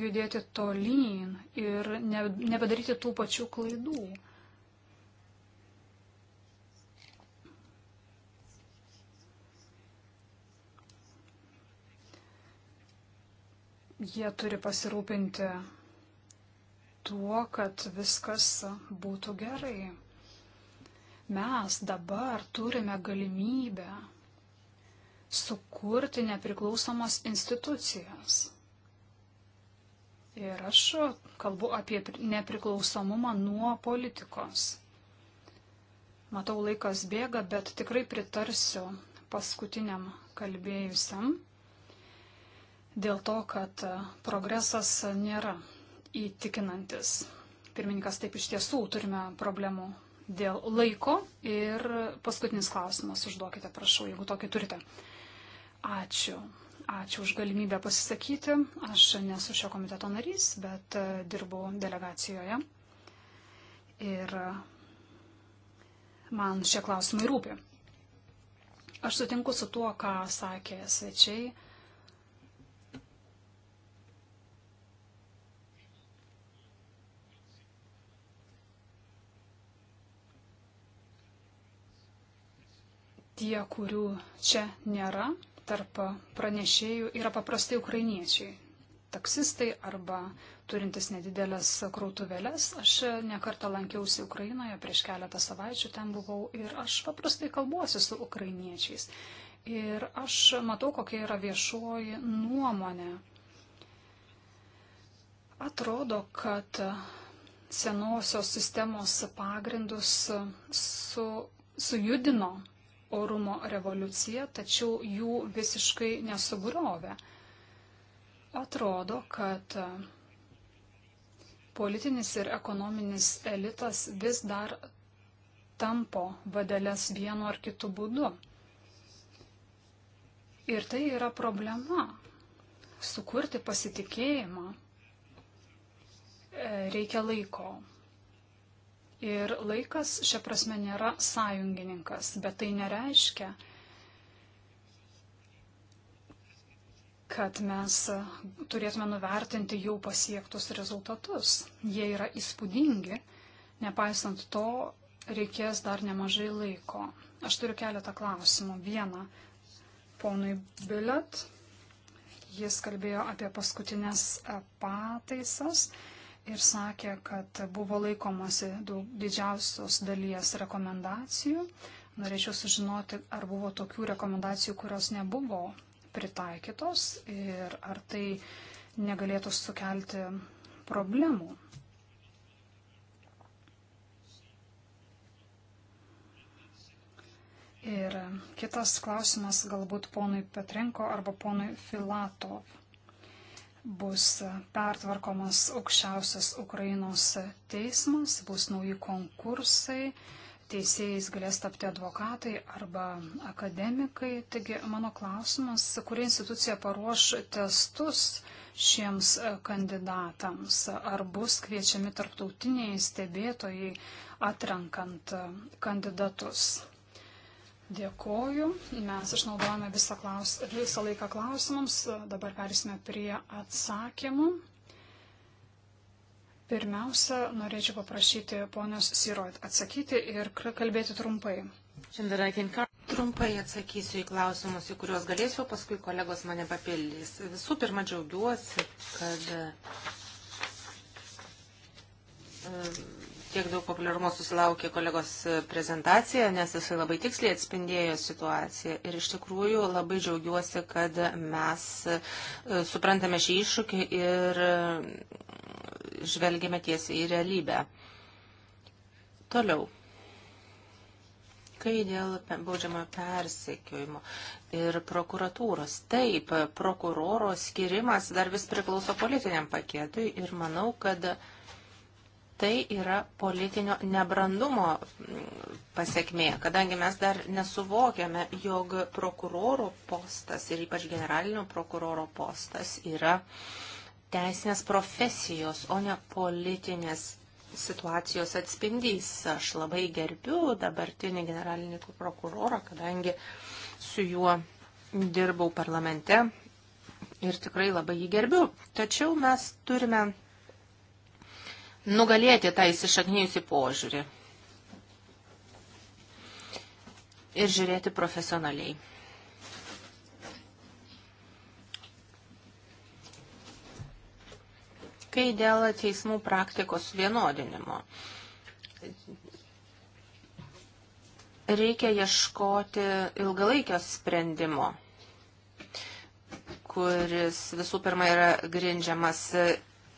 judėti tolyn ir ne, nebedaryti tų pačių klaidų. Jie turi pasirūpinti tuo, kad viskas būtų gerai. Mes dabar turime galimybę sukurti nepriklausomas institucijas. Ir aš kalbu apie nepriklausomumą nuo politikos. Matau, laikas bėga, bet tikrai pritarsiu paskutiniam kalbėjusiam dėl to, kad progresas nėra įtikinantis. Pirmininkas, taip iš tiesų turime problemų dėl laiko. Ir paskutinis klausimas užduokite, prašau, jeigu tokį turite. Ačiū. Ačiū už galimybę pasisakyti. Aš nesu šio komiteto narys, bet e, dirbu delegacijoje. Ir e, man šie klausimai rūpi. Aš sutinku su tuo, ką sakė svečiai tie, kurių čia nėra, tarp pranešėjų yra paprastai ukrainiečiai. Taksistai arba turintis nedidelės krautuvėlės. Aš nekartą lankiausi Ukrainoje, prieš keletą savaičių ten buvau ir aš paprastai kalbuosi su ukrainiečiais. Ir aš matau, kokia yra viešoji nuomonė. Atrodo, kad senosios sistemos pagrindus su, sujudino orumo revoliuciją, tačiau jų visiškai nesugriovė. Atrodo, kad politinis ir ekonominis elitas vis dar tampo vadeles vienu ar kitu būdu. Ir tai yra problema. Sukurti pasitikėjimą e, reikia laiko. Ir laikas šia prasme nėra sąjungininkas, bet tai nereiškia, kad mes turėtume nuvertinti jau pasiektus rezultatus. Jie yra įspūdingi, nepaisant to reikės dar nemažai laiko. Aš turiu keletą klausimų. Vieną ponui Bilet. Jis kalbėjo apie paskutinės pataisas ir sakė, kad buvo laikomasi daug, didžiausios dalies rekomendacijų. Norėčiau sužinoti, ar buvo tokių rekomendacijų, kurios nebuvo pritaikytos ir ar tai negalėtų sukelti problemų. Ir kitas klausimas galbūt ponui Petrenko arba ponui Filatov bus pertvarkomas aukščiausias Ukrainos teismas, bus nauji konkursai, teisėjais galės tapti advokatai arba akademikai. Taigi mano klausimas, kuri institucija paruoš testus šiems kandidatams? Ar bus kviečiami tarptautiniai stebėtojai atrenkant kandidatus? Dėkoju. Mes išnaudojame visą, klaus, visą laiką klausimams. Dabar persime prie atsakymų. Pirmiausia, norėčiau paprašyti ponios Sirojt atsakyti ir kalbėti trumpai. Šiandien Trumpai atsakysiu į klausimus, į kuriuos galėsiu, paskui kolegos mane papildys. Visų pirma, džiaugiuosi, kad tiek daug populiarumo susilaukė kolegos prezentacija, nes jisai labai tiksliai atspindėjo situaciją. Ir iš tikrųjų labai džiaugiuosi, kad mes e, suprantame šį iššūkį ir e, žvelgiame tiesiai į realybę. Toliau. Kai dėl baudžiamojo persekiojimo ir prokuratūros. Taip, prokuroro skirimas dar vis priklauso politiniam paketui ir manau, kad Tai yra politinio nebrandumo mm, pasiekmė, kadangi mes dar nesuvokiame, jog prokuroro postas ir ypač generalinio prokuroro postas yra teisinės profesijos, o ne politinės situacijos atspindys. Aš labai gerbiu dabartinį generalinį prokurorą, kadangi su juo dirbau parlamente ir tikrai labai jį gerbiu. Tačiau mes turime nugalėti tą įsišaknyjusi požiūrį ir žiūrėti profesionaliai. Kai dėl teismų praktikos vienodinimo reikia ieškoti ilgalaikio sprendimo, kuris visų pirma yra grindžiamas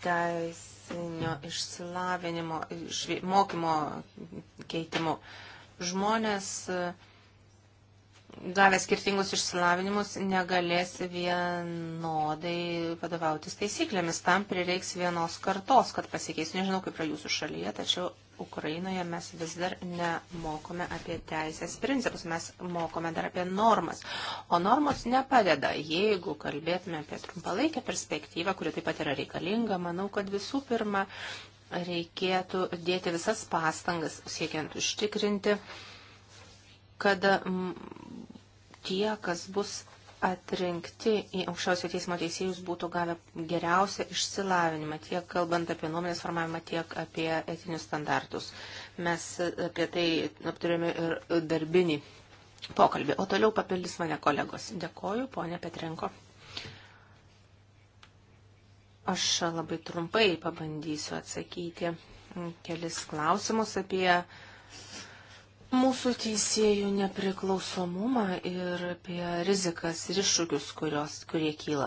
teis profesinio išsilavinimo, švie, mokymo keitimu. Žmonės e, gavę skirtingus išsilavinimus negalės vienodai vadovautis taisyklėmis. Tam prireiks vienos kartos, kad pasikeis. Nežinau, kaip yra jūsų šalyje, tačiau Ukrainoje mes vis dar nemokome apie teisės principus, mes mokome dar apie normas. O normos nepadeda. Jeigu kalbėtume apie trumpalaikę perspektyvą, kuri taip pat yra reikalinga, manau, kad visų pirma reikėtų dėti visas pastangas siekiant užtikrinti, kad tie, kas bus atrinkti į aukščiausio teismo teisėjus būtų gavę geriausią išsilavinimą, tiek kalbant apie nuomonės formavimą, tiek apie etinius standartus. Mes apie tai apturėjome ir darbinį pokalbį. O toliau papildys mane kolegos. Dėkoju, ponė Petrenko. Aš labai trumpai pabandysiu atsakyti kelis klausimus apie uh, mūsų teisėjų nepriklausomumą ir apie rizikas ir iššūkius, kurios, kurie kyla.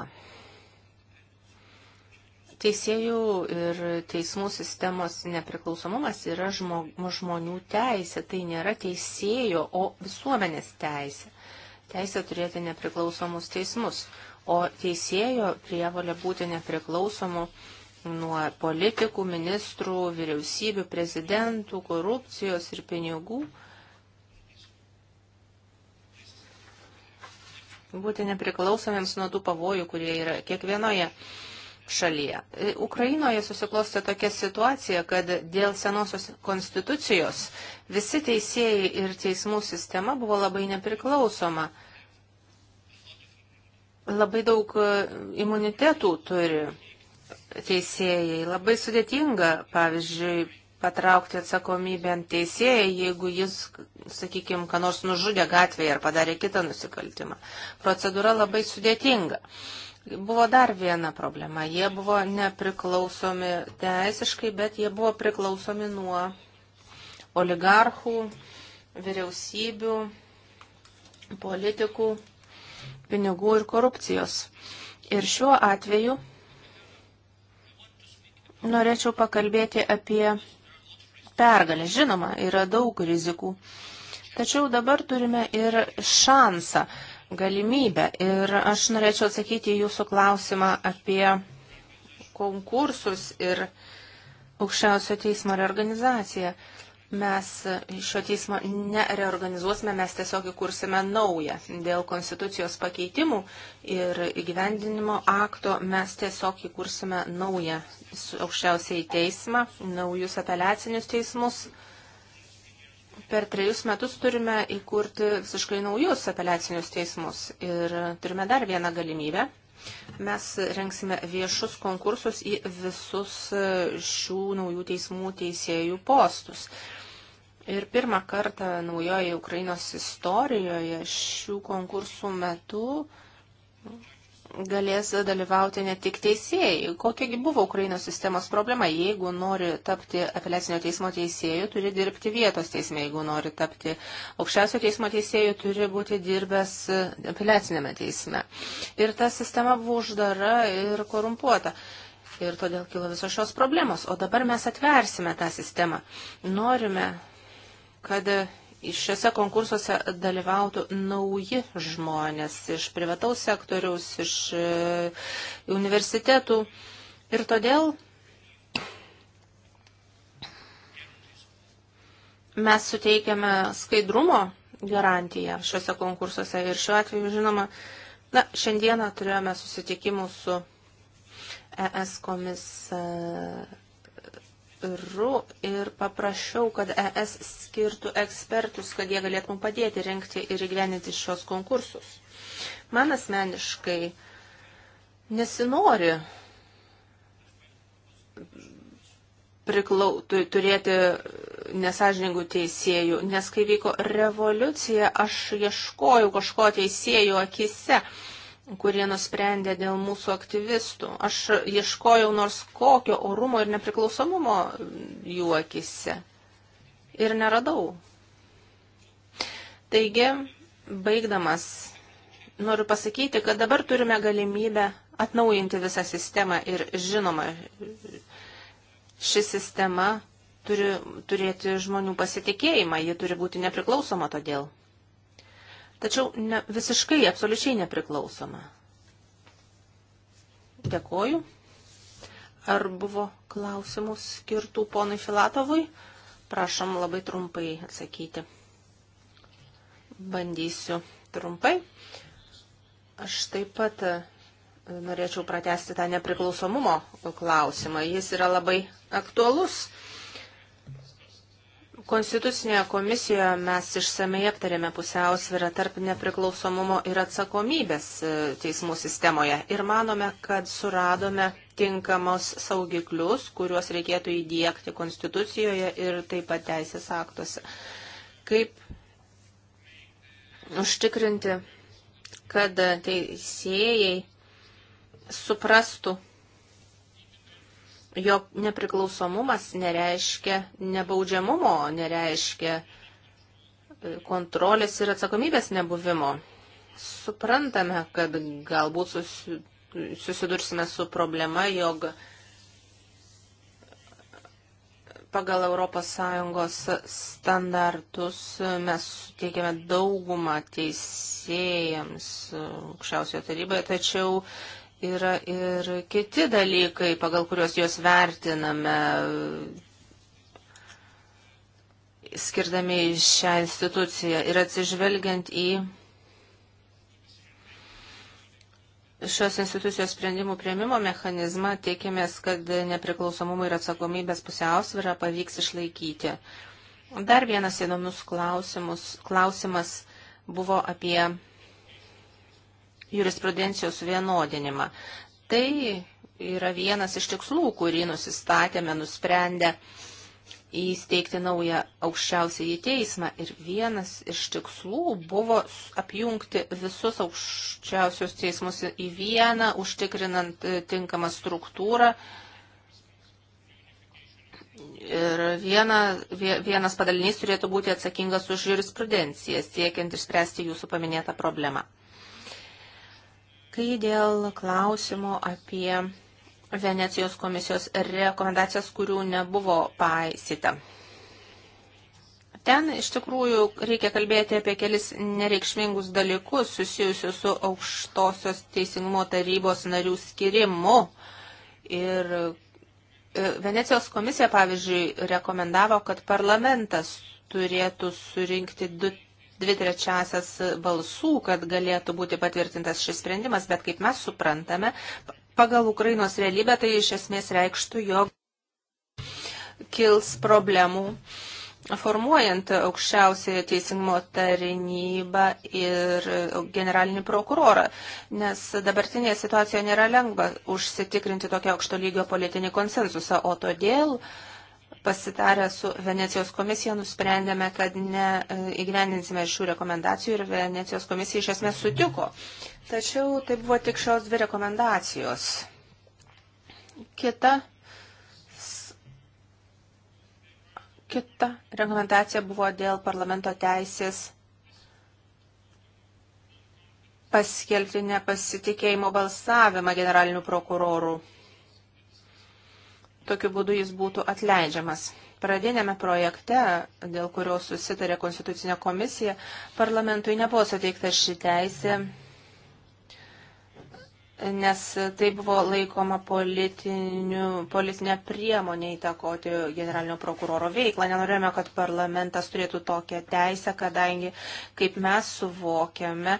Teisėjų ir teismų sistemos nepriklausomumas yra žmonių teisė, tai nėra teisėjo, o visuomenės teisė. Teisė turėti nepriklausomus teismus, o teisėjo prievalė būti nepriklausomu nuo politikų, ministrų, vyriausybių, prezidentų, korupcijos ir pinigų būti nepriklausomiems nuo tų pavojų, kurie yra kiekvienoje šalyje. E, Ukrainoje susiklostė tokia situacija, kad dėl senosios konstitucijos visi teisėjai ir teismų sistema buvo labai nepriklausoma. Labai daug e, imunitetų turi teisėjai. Labai sudėtinga, pavyzdžiui, patraukti atsakomybę ant teisėją, jeigu jis, sakykime, ką nors nužudė gatvėje ar padarė kitą nusikaltimą. Procedūra labai sudėtinga. Buvo dar viena problema. Jie buvo nepriklausomi teisiškai, bet jie buvo priklausomi nuo oligarchų, vyriausybių, politikų, pinigų ir korupcijos. Ir šiuo atveju norėčiau pakalbėti apie pergalę. Žinoma, yra daug rizikų. Tačiau dabar turime ir šansą, galimybę. Ir aš norėčiau atsakyti jūsų klausimą apie konkursus ir aukščiausio teismo reorganizaciją. organizaciją. Mes šio teismo nereorganizuosime, mes tiesiog įkursime naują. Dėl konstitucijos pakeitimų ir įgyvendinimo akto mes tiesiog įkursime naują aukščiausiai teismą, naujus apeliacinius teismus. Per trejus metus turime įkurti visiškai naujus apeliacinius teismus ir turime dar vieną galimybę Mes rengsime viešus konkursus į visus šių naujų teismų teisėjų postus. Ir pirmą kartą naujoje Ukrainos istorijoje šių konkursų metu galės dalyvauti ne tik teisėjai. Kokiagi buvo Ukrainos sistemos problema? Jeigu nori tapti apeliacinio teismo teisėjų, turi dirbti vietos teisme. Jeigu nori tapti aukščiausio teismo teisėjų, turi būti dirbęs apeliacinėme teisme. Ir ta sistema buvo uždara ir korumpuota. Ir todėl kilo visos šios problemos. O dabar mes atversime tą sistemą. Norime kad šiuose konkursuose dalyvautų nauji žmonės iš privataus sektoriaus, iš e, universitetų. Ir todėl mes suteikiame skaidrumo garantiją šiuose konkursuose. Ir šiuo atveju, žinoma, na, šiandieną turėjome susitikimų su ES komisaru biuru ir paprašiau, kad ES skirtų ekspertus, kad jie galėtų mums padėti renkti ir įgyveninti šios konkursus. Man asmeniškai nesinori priklau, turėti nesažiningų teisėjų, nes kai vyko revoliucija, aš ieškojau kažko teisėjų akise kurie nusprendė dėl mūsų aktyvistų. Aš ieškojau nors kokio orumo ir nepriklausomumo jų akise. Ir neradau. Taigi, baigdamas, noriu pasakyti, kad dabar turime galimybę atnaujinti visą sistemą ir žinoma, ši sistema turi turėti žmonių pasitikėjimą, ji turi būti nepriklausoma todėl tačiau ne, visiškai, absoliučiai nepriklausoma. Dėkoju. Ar buvo klausimų skirtų ponui Filatovui? Prašom labai trumpai atsakyti. Bandysiu trumpai. Aš taip pat e, norėčiau pratesti tą nepriklausomumo klausimą. Jis yra labai aktualus. Konstitucinėje komisijoje mes išsamei aptarėme pusiausvyrą tarp nepriklausomumo ir atsakomybės e, teismų sistemoje ir manome, kad suradome tinkamos saugiklius, kuriuos reikėtų įdėkti Konstitucijoje ir taip pat teisės aktuose. Kaip užtikrinti, kad teisėjai suprastų jo nepriklausomumas nereiškia nebaudžiamumo, nereiškia e, kontrolės ir atsakomybės nebuvimo. Suprantame, kad galbūt susidursime su problema, jog pagal ES standartus mes suteikiame daugumą teisėjams e, aukščiausioje taryboje, tačiau yra ir kiti dalykai, pagal kuriuos juos vertiname, skirdami šią instituciją ir atsižvelgiant į šios institucijos sprendimų prieimimo mechanizmą, tikimės, kad nepriklausomumų ir atsakomybės pusiausvyrą pavyks išlaikyti. Dar vienas įdomus klausimas buvo apie jurisprudencijos vienodinimą. Tai yra vienas iš tikslų, kurį nusistatėme, nusprendę įsteigti naują aukščiausiąjį teismą. Ir vienas iš tikslų buvo apjungti visus aukščiausius teismus į vieną, užtikrinant e, tinkamą struktūrą. Ir viena, vienas padalinys turėtų būti atsakingas už jurisprudenciją, siekiant išspręsti jūsų paminėtą problemą. Kai dėl klausimo apie Venecijos komisijos rekomendacijas, kurių nebuvo paisyta. Ten iš tikrųjų reikia kalbėti apie kelis nereikšmingus dalykus susijusius su aukštosios teisingumo tarybos narių skirimu. Ir e, Venecijos komisija, pavyzdžiui, rekomendavo, kad parlamentas turėtų surinkti du dvi trečiasias balsų, kad galėtų būti patvirtintas šis sprendimas, bet kaip mes suprantame, pagal Ukrainos realybę tai iš esmės reikštų, jog kils problemų formuojant aukščiausiąją teisingumo tarnybą ir generalinį prokurorą, nes dabartinėje situacijoje nėra lengva užsitikrinti tokio aukšto lygio politinį konsensusą, o todėl uh, pasitarę su Venecijos komisija nusprendėme, kad neįgyvendinsime e, šių rekomendacijų ir Venecijos komisija iš esmės sutiko. Tačiau tai buvo tik šios dvi rekomendacijos. Kita, kita rekomendacija buvo dėl parlamento teisės paskelbti nepasitikėjimo balsavimą generalinių prokurorų tokiu būdu jis būtų atleidžiamas. Pradinėme projekte, dėl kurio susitarė Konstitucinė komisija, parlamentui nebuvo suteikta ši teisė, nes tai buvo laikoma politinė priemonė įtakoti generalinio prokuroro veiklą. Nenorėjome, kad parlamentas turėtų tokią teisę, kadangi, kaip mes suvokiame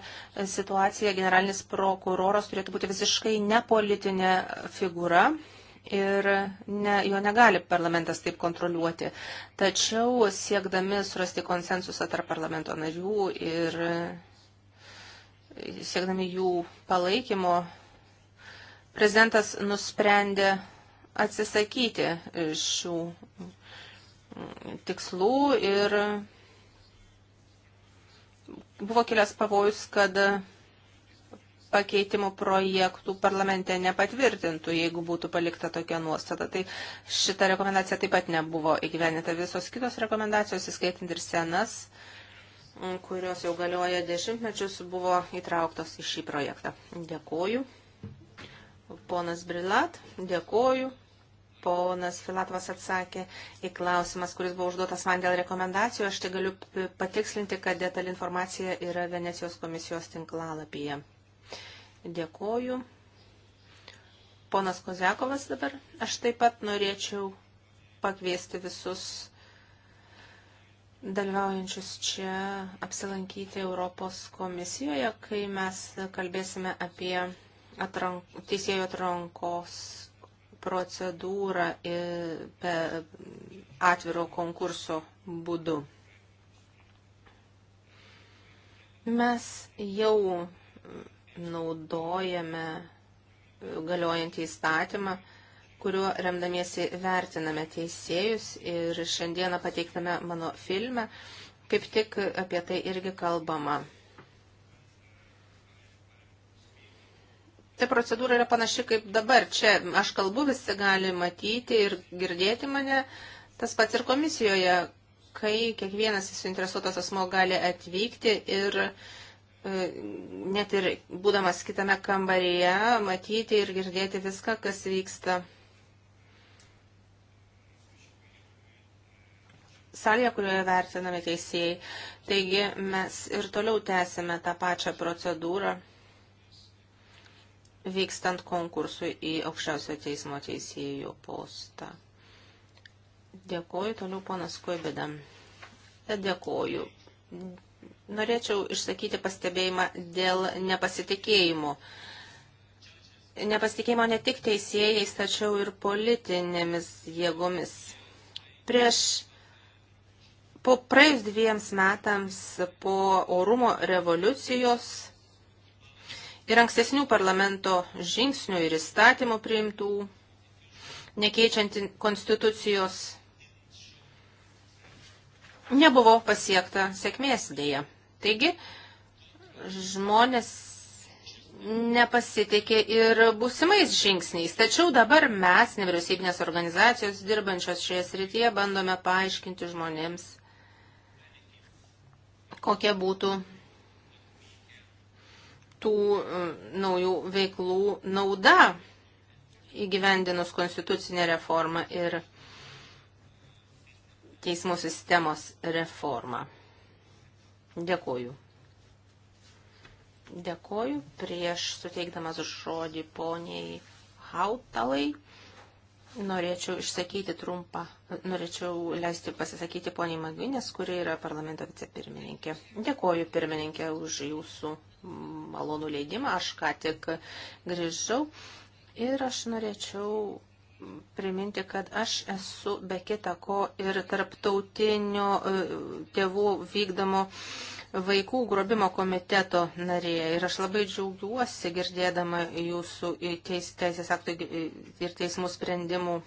situaciją, generalinis prokuroras turėtų būti visiškai nepolitinė figūra ir ne, jo negali parlamentas taip kontroliuoti. Tačiau siekdami surasti konsensusą tarp parlamento narių ir siekdami jų palaikymo, prezidentas nusprendė atsisakyti šių tikslų ir buvo kilęs pavojus, kad pakeitimų projektų parlamente nepatvirtintų, jeigu būtų palikta tokia nuostata. Tai šita rekomendacija taip pat nebuvo įgyvenita. Visos kitos rekomendacijos, įskaitant ir senas, kurios jau galioja dešimtmečius, buvo įtrauktos į šį projektą. Dėkoju. Ponas Brilat, dėkoju. Ponas Filatovas atsakė į klausimas, kuris buvo užduotas man dėl rekomendacijų. Aš tai galiu patikslinti, kad detali informacija yra Venecijos komisijos tinklalapyje. Dėkoju. Ponas Koziakovas dabar. Aš taip pat norėčiau pakviesti visus dalyvaujančius čia apsilankyti Europos komisijoje, kai mes kalbėsime apie atrank, teisėjų atrankos procedūrą per atviro konkurso būdu. Mes jau naudojame galiojantį įstatymą, kuriuo remdamiesi vertiname teisėjus ir šiandieną pateiktame mano filme, kaip tik apie tai irgi kalbama. Ta procedūra yra panaši kaip dabar. Čia aš kalbu, visi gali matyti ir girdėti mane. Tas pats ir komisijoje, kai kiekvienas suinteresuotas asmo gali atvykti ir uh, E, net ir būdamas kitame kambaryje, matyti ir girdėti viską, kas vyksta. Salė, kurioje vertiname teisėjai. Taigi mes ir toliau tęsime tą pačią procedūrą vykstant konkursui į aukščiausio teismo teisėjų postą. Dėkoju toliau ponas Koibedam. Dėkoju. Norėčiau išsakyti pastebėjimą dėl nepasitikėjimų. Nepasitikėjimo ne tik teisėjais, tačiau ir politinėmis jėgomis. Prieš po praėjus dviems metams po orumo revoliucijos ir ankstesnių parlamento žingsnių ir įstatymų priimtų, nekeičiant konstitucijos, nebuvo pasiekta sėkmės dėja. Taigi, žmonės nepasitikė ir būsimais žingsniais. Tačiau dabar mes, nevyriausybinės organizacijos dirbančios šioje srityje, bandome paaiškinti žmonėms, kokia būtų tų e, naujų veiklų nauda įgyvendinus konstitucinę reformą ir teismų sistemos reformą. Dėkoju. Dėkoju prieš suteikdamas žodį poniai Hautalai. Norėčiau išsakyti trumpą, norėčiau leisti pasisakyti poniai Magvinės, kuri yra parlamento vicepirmininkė. Dėkoju pirmininkė už jūsų malonų leidimą. Aš ką tik grįžau ir aš norėčiau priminti, kad aš esu be kita ko ir tarptautinio e, tėvų vykdomo vaikų grobimo komiteto narė. Ir aš labai džiaugiuosi girdėdama jūsų teis, teisės aktų ir teismų sprendimų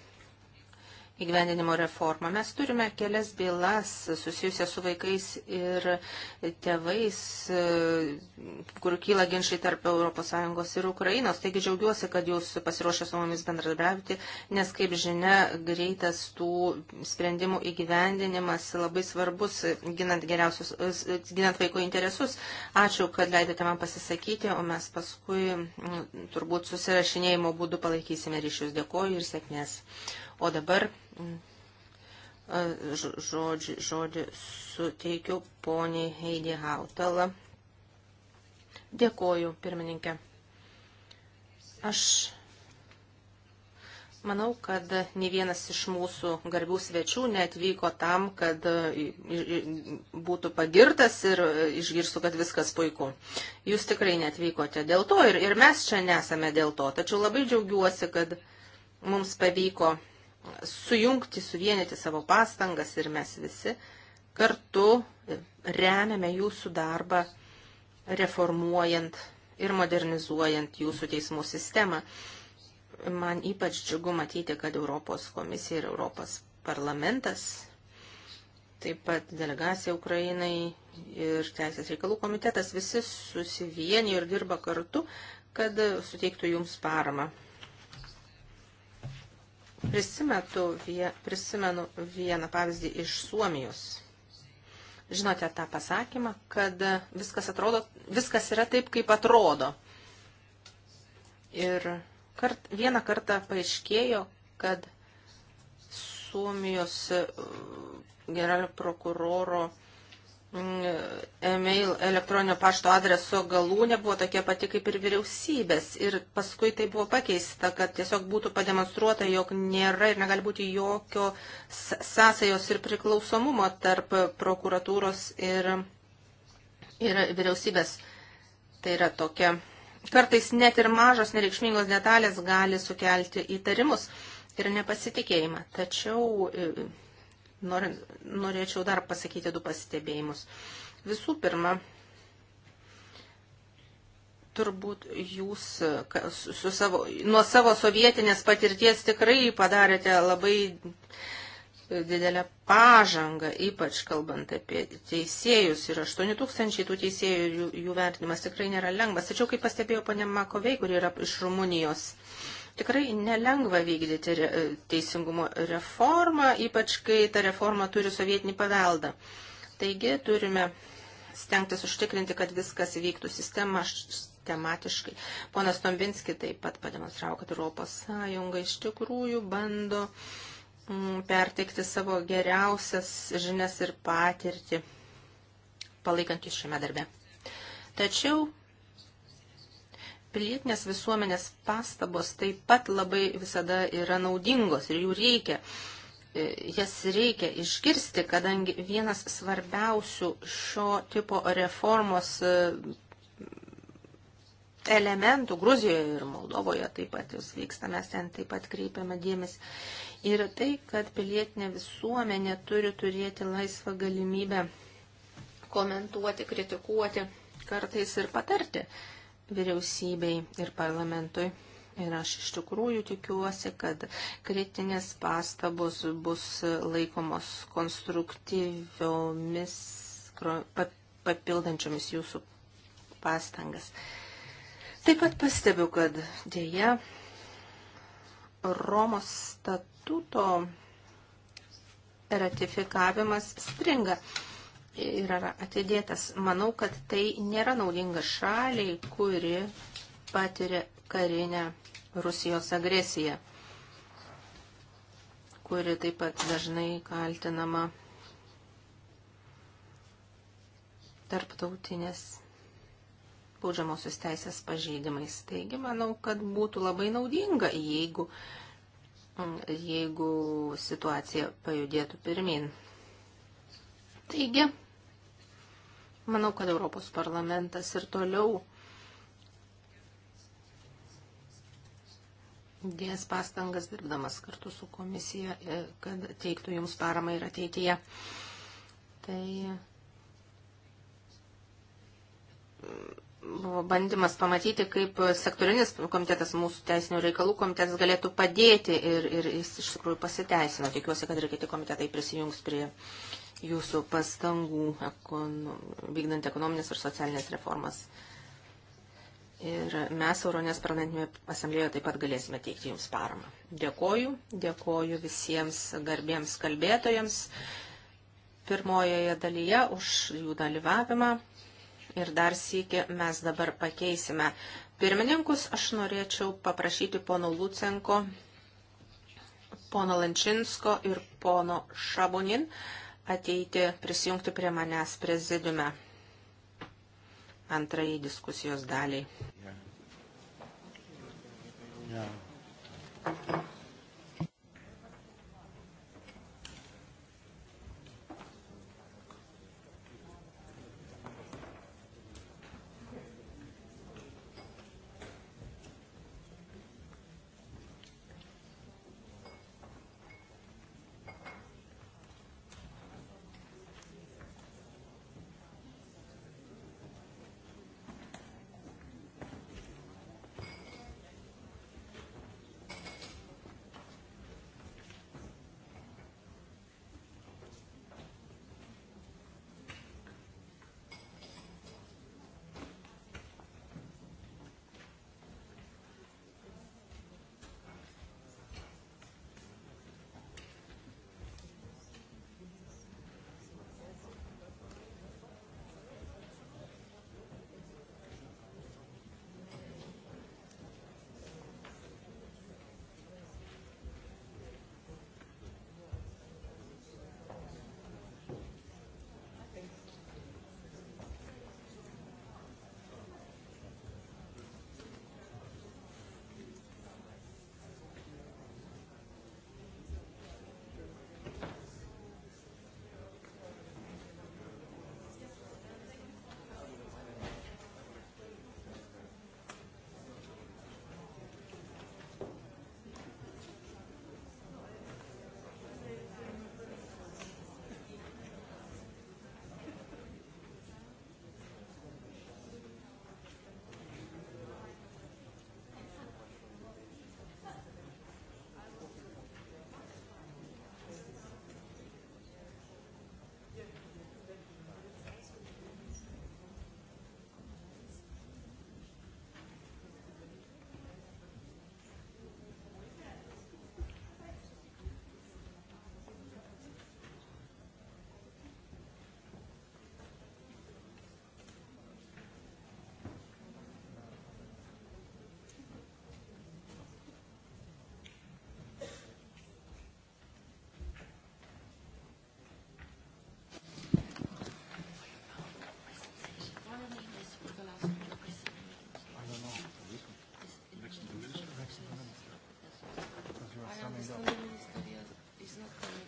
įgyvendinimo reformą. Mes turime kelias bylas susijusias su vaikais ir tėvais, kur kyla ginčiai tarp ES ir Ukrainos. Taigi džiaugiuosi, kad jūs pasiruošę su mumis bendradarbiauti, nes, kaip žinia, greitas tų sprendimų įgyvendinimas labai svarbus, ginant, ginant vaiko interesus. Ačiū, kad leidėte man pasisakyti, o mes paskui turbūt susirašinėjimo būdu palaikysime ryšius. Dėkoju ir sėkmės. O dabar mm, žodžiu, žodžiu suteikiu poniai Heidi Hautalą. Dėkoju, pirmininkė. Aš Manau, kad ne vienas iš mūsų garbių svečių neatvyko tam, kad e, būtų pagirtas ir e, išgirstų, kad viskas puiku. Jūs tikrai neatvykote dėl to ir, ir mes čia nesame dėl to. Tačiau labai džiaugiuosi, kad mums pavyko sujungti, suvienyti savo pastangas ir mes visi kartu remiame jūsų darbą reformuojant ir modernizuojant jūsų teismų sistemą. Man ypač džiugu matyti, kad Europos komisija ir Europos parlamentas, taip pat delegacija Ukrainai ir Teisės reikalų komitetas visi susivienijo ir dirba kartu, kad suteiktų jums paramą Prisimetu, prisimenu vieną pavyzdį iš Suomijos. Žinote tą pasakymą, kad viskas, atrodo, viskas yra taip, kaip atrodo. Ir kart, vieną kartą paaiškėjo, kad Suomijos uh, generalinio prokuroro uh, Mm, e-mail elektroninio pašto adreso galūnė buvo tokia pati kaip ir vyriausybės. Ir paskui tai buvo pakeista, kad tiesiog būtų pademonstruota, jog nėra ir negali būti jokio sąsajos ir priklausomumo tarp prokuratūros ir, ir vyriausybės. Tai yra tokia. Kartais net ir mažos nereikšmingos detalės gali sukelti įtarimus ir nepasitikėjimą. Tačiau e, Nor, norėčiau dar pasakyti du pastebėjimus. Visų pirma, turbūt jūs savo, nuo savo sovietinės patirties tikrai padarėte labai didelę pažangą, ypač kalbant apie teisėjus. Ir 8 tūkstančiai tų teisėjų jų, jų vertinimas tikrai nėra lengvas. Tačiau, kaip pastebėjo ponė Makovei, kuri yra iš Rumunijos, uh, Tikrai nelengva vykdyti e, teisingumo reformą, ypač kai ta reforma turi sovietinį paveldą. Taigi turime stengtis užtikrinti, kad viskas vyktų sistema, tematiškai. Ponas Tombinski taip pat pademonstravo, kad Europos Sąjunga iš tikrųjų bando mm, perteikti savo geriausias žinias ir patirtį, palaikant jūs šiame darbe. Tačiau Pilietinės visuomenės pastabos taip pat labai visada yra naudingos ir jų reikia. E, jas reikia išgirsti, kadangi vienas svarbiausių šio tipo reformos e, elementų Gruzijoje ir Moldovoje taip pat jūs vyksta, mes ten taip pat kreipiame dėmesį. Ir tai, kad pilietinė visuomenė turi turėti laisvą galimybę komentuoti, kritikuoti, kartais ir patarti vyriausybei ir parlamentui. Ir aš iš tikrųjų tikiuosi, kad kritinės pastabos bus laikomos konstruktyviomis, papildančiomis jūsų pastangas. Taip pat pastebiu, kad dėja Romos statuto ratifikavimas stringa yra atidėtas. Manau, kad tai nėra naudinga šaliai, kuri patiria karinę Rusijos agresiją, kuri taip pat dažnai kaltinama tarptautinės baudžiamosios teisės pažeidimais. Taigi, manau, kad būtų labai naudinga, jeigu, jeigu situacija pajudėtų pirmin. Taigi, manau, kad Europos parlamentas ir toliau dės pastangas dirbdamas kartu su komisija, e, kad teiktų jums paramą ir ateityje. Tai mm, buvo bandymas pamatyti, kaip sektorinis komitetas, mūsų teisinių reikalų komitetas galėtų padėti ir, ir jis iš tikrųjų pasiteisino. Tikiuosi, kad ir kiti komitetai prisijungs prie jūsų pastangų ekonom, vykdant ekonominės ir socialinės reformas. Ir mes Euronės parlamentinėje asamblėje taip pat galėsime teikti jums paramą. Dėkoju, dėkoju visiems garbiems kalbėtojams pirmojoje dalyje už jų dalyvavimą. Ir dar sėki mes dabar pakeisime pirmininkus. Aš norėčiau paprašyti pono Lucenko, pono Lančinsko ir pono Šabunin ateiti prisijungti prie manęs prezidiume antrajai diskusijos daliai. Yeah. Yeah.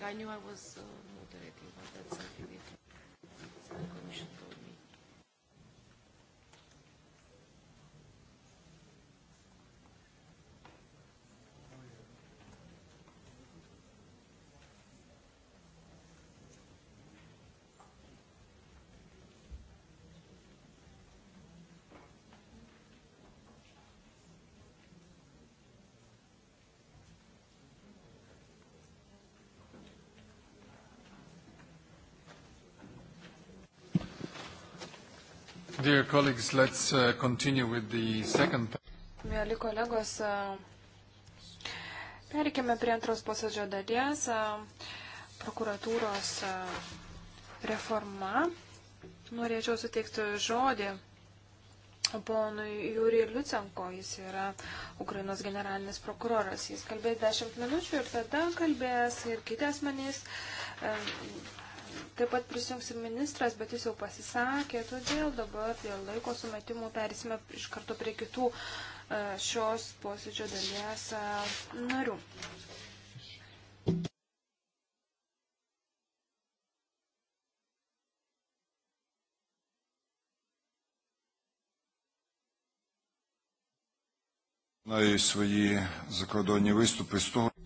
I knew I was uh, Dear colleagues, let's uh, continue with the second. Mėly kolegos, uh, perikime prie antros posėdžio dalies. Uh, prokuratūros reforma. Norėčiau suteikti žodį ponui Jūri Liucenko. Jis yra Ukrainos generalinis prokuroras. Jis kalbės 10 minučių ir tada kalbės ir kitas manys Taip pat prisijungs ir ministras, bet jis jau pasisakė, todėl dabar dėl laiko sumetimų perėsime iš karto prie kitų e, šios posėdžio dalies e, narių. свої закордонні виступи з того.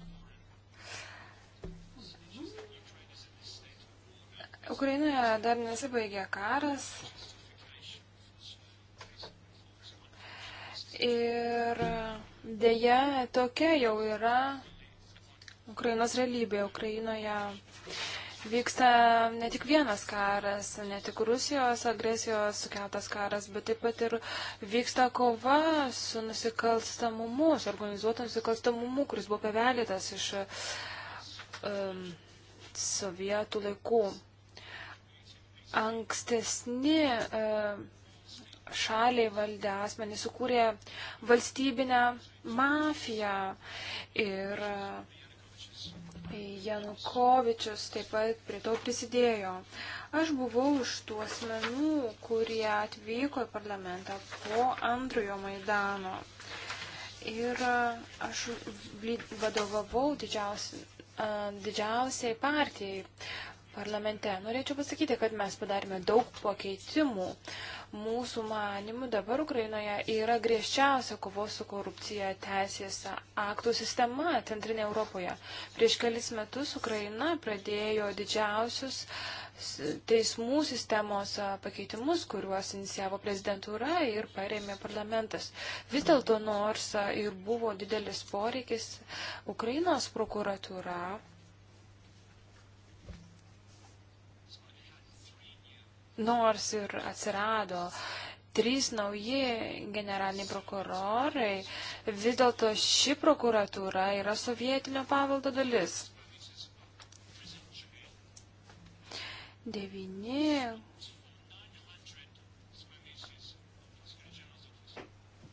Ukrainoje dar nesibaigė karas. Ir dėja, tokia jau yra Ukrainos realybė. Ukrainoje vyksta ne tik vienas karas, ne tik Rusijos agresijos sukeltas karas, bet taip pat ir vyksta kova su nusikalstamumu, su organizuotu nusikalstamumu, kuris buvo pavelytas iš um, sovietų laikų. Ankstesni e, šaliai valdė asmenį sukūrė valstybinę mafiją ir e, Janukovičius taip pat prie to prisidėjo. Aš buvau iš tų asmenų, kurie atvyko į parlamentą po antrojo Maidano. Ir e, aš vadovavau didžiausiai, didžiausiai partijai parlamente. Norėčiau pasakyti, kad mes padarėme daug pakeitimų. Mūsų manimų dabar Ukrainoje yra griežčiausia kovos su korupcija teisės aktų sistema Centrinė Europoje. Prieš kelis metus Ukraina pradėjo didžiausius teismų sistemos pakeitimus, kuriuos inicijavo prezidentūra ir paremė parlamentas. Vis dėlto nors ir buvo didelis poreikis, Ukrainos prokuratūra nors ir atsirado trys nauji generaliniai prokurorai, vis dėlto ši prokuratūra yra sovietinio pavaldo dalis. Devini.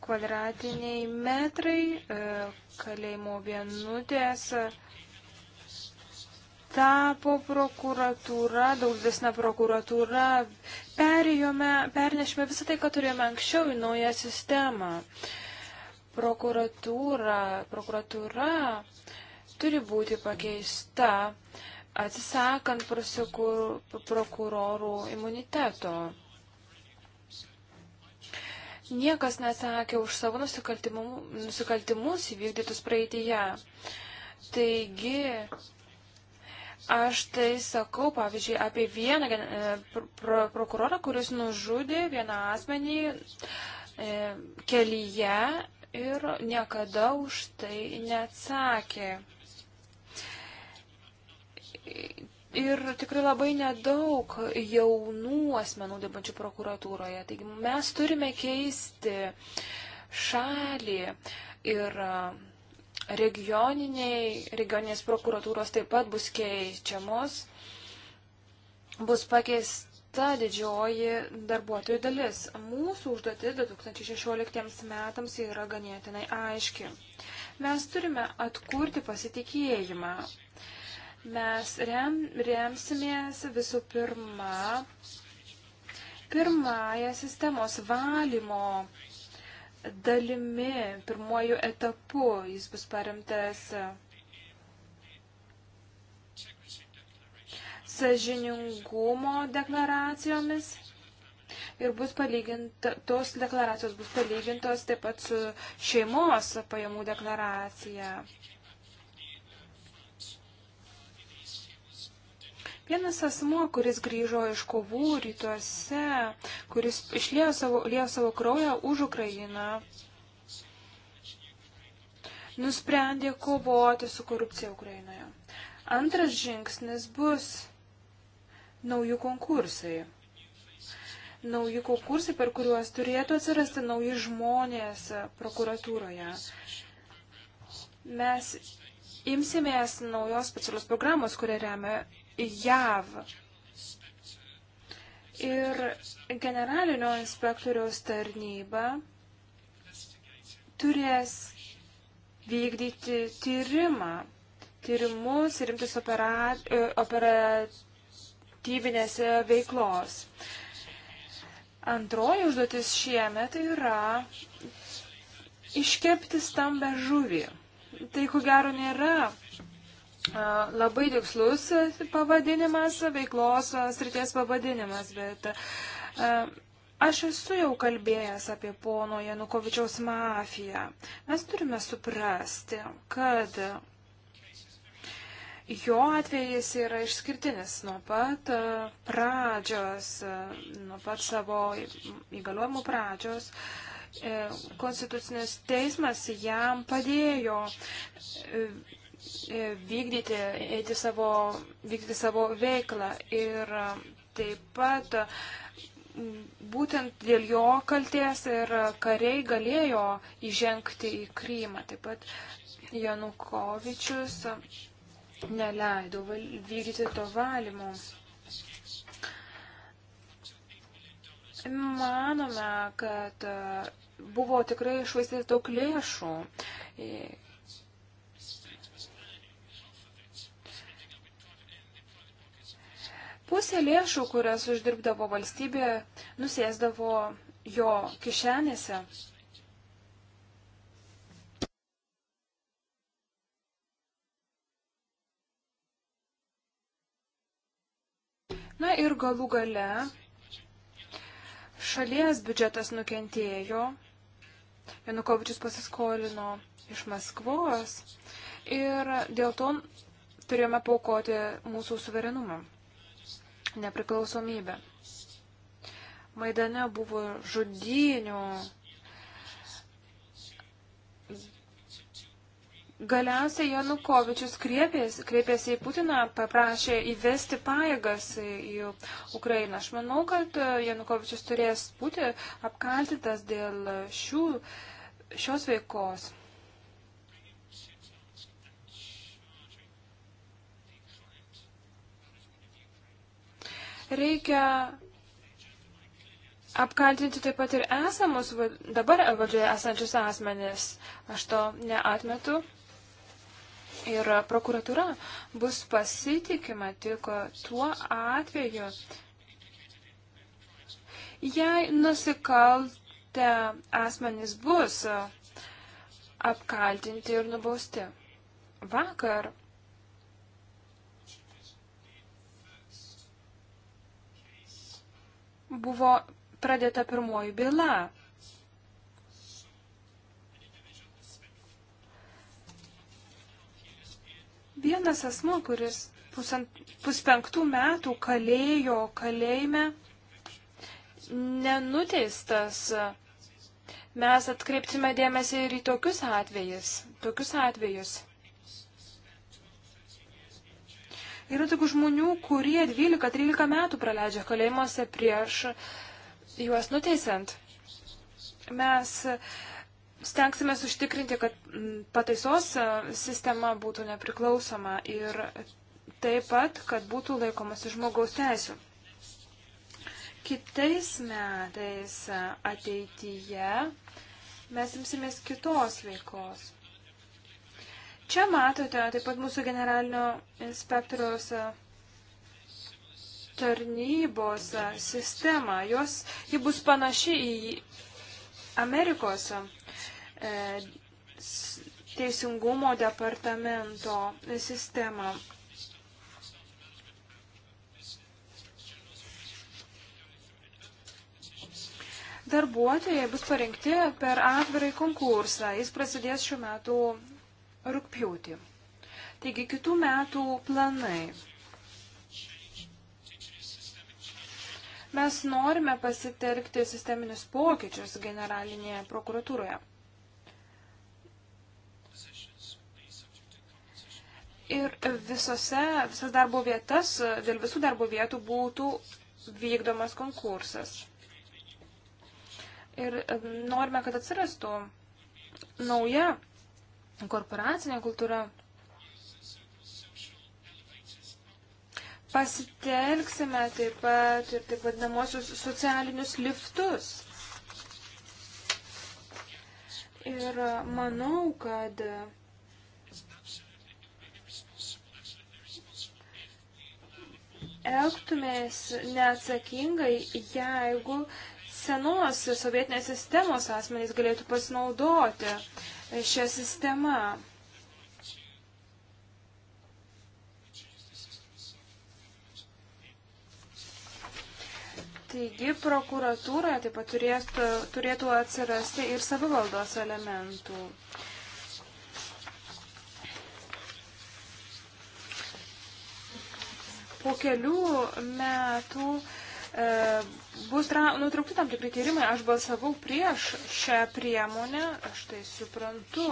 Kvadratiniai metrai e, kalėjimo vienutės tapo prokuratūra, daug didesnė prokuratūra, perėjome, pernešime visą tai, ką turėjome anksčiau į naują sistemą. Prokuratūra, prokuratūra turi būti pakeista, atsisakant prokurorų imuniteto. Niekas nesakė už savo nusikaltimus įvykdytus praeitįje. Taigi, Aš tai sakau, pavyzdžiui, apie vieną e, pro prokurorą, kuris nužudė vieną asmenį e, kelyje ir niekada už tai neatsakė. Ir tikrai labai nedaug jaunų asmenų dirbančių prokuratūroje. Taigi mes turime keisti šalį ir Regioniniai, regioninės prokuratūros taip pat bus keičiamos, bus pakeista didžioji darbuotojų dalis. Mūsų užduotis 2016 metams yra ganėtinai aiški. Mes turime atkurti pasitikėjimą. Mes rem, remsimės visų pirma pirmąją sistemos valymo dalimi, pirmojų etapu. Jis bus paremtas sažiningumo deklaracijomis ir bus palyginta, tos deklaracijos bus palygintos taip pat su šeimos pajamų deklaracija. Vienas asmo, kuris grįžo iš kovų rytuose, kuris išlėjo savo, savo kraują už Ukrainą, nusprendė kovoti su korupcija Ukrainoje. Antras žingsnis bus nauji konkursai. Nauji konkursai, per kuriuos turėtų atsirasti nauji žmonės prokuratūroje. Mes imsimės naujos specialios programos, kurią remia JAV. Ir generalinio inspektoriaus tarnyba turės vykdyti tyrimą, tyrimus ir rimtis opera, e, operatyvinės veiklos. Antroji užduotis šiemet yra iškepti stambę žuvį. Tai ko gero nėra labai tikslus pavadinimas, veiklos srities pavadinimas, bet aš esu jau kalbėjęs apie pono Janukovičiaus mafiją. Mes turime suprasti, kad jo atvejis yra išskirtinis nuo pat pradžios, nuo pat savo įgaliojimų pradžios. E, konstitucinis teismas jam padėjo e, vykdyti, eiti savo, vykdyti savo veiklą. Ir um, taip pat būtent dėl jo kalties ir kariai galėjo įžengti į Krymą. Taip pat Janukovičius um, neleido vykdyti to valymo. Manome, kad uh, buvo tikrai išvaistyti daug lėšų Pusė lėšų, kurias uždirbdavo valstybė, nusėsdavo jo kišenėse. Na ir galų gale šalies biudžetas nukentėjo, Janukovičius pasiskolino iš Maskvos ir dėl to turėjome paukoti mūsų suverenumą nepriklausomybę. Maidane buvo žudynių. Galiausiai Janukovičius kreipėsi, kreipėsi į Putiną, paprašė įvesti pajėgas į Ukrainą. Aš manau, kad Janukovičius turės būti apkaltintas dėl šių, šios veikos. Reikia apkaltinti taip pat ir esamus, dabar valdžioje esančius asmenis. Aš to neatmetu. Ir prokuratūra bus pasitikima tik tuo atveju, jei nusikaltę asmenys bus apkaltinti ir nubausti. Vakar buvo pradėta pirmoji byla. Vienas asmo, kuris pusant, puspenktų metų kalėjo kalėjime, nenuteistas. Mes atkreipsime dėmesį ir į tokius atvejus. Tokius atvejus. Yra tokių žmonių, kurie 12-13 metų praleidžia kalėjimuose prieš juos nuteisiant. Mes stengsime užtikrinti, kad mm, pataisos e, sistema būtų nepriklausoma ir taip pat, kad būtų laikomasi žmogaus teisų. Kitais metais ateityje mes imsimės kitos veikos. Čia matote taip pat mūsų generalinio inspektoriaus e, tarnybos e, sistemą. Jos, ji bus panaši į Amerikos e, teisingumo departamento sistemą. Darbuotojai bus parinkti per atvirai konkursą. Jis prasidės šiuo metu rūpjūtį. Taigi kitų metų planai. Mes norime pasitelkti sisteminius pokyčius generalinėje prokuratūroje. Ir visose, visas darbo vietas, dėl visų darbo vietų būtų vykdomas konkursas. Ir norime, kad atsirastų nauja korporacinė kultūra, pasitelksime taip pat ir taip vadinamosius socialinius liftus. Ir manau, kad elgtumės neatsakingai, jeigu uh, senos sovietinės sistemos asmenys galėtų pasinaudoti e, šią sistemą. Taigi prokuratūroje taip pat turėtų, turėtų atsirasti ir savivaldos elementų. Po kelių metų uh, E, bus nutraukti tam tikri tyrimai. Aš balsavau prieš šią priemonę, aš tai suprantu.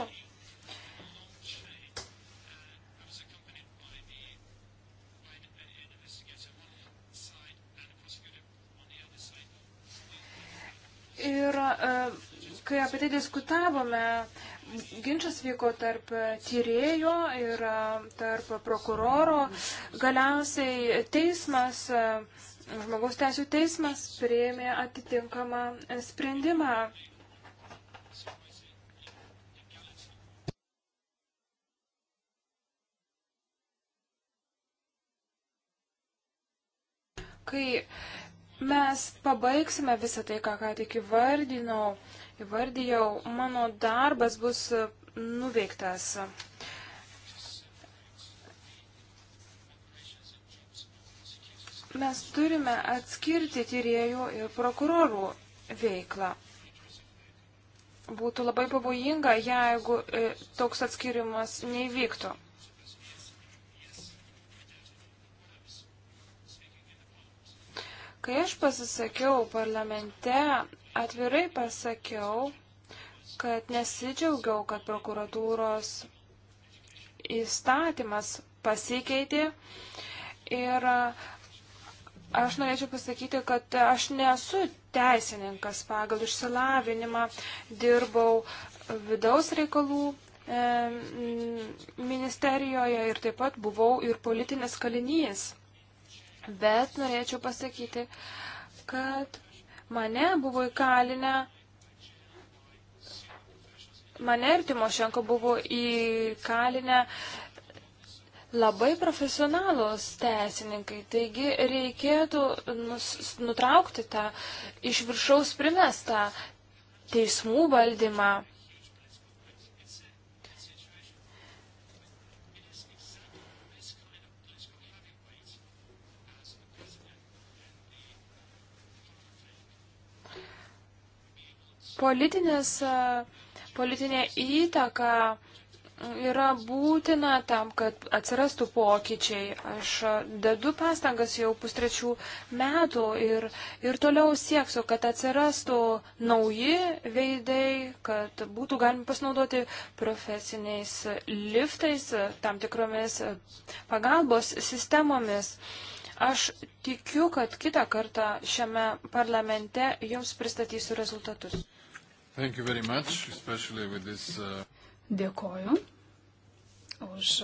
Ir e, kai apie tai diskutavome, ginčas vyko tarp tyrėjo ir e, tarp prokuroro. Galiausiai teismas Žmogaus teisų teismas prieėmė atitinkamą sprendimą. Kai mes pabaigsime visą tai, ką ką tik įvardinau, įvardijau, mano darbas bus nuveiktas. Mes turime atskirti tyriejų ir prokurorų veiklą. Būtų labai pavojinga, jeigu e, toks atskirimas neįvyktų. Kai aš pasisakiau parlamente, atvirai pasakiau, kad nesidžiaugiau, kad prokuratūros įstatymas pasikeitė ir Aš norėčiau pasakyti, kad aš nesu teisininkas pagal išsilavinimą, dirbau vidaus reikalų e, ministerijoje ir taip pat buvau ir politinis kalinys. Bet norėčiau pasakyti, kad mane buvo įkalinę, mane ir Timošenko buvo įkalinę e, labai profesionalūs teisininkai, taigi reikėtų nus, nutraukti tą iš viršaus primestą teismų valdymą. Politinės, politinė įtaka yra būtina tam, kad atsirastų pokyčiai. Aš dedu pastangas jau pustrečių metų ir, ir toliau sieksiu, kad atsirastų nauji veidai, kad būtų galima pasinaudoti profesiniais liftais, tam tikromis pagalbos sistemomis. Aš tikiu, kad kitą kartą šiame parlamente jums pristatysiu rezultatus. Thank you very much, especially with this uh... Dėkoju už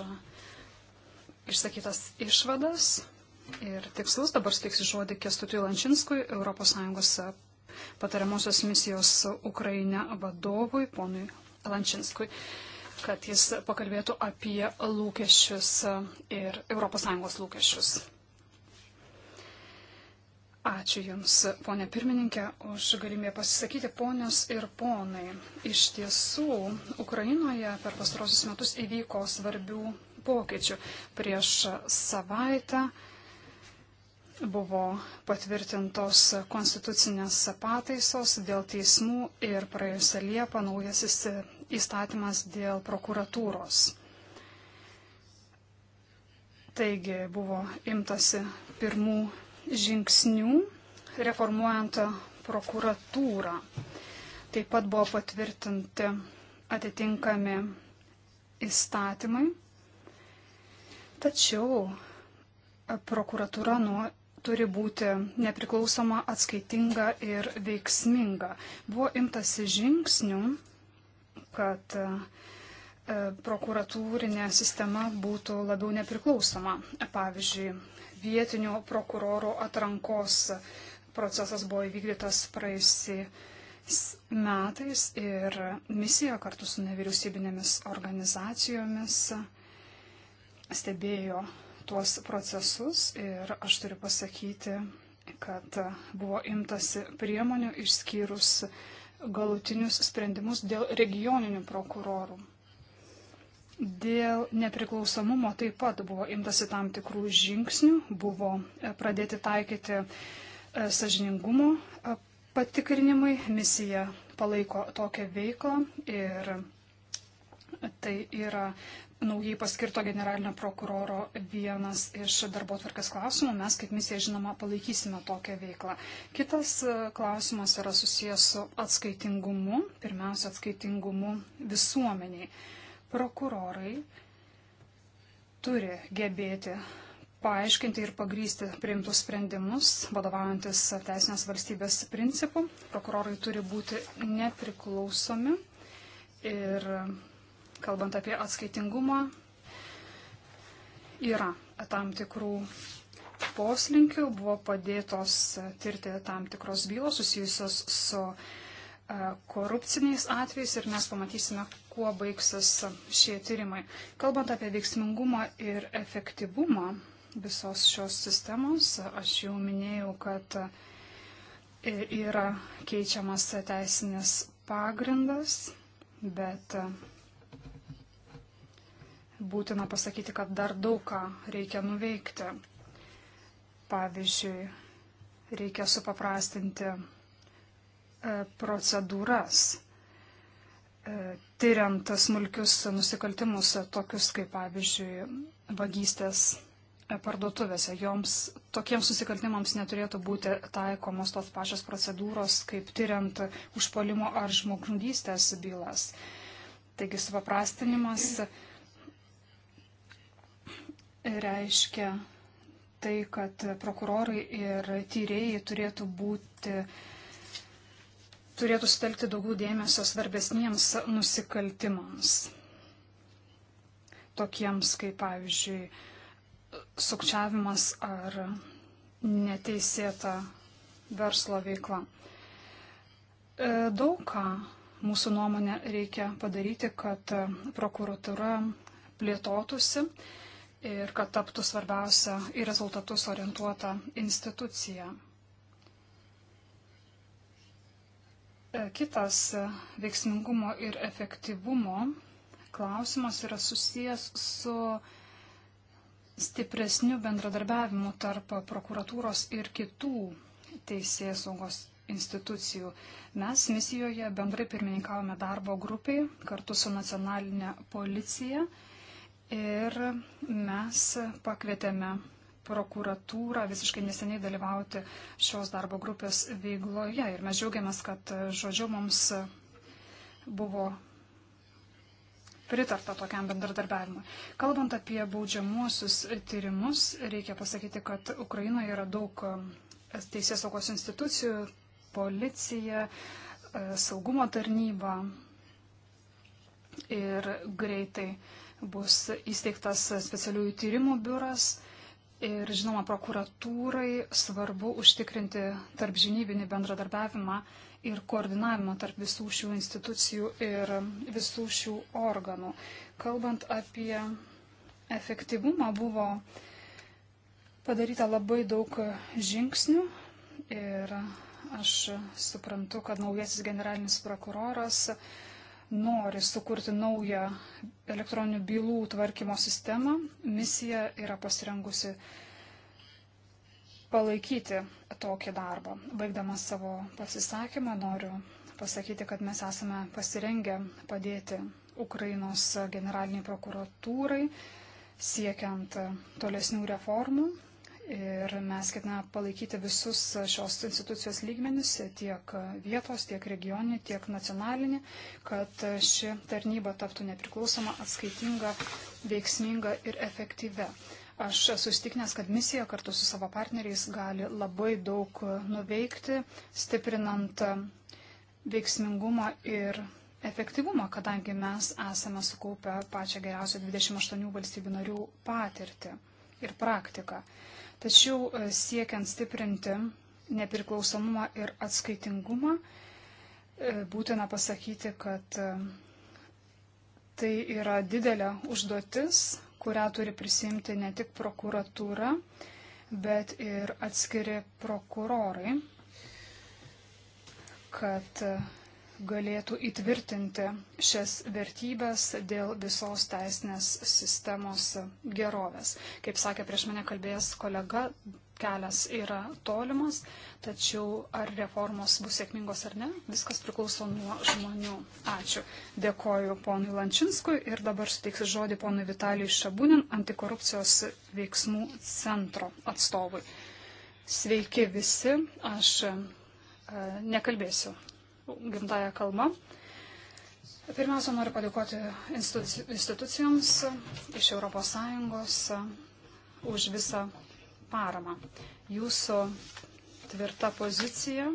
išsakytas išvadas ir tikslus. Dabar suteiksiu žodį Kestutui Lančinskui, ES patariamosios misijos Ukraine vadovui, ponui Lančinskui, kad jis pakalbėtų apie lūkesčius ir ES lūkesčius. Ačiū Jums, ponė pirmininkė, už galimybę pasisakyti ponios ir ponai. Iš tiesų, Ukrainoje per pastarosius metus įvyko svarbių pokyčių. Prieš savaitę buvo patvirtintos konstitucinės pataisos dėl teismų ir praėjusią Liepą naujasis įstatymas dėl prokuratūros. Taigi buvo imtasi pirmų žingsnių reformuojant prokuratūrą. Taip pat buvo patvirtinti atitinkami įstatymai. Tačiau prokuratūra nuo turi būti nepriklausoma, atskaitinga ir veiksminga. Buvo imtasi žingsnių, kad e, prokuratūrinė sistema būtų labiau nepriklausoma. Pavyzdžiui, vietinio prokuroro atrankos procesas buvo įvykdytas praėjusį metais ir misija kartu su nevyriausybinėmis organizacijomis stebėjo tuos procesus ir aš turiu pasakyti, kad buvo imtasi priemonių išskyrus galutinius sprendimus dėl regioninių prokurorų. Dėl nepriklausomumo taip pat buvo imtasi tam tikrų žingsnių, buvo e, pradėti taikyti e, sažiningumo e, patikrinimai, misija palaiko tokią veiklą ir tai yra naujai paskirto generalinio prokuroro vienas iš darbo tvarkės klausimų. Mes kaip misija, žinoma, palaikysime tokią veiklą. Kitas klausimas yra susijęs su atskaitingumu, pirmiausia, atskaitingumu visuomeniai. Prokurorai turi gebėti paaiškinti ir pagrysti priimtus sprendimus, vadovaujantis teisinės valstybės principų. Prokurorai turi būti nepriklausomi ir kalbant apie atskaitingumą, yra tam tikrų poslinkių, buvo padėtos tirti tam tikros bylos susijusios su e, korupciniais atvejais ir mes pamatysime, kuo baigsis šie tyrimai. Kalbant apie veiksmingumą ir efektyvumą visos šios sistemos, aš jau minėjau, kad yra keičiamas teisinis pagrindas, bet būtina pasakyti, kad dar daug ką reikia nuveikti. Pavyzdžiui, reikia supaprastinti e, procedūras E, tyriant smulkius nusikaltimus, e, tokius kaip pavyzdžiui vagystės e, parduotuvėse. Joms tokiems nusikaltimams neturėtų būti taikomos tos pačios procedūros, kaip tyriant užpolimo ar žmogžudystės bylas. Taigi supaprastinimas reiškia tai, kad prokurorai ir tyrėjai turėtų būti uh, turėtų sutelkti daugiau dėmesio svarbesniems nusikaltimams. Tokiems kaip, pavyzdžiui, sukčiavimas ar neteisėta verslo veikla. E, daug ką mūsų nuomonė reikia padaryti, kad prokuratura plėtotųsi ir kad taptų svarbiausia į rezultatus orientuota institucija. E, kitas e, veiksmingumo ir efektyvumo klausimas yra susijęs su stipresniu bendradarbiavimu tarp prokuratūros ir kitų teisės saugos institucijų. Mes misijoje bendrai pirmininkavome darbo grupiai kartu su nacionalinė policija ir mes pakvietėme prokuratūrą visiškai neseniai dalyvauti šios darbo grupės veikloje. Ir mes džiaugiamės, kad žodžiu mums buvo pritarta tokiam bendradarbiavimui. Kalbant apie baudžiamuosius tyrimus, reikia pasakyti, kad Ukrainoje yra daug e, teisės saugos institucijų, policija, e, saugumo tarnyba ir greitai bus įsteigtas specialiųjų tyrimų biuras Ir žinoma, prokuratūrai svarbu užtikrinti tarp žinybinį bendradarbiavimą ir koordinavimą tarp visų šių institucijų ir visų šių organų. Kalbant apie efektyvumą, buvo padaryta labai daug žingsnių ir aš suprantu, kad naujasis generalinis prokuroras nori sukurti naują elektroninių bylų tvarkymo sistemą. Misija yra pasirengusi palaikyti tokį darbą. Baigdamas savo pasisakymą noriu pasakyti, kad mes esame pasirengę padėti Ukrainos generaliniai prokuratūrai siekiant tolesnių reformų. Ir mes ketiname palaikyti visus šios institucijos lygmenis, tiek vietos, tiek regioninį, tiek nacionalinį, kad ši tarnyba taptų nepriklausoma, atskaitinga, veiksminga ir efektyve. Aš esu stiknęs, kad misija kartu su savo partneriais gali labai daug nuveikti, stiprinant veiksmingumą ir efektyvumą, kadangi mes esame sukaupę pačią geriausią 28 valstybių narių patirtį ir praktiką. Tačiau e, siekiant stiprinti nepriklausomumą ir atskaitingumą, e, būtina pasakyti, kad e, tai yra didelė užduotis, kurią turi prisimti ne tik prokuratūra, bet ir atskiri prokurorai, kad galėtų įtvirtinti šias vertybės dėl visos teisinės sistemos gerovės. Kaip sakė prieš mane kalbėjęs kolega, kelias yra tolimas, tačiau ar reformos bus sėkmingos ar ne, viskas priklauso nuo žmonių. Ačiū. Dėkoju ponui Lančinskui ir dabar suteiksiu žodį ponui Vitalijui Šabūnin, antikorupcijos veiksmų centro atstovui. Sveiki visi, aš e, nekalbėsiu gimtają kalbą. Pirmiausia, noriu padėkoti institucijoms iš ES už visą paramą. Jūsų tvirta pozicija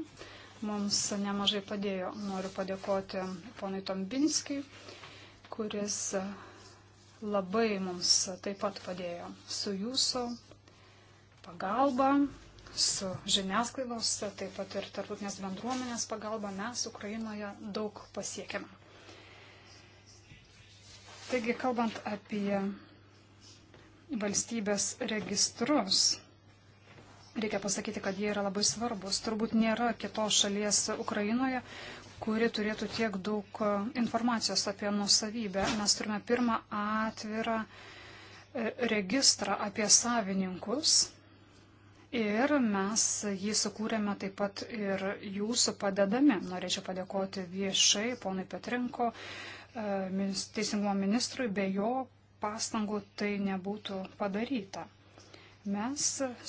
mums nemažai padėjo. Noriu padėkoti ponui Tombinskijui, kuris labai mums taip pat padėjo su jūsų pagalba, su žiniasklaidos, taip pat ir tarptautinės bendruomenės pagalba mes Ukrainoje daug pasiekėme. Taigi, kalbant apie valstybės registrus, reikia pasakyti, kad jie yra labai svarbus. Turbūt nėra kitos šalies Ukrainoje, kuri turėtų tiek daug informacijos apie nusavybę. Mes turime pirmą atvirą registrą apie savininkus Ir mes jį sukūrėme taip pat ir jūsų padedami. Norėčiau padėkoti viešai ponui Petrinko, e, teisingumo ministrui, be jo pastangų tai nebūtų padaryta. Mes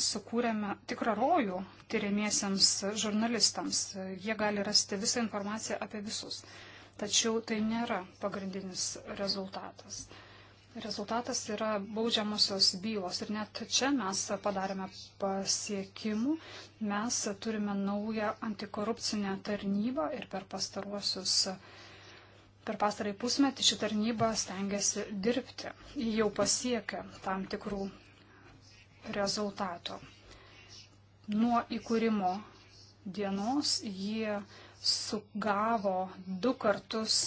sukūrėme tikrą rojų tyriamiesiems žurnalistams. Jie gali rasti visą informaciją apie visus. Tačiau tai nėra pagrindinis rezultatas. Rezultatas yra baudžiamusios bylos ir net čia mes padarėme pasiekimų. Mes turime naują antikorupcinę tarnybą ir per pastaruosius, per pastarąjį pusmetį ši tarnyba stengiasi dirbti. Ji jau pasiekia tam tikrų rezultatų. Nuo įkūrimo dienos jie sugavo du kartus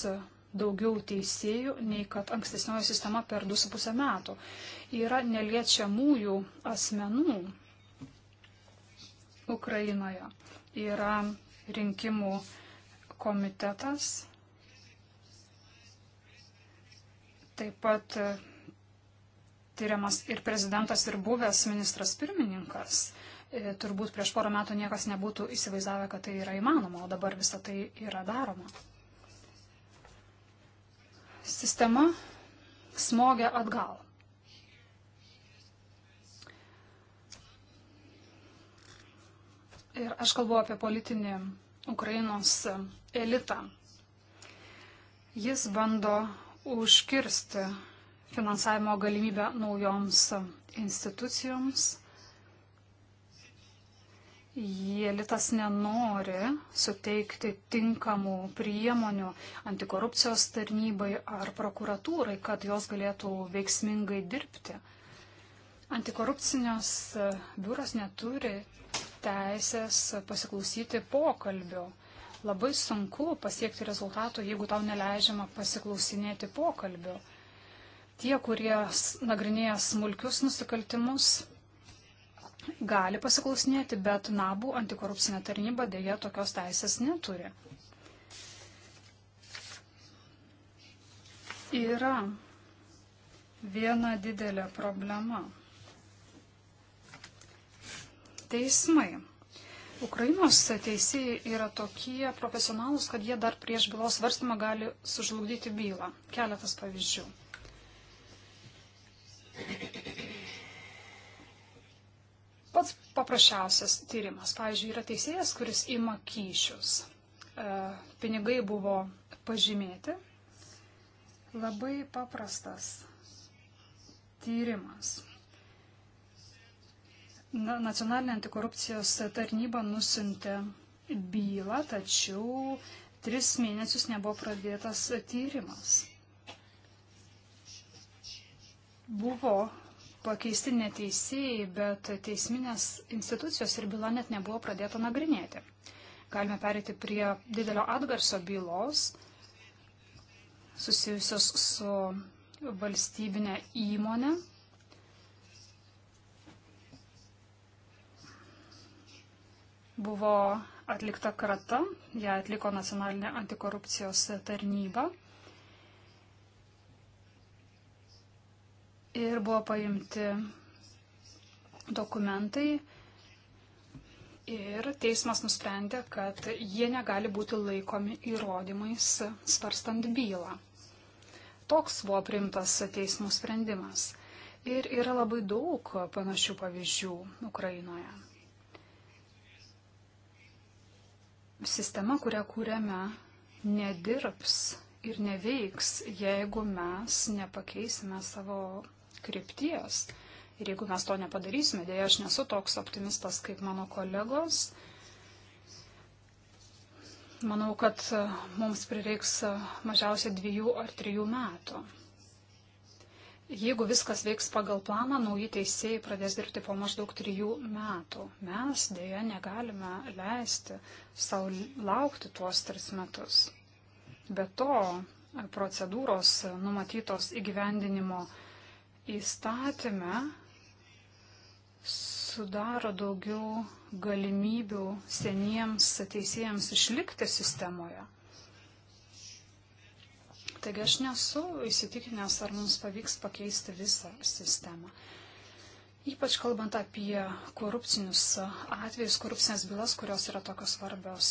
daugiau teisėjų, nei kad ankstesnioji sistema per 2,5 metų. Yra neliečiamųjų asmenų Ukrainoje. Yra rinkimų komitetas, taip pat e, tyriamas ir prezidentas, ir buvęs ministras pirmininkas e, turbūt prieš porą metų niekas nebūtų įsivaizdavę, kad tai yra įmanoma, o dabar visa tai yra daroma sistema smogia atgal. Ir aš kalbu apie politinį Ukrainos elitą. Jis bando užkirsti finansavimo galimybę naujoms institucijoms Jėlitas nenori suteikti tinkamų priemonių antikorupcijos tarnybai ar prokuratūrai, kad jos galėtų veiksmingai dirbti. Antikorupcinės biuras neturi teisės pasiklausyti pokalbių. Labai sunku pasiekti rezultato, jeigu tau neleidžiama pasiklausinėti pokalbių. Tie, kurie nagrinėja smulkius nusikaltimus, gali pasiklausinėti, bet NABU antikorupcinė tarnyba dėja tokios teisės neturi. Yra viena didelė problema. Teismai. Ukrainos teisėjai yra tokie profesionalūs, kad jie dar prieš bylos svarstymą gali sužlugdyti bylą. Keletas pavyzdžių. pats paprasčiausias tyrimas. Pavyzdžiui, yra teisėjas, kuris ima kyšius. E, pinigai buvo pažymėti. Labai paprastas tyrimas. Na, nacionalinė antikorupcijos tarnyba nusintė bylą, tačiau tris mėnesius nebuvo pradėtas tyrimas. Buvo pakeisti ne teisėjai, bet teisminės institucijos ir byla net nebuvo pradėta nagrinėti. Galime perėti prie didelio atgarso bylos susijusios su valstybinė įmonė. Buvo atlikta krata, ją atliko nacionalinė antikorupcijos tarnyba. ir buvo paimti dokumentai. Ir teismas nusprendė, kad jie negali būti laikomi įrodymais svarstant bylą. Toks buvo primtas teismų sprendimas. Ir yra labai daug panašių pavyzdžių Ukrainoje. Sistema, kurią kūrėme, nedirbs ir neveiks, jeigu mes nepakeisime savo krypties. Ir jeigu mes to nepadarysime, dėja aš nesu toks optimistas kaip mano kolegos, manau, kad e, mums prireiks e, mažiausiai dviejų ar trijų metų. Jeigu viskas veiks pagal planą, nauji teisėjai pradės dirbti po maždaug trijų metų. Mes dėja negalime leisti savo laukti tuos tris metus. Be to, e, procedūros numatytos įgyvendinimo įstatymę sudaro daugiau galimybių seniems teisėjams išlikti sistemoje. Taigi aš nesu įsitikinęs, ar mums pavyks pakeisti visą sistemą. Ypač kalbant apie korupcinius atvejus, korupcinės bylas, kurios yra tokios svarbios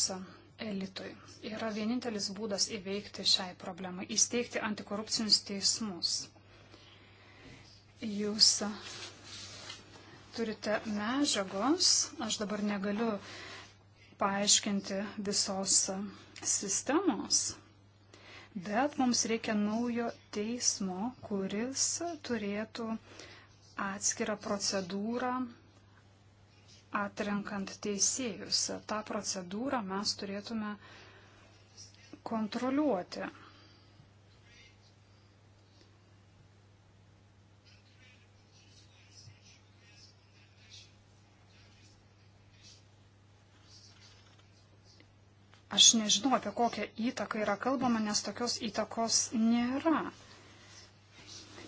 elitui. Yra vienintelis būdas įveikti šiai problemai - įsteigti antikorupcinius teismus jūs turite medžiagos, aš dabar negaliu paaiškinti visos sistemos, bet mums reikia naujo teismo, kuris turėtų atskirą procedūrą atrenkant teisėjus. Ta procedūra mes turėtume kontroliuoti. Aš nežinau, apie kokią įtaką yra kalbama, nes tokios įtakos nėra.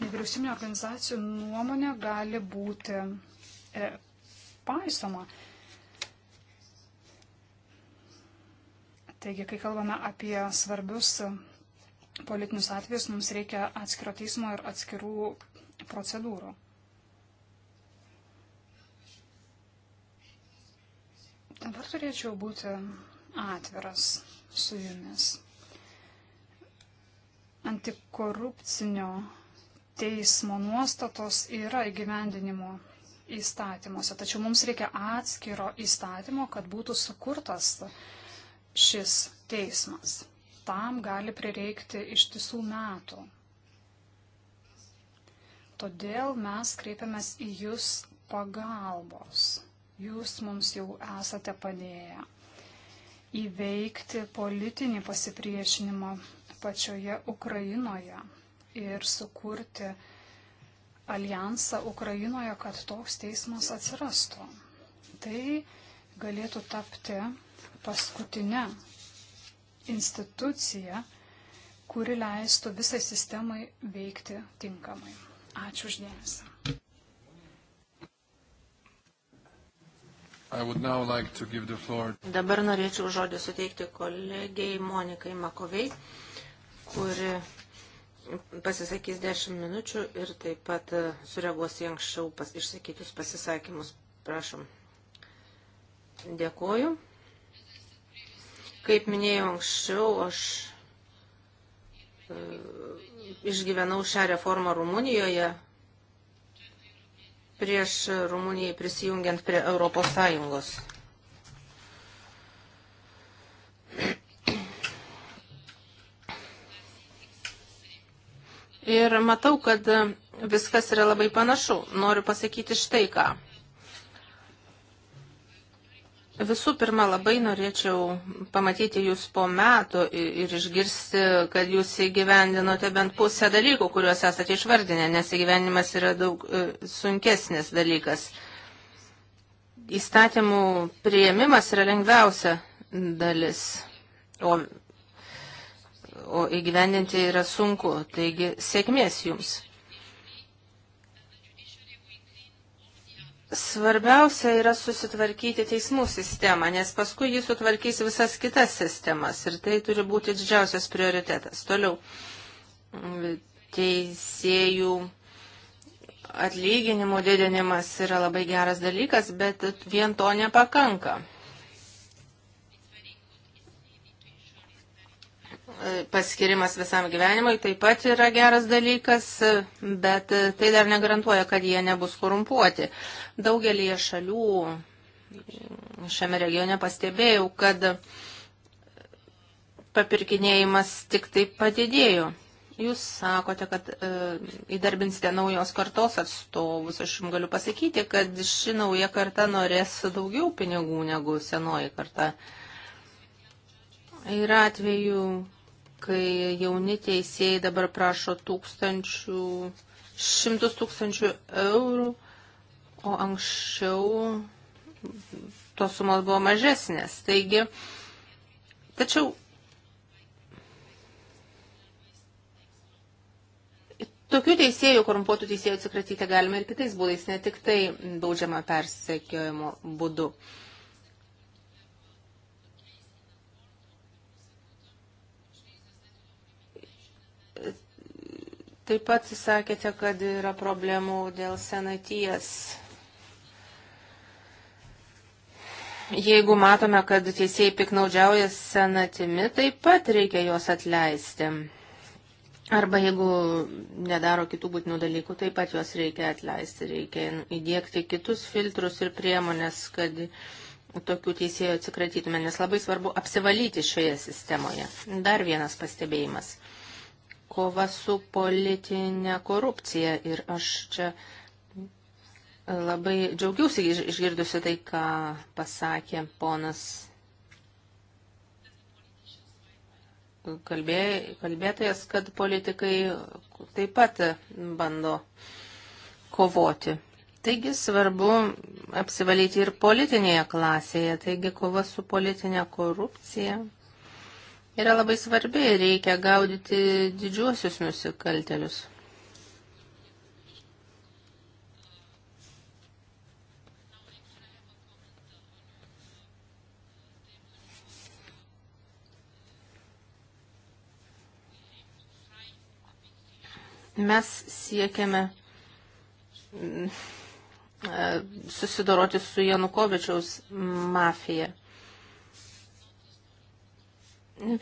Nevyriausybinio organizacijų nuomonė gali būti e, paisoma. Taigi, kai kalbame apie svarbius politinius atvejus, mums reikia atskiro teismo ir atskirų procedūrų. Dabar turėčiau būti atviras su jumis. Antikorupcinio teismo nuostatos yra įgyvendinimo įstatymuose, tačiau mums reikia atskiro įstatymo, kad būtų sukurtas šis teismas. Tam gali prireikti ištisų metų. Todėl mes kreipiamės į Jūs pagalbos. Jūs mums jau esate padėję įveikti politinį pasipriešinimą pačioje Ukrainoje ir sukurti alijansą Ukrainoje, kad toks teismas atsirastų. Tai galėtų tapti paskutinę instituciją, kuri leistų visai sistemai veikti tinkamai. Ačiū uždėmesi. Like Dabar norėčiau žodį suteikti kolegijai Monikai Makovei, kuri pasisakys 10 minučių ir taip pat e, sureaguos į anksčiau pas, išsakytus pasisakymus. Prašom. Dėkoju. Kaip minėjau anksčiau, aš e, išgyvenau šią reformą Rumunijoje prieš Rumunijai prisijungiant prie Europos Sąjungos. Ir matau, kad viskas yra labai panašu. Noriu pasakyti štai ką. Visų pirma, labai norėčiau pamatyti jūs po metų ir išgirsti, kad jūs įgyvendinote bent pusę dalykų, kuriuos esate išvardinę, nes įgyvenimas yra daug e, sunkesnis dalykas. Įstatymų prieimimas yra lengviausia dalis, o, o įgyvendinti yra sunku. Taigi, sėkmės jums. Svarbiausia yra susitvarkyti teismų sistemą, nes paskui jis sutvarkys visas kitas sistemas ir tai turi būti didžiausias prioritetas. Toliau teisėjų atlyginimų didinimas yra labai geras dalykas, bet vien to nepakanka. paskirimas visam gyvenimui taip pat yra geras dalykas, bet tai dar negarantuoja, kad jie nebus korumpuoti. Daugelį šalių šiame regione pastebėjau, kad papirkinėjimas tik taip padidėjo. Jūs sakote, kad e, įdarbinsite naujos kartos atstovus. Aš jums galiu pasakyti, kad ši nauja karta norės daugiau pinigų negu senoji karta. Yra atvejų, kai jauni teisėjai dabar prašo tūkstančių, šimtus tūkstančių eurų, o anksčiau tos sumos buvo mažesnės. Taigi, tačiau Tokių teisėjų, korumpuotų teisėjų atsikratyti galima ir kitais būdais, ne tik tai baudžiama persekiojimo būdu. Uh, Taip pat sakėte, kad yra problemų dėl senaties. Jeigu matome, kad teisėjai piknaudžiauja senatimi, taip pat reikia juos atleisti. Arba jeigu nedaro kitų būtinų dalykų, taip pat juos reikia atleisti, reikia įdėkti kitus filtrus ir priemonės, kad tokių teisėjų atsikratytume, nes labai svarbu apsivalyti šioje sistemoje. Dar vienas pastebėjimas kova su politinė korupcija. Ir aš čia labai džiaugiausi išgirdusi tai, ką pasakė ponas kalbė, kalbėtojas, kad politikai taip pat bando kovoti. Taigi svarbu apsivalyti ir politinėje klasėje, taigi kova su politinė korupcija yra labai svarbi, reikia gaudyti didžiuosius nusikaltelius. Mes siekiame mm, e, susidoroti su Janukovičiaus mafija.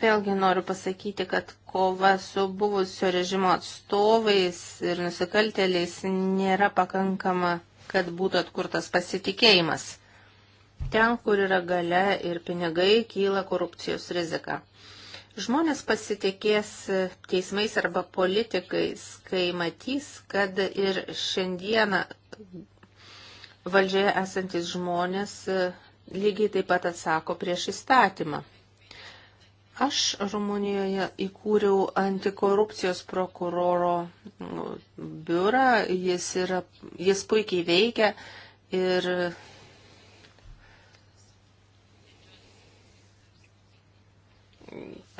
Vėlgi noriu pasakyti, kad kova su buvusio režimo atstovais ir nusikaltėliais nėra pakankama, kad būtų atkurtas pasitikėjimas. Ten, kur yra gale ir pinigai, kyla korupcijos rizika. Žmonės pasitikės teismais arba politikais, kai matys, kad ir šiandieną valdžioje esantis žmonės lygiai taip pat atsako prieš įstatymą. Aš Rumunijoje įkūriau antikorupcijos prokuroro nu, biurą, jis, yra, jis puikiai veikia ir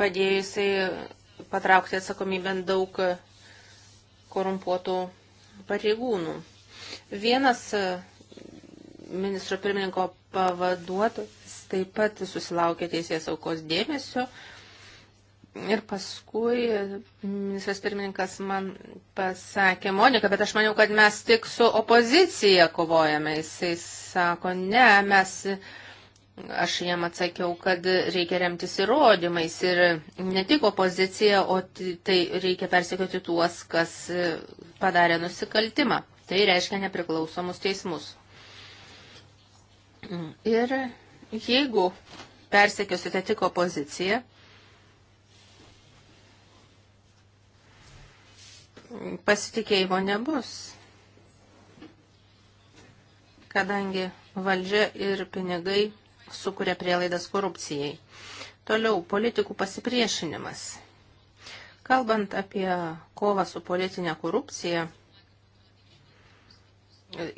padėjusiai patraukti atsakomybę daug korumpuotų pareigūnų. Vienas ministro pirmininko pavaduotojas taip pat susilaukė teisės aukos dėmesio. Ir paskui ministras pirmininkas man pasakė, Monika, bet aš maniau, kad mes tik su opozicija kovojame. Jisai sako, ne, mes, aš jam atsakiau, kad reikia remtis įrodymais ir ne tik opozicija, o tai reikia persekioti tuos, kas padarė nusikaltimą. Tai reiškia nepriklausomus teismus. Ir Jeigu persekiosite tik opoziciją, pasitikėjimo nebus, kadangi valdžia ir pinigai sukuria prielaidas korupcijai. Toliau politikų pasipriešinimas. Kalbant apie kovą su politinė korupcija,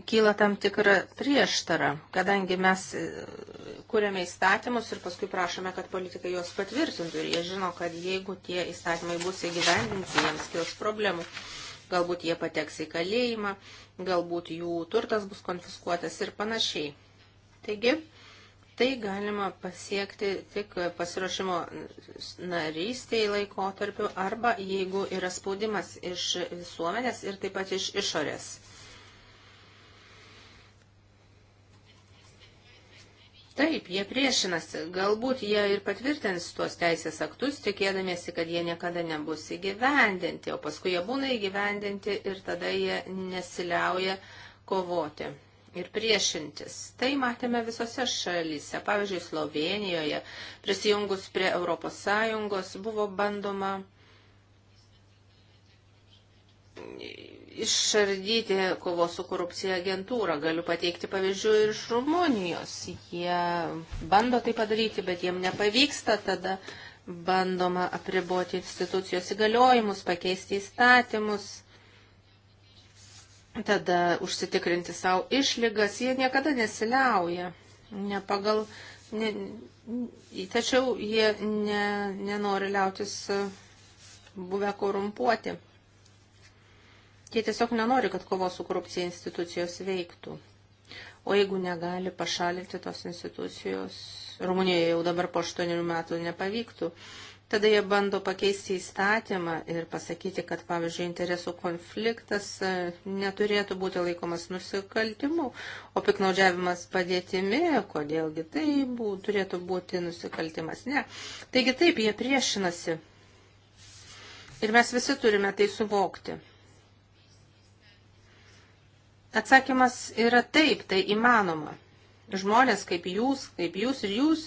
kyla tam tikra prieštara, kadangi mes e, kuriame įstatymus ir paskui prašome, kad politikai juos patvirtintų ir jie žino, kad jeigu tie įstatymai bus įgyvendinti, jiems kils problemų. Galbūt jie pateks į kalėjimą, galbūt jų turtas bus konfiskuotas ir panašiai. Taigi, tai galima pasiekti tik pasiruošimo narystėje laikotarpiu arba jeigu yra spaudimas iš visuomenės ir taip pat iš išorės. Taip, jie priešinasi. Galbūt jie ir patvirtins tuos teisės aktus, tikėdamiesi, kad jie niekada nebus įgyvendinti, o paskui jie būna įgyvendinti ir tada jie nesiliauja kovoti ir priešintis. Tai matėme visose šalyse. Pavyzdžiui, Slovenijoje prisijungus prie ES buvo bandoma išardyti kovos su korupcija agentūrą. Galiu pateikti pavyzdžių ir iš Rumunijos. Jie bando tai padaryti, bet jiem nepavyksta, tada bandoma apriboti institucijos įgaliojimus, pakeisti įstatymus, tada užsitikrinti savo išlygas. Jie niekada nesiliauja. Ne pagal, ne, tačiau jie ne, nenori liautis e, buvę korumpuoti. Jie tiesiog nenori, kad kovos su korupcija institucijos veiktų. O jeigu negali pašalinti tos institucijos, Rumunijoje jau dabar po 8 metų nepavyktų, Tada jie bando pakeisti įstatymą ir pasakyti, kad, pavyzdžiui, interesų konfliktas e, neturėtų būti laikomas nusikaltimu, o piknaudžiavimas padėtimi, kodėlgi tai bū, turėtų būti nusikaltimas. Ne. Taigi taip, jie priešinasi. Ir mes visi turime tai suvokti. Atsakymas yra taip, tai įmanoma. Žmonės kaip jūs, kaip jūs ir jūs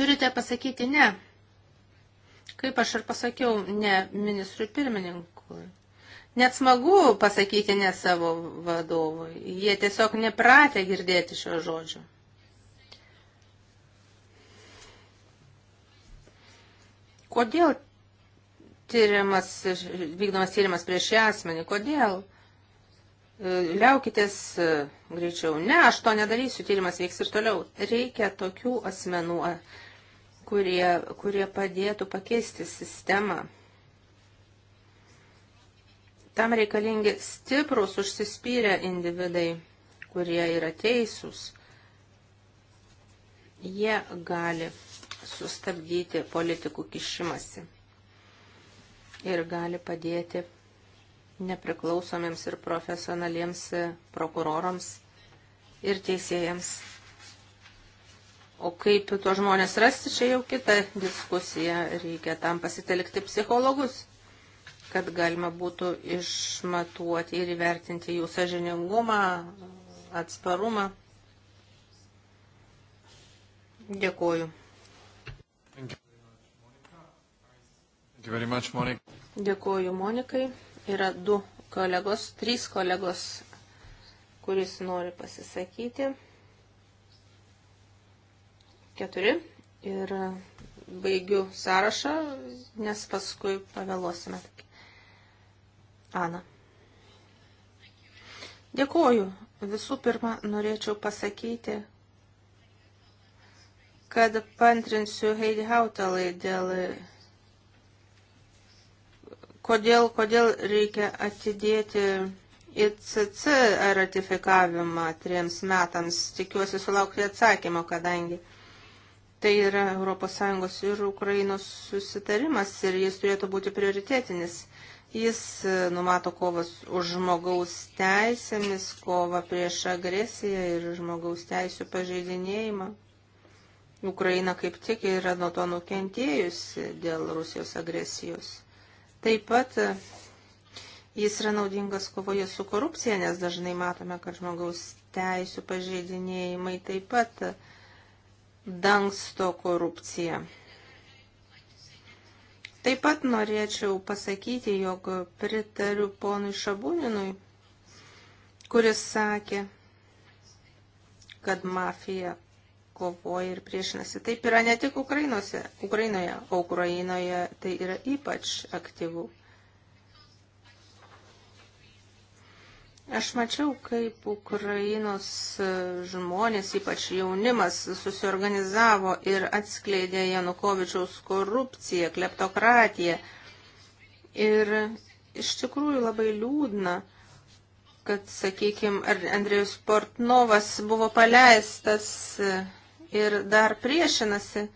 turite pasakyti ne. Kaip aš ir pasakiau, ne ministrui pirmininkui. Net smagu pasakyti ne savo vadovui. Jie tiesiog nepratę girdėti šio žodžio. Kodėl tyrimas, vykdomas tyrimas prieš šį asmenį. Kodėl? E, liaukitės e, greičiau. Ne, aš to nedarysiu, tyrimas veiks ir toliau. Reikia tokių asmenų, kurie, kurie padėtų pakeisti sistemą. Tam reikalingi stiprus užsispyrę individai, kurie yra teisūs. Jie gali sustabdyti politikų kišimasi ir gali padėti nepriklausomiems ir profesionaliems prokurorams ir teisėjams. O kaip tuos žmonės rasti, čia jau kita diskusija. Reikia tam pasitelkti psichologus, kad galima būtų išmatuoti ir įvertinti jų sažiningumą, atsparumą. Dėkuoju. Much, Monica. Dėkuoju Monikai. Yra du kolegos, trys kolegos, kuris nori pasisakyti. Keturi. Ir baigiu sąrašą, nes paskui pavėluosime. Ana. Dėkuoju. Visų pirma, norėčiau pasakyti, kad pantrinsiu Heidi Hautalai dėl Kodėl, kodėl reikia atidėti ICC ratifikavimą triems metams? Tikiuosi sulaukti atsakymo, kadangi tai yra ES ir Ukrainos susitarimas ir jis turėtų būti prioritėtinis. Jis e, numato kovas už žmogaus teisėmis, kovą prieš agresiją ir žmogaus teisų pažeidinėjimą. Ukraina kaip tik yra nuo to nukentėjusi dėl Rusijos agresijos. Taip pat e, jis yra naudingas kovoje su korupcija, nes dažnai matome, kad žmogaus teisų pažeidinėjimai taip pat e, dangsto korupciją. Taip pat norėčiau pasakyti, jog pritariu ponui Šabūninui, kuris sakė, kad mafija kovoja ir priešinasi. Taip yra ne tik Ukrainose, Ukrainoje, o Ukrainoje tai yra ypač aktyvu. Aš mačiau, kaip Ukrainos žmonės, ypač jaunimas, susiorganizavo ir atskleidė Janukovičiaus korupciją, kleptokratiją. Ir iš tikrųjų labai liūdna, kad, sakykime, Andrėjus Portnovas buvo paleistas ir dar priešinasi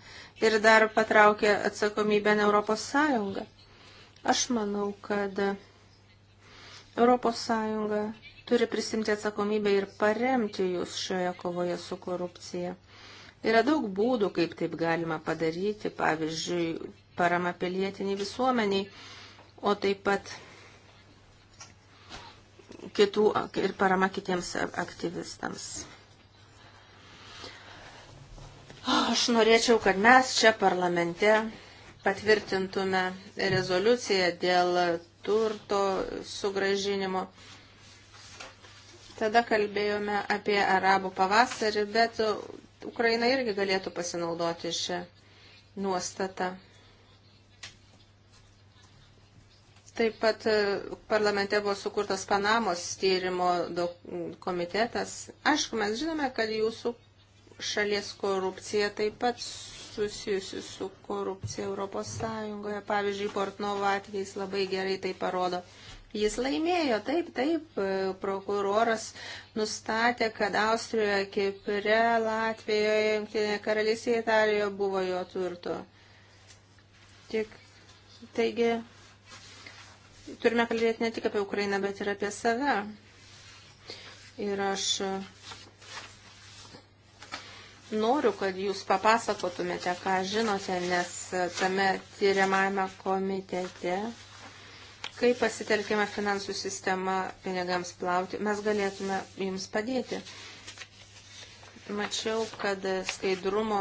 ir dar patraukia atsakomybę ne Europos Sąjungą. Aš manau, kad Europos Sąjunga turi prisimti atsakomybę ir paremti jūs šioje kovoje su korupcija. Yra daug būdų, kaip taip galima padaryti, pavyzdžiui, parama pilietiniai visuomeniai, o taip pat kitų ir parama kitiems aktyvistams. Aš norėčiau, kad mes čia parlamente patvirtintume rezoliuciją dėl turto sugražinimo. Tada kalbėjome apie arabų pavasarį, bet Ukraina irgi galėtų pasinaudoti šią nuostatą. Taip pat e, parlamente buvo sukurtas Panamos tyrimo komitetas. Aišku, mes žinome, kad jūsų šalies korupcija taip pat susijusi su korupcija Europos Sąjungoje. Pavyzdžiui, Portnovo atvejais labai gerai tai parodo. Jis laimėjo, taip, taip, prokuroras nustatė, kad Austrijoje, Kipre, Latvijoje, Junktinėje karalystėje, Italijoje buvo jo turto. Tik, taigi, turime kalbėti ne tik apie Ukrainą, bet ir apie save. Ir aš Noriu, kad jūs papasakotumėte, ką žinote, nes tame tyriamajame komitete, kai pasitelkime finansų sistemą pinigams plauti, mes galėtume jums padėti. Mačiau, kad skaidrumo,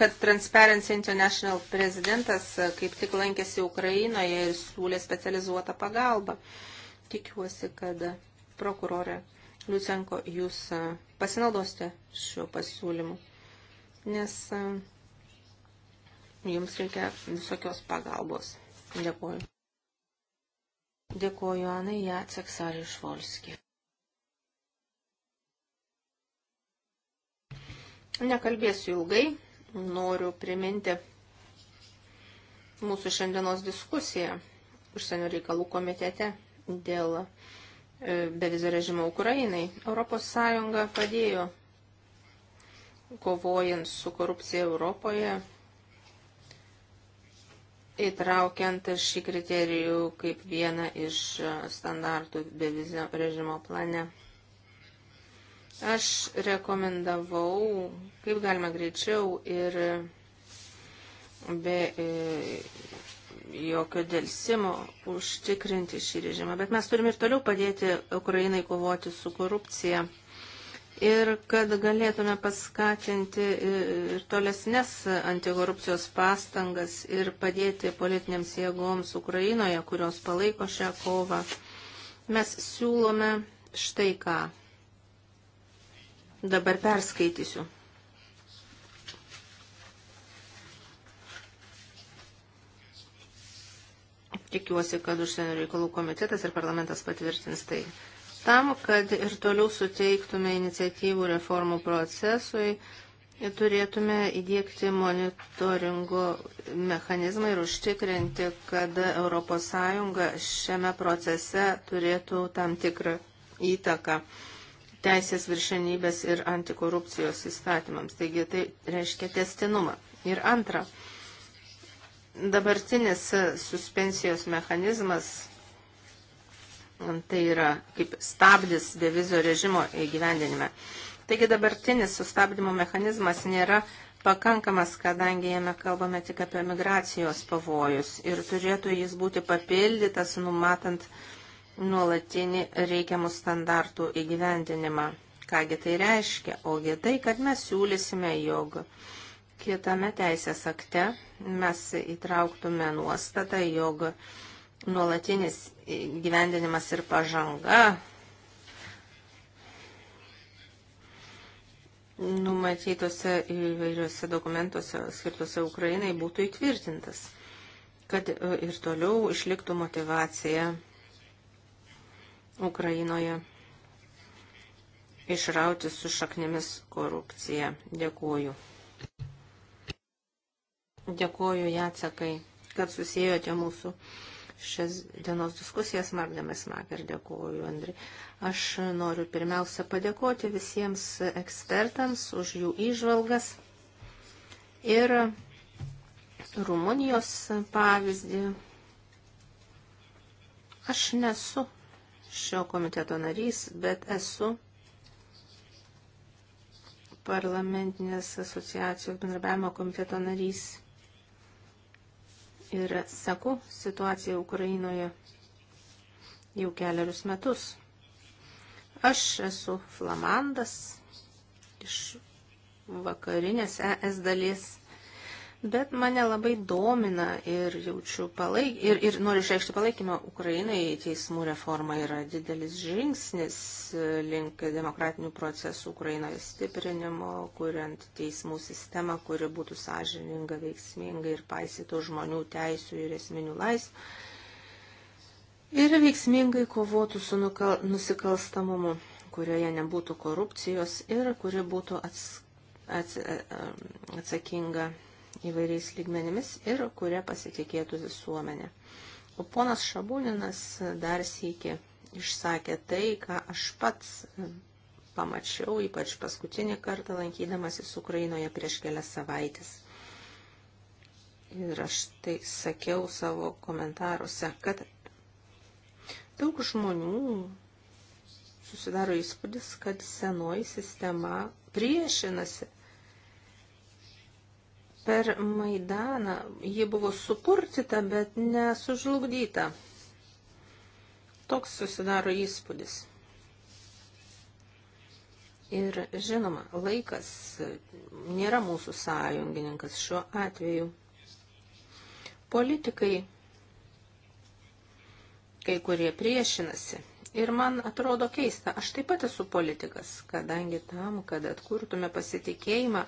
kad Transparency International prezidentas kaip tik lankėsi Ukrainoje ir siūlė specializuotą pagalbą. Tikiuosi, kad prokurorė Liucenko jūs pasinaudosite šiuo pasiūlymu nes e, jums reikia visokios pagalbos. Dėkuoju. Dėkuoju Anai Jacek Sarišvolski. Nekalbėsiu ilgai, noriu priminti mūsų šiandienos diskusiją užsienio reikalų komitete dėl e, bevizio režimo Ukrainai. Europos Sąjunga padėjo kovojant su korupcija Europoje, įtraukiant šį kriterijų kaip vieną iš standartų bevizio režimo plane. Aš rekomendavau, kaip galima greičiau ir be e, jokio dėlsimo užtikrinti šį režimą. Bet mes turime ir toliau padėti Ukrainai kovoti su korupcija ir kad galėtume paskatinti ir tolesnes antikorupcijos pastangas ir padėti politinėms jėgoms Ukrainoje, kurios palaiko šią kovą, mes siūlome štai ką. Dabar perskaitysiu. Tikiuosi, kad užsienio reikalų komitetas ir parlamentas patvirtins tai. Tam, kad ir toliau suteiktume iniciatyvų reformų procesui, turėtume įdėkti monitoringo mechanizmą ir užtikrinti, kad ES šiame procese turėtų tam tikrą įtaką teisės viršenybės ir antikorupcijos įstatymams. Taigi tai reiškia testinumą. Ir antra, dabartinis suspensijos mechanizmas Tai yra kaip stabdis bevizio režimo įgyvendinime. Taigi dabartinis sustabdymo mechanizmas nėra pakankamas, kadangi jame kalbame tik apie migracijos pavojus ir turėtų jis būti papildytas, numatant nuolatinį reikiamų standartų įgyvendinimą. Kągi tai reiškia? Ogi tai, kad mes siūlysime, jog kitame teisės akte mes įtrauktume nuostatą, jog nuolatinis gyvendinimas ir pažanga numatytose įvairiuose dokumentuose skirtuose Ukrainai būtų įtvirtintas, kad e, ir toliau išliktų motivacija Ukrainoje išrauti su šaknėmis korupciją. Dėkuoju. Dėkuoju Jacekai, kad susijote mūsų šias dienos diskusijas Magdamės Maker. Dėkuoju, Andri. Aš noriu pirmiausia padėkoti visiems ekspertams už jų įžvalgas ir Rumunijos pavyzdį. Aš nesu šio komiteto narys, bet esu parlamentinės asociacijos bendrabiavimo komiteto narys ir seku situaciją Ukrainoje jau keliarius metus. Aš esu flamandas iš vakarinės ES dalies Bet mane labai domina ir jaučiu palaik ir, ir noriu išreikšti palaikymą Ukrainai. Teismų reforma yra didelis žingsnis link demokratinių procesų Ukrainoje stiprinimo, kuriant teismų sistemą, kuri būtų sąžininga, veiksminga ir paisytų žmonių teisų ir esminių laisvų. Ir veiksmingai kovotų su nukal, nusikalstamumu, kurioje nebūtų korupcijos ir kuri būtų ats, ats, atsakinga įvairiais lygmenimis ir kuria pasitikėtų visuomenė. O ponas Šabūninas dar sėki išsakė tai, ką aš pats e, pamačiau, ypač paskutinį kartą lankydamasis Ukrainoje prieš kelias savaitės. Ir aš tai sakiau savo komentaruose, kad daug žmonių susidaro įspūdis, kad senoji sistema priešinasi Per Maidaną ji buvo supurtita, bet nesužlugdyta. Toks susidaro įspūdis. Ir žinoma, laikas nėra mūsų sąjungininkas šiuo atveju. Politikai, kai kurie priešinasi, Ir man atrodo keista, aš taip pat esu politikas, kadangi tam, kad atkurtume pasitikėjimą,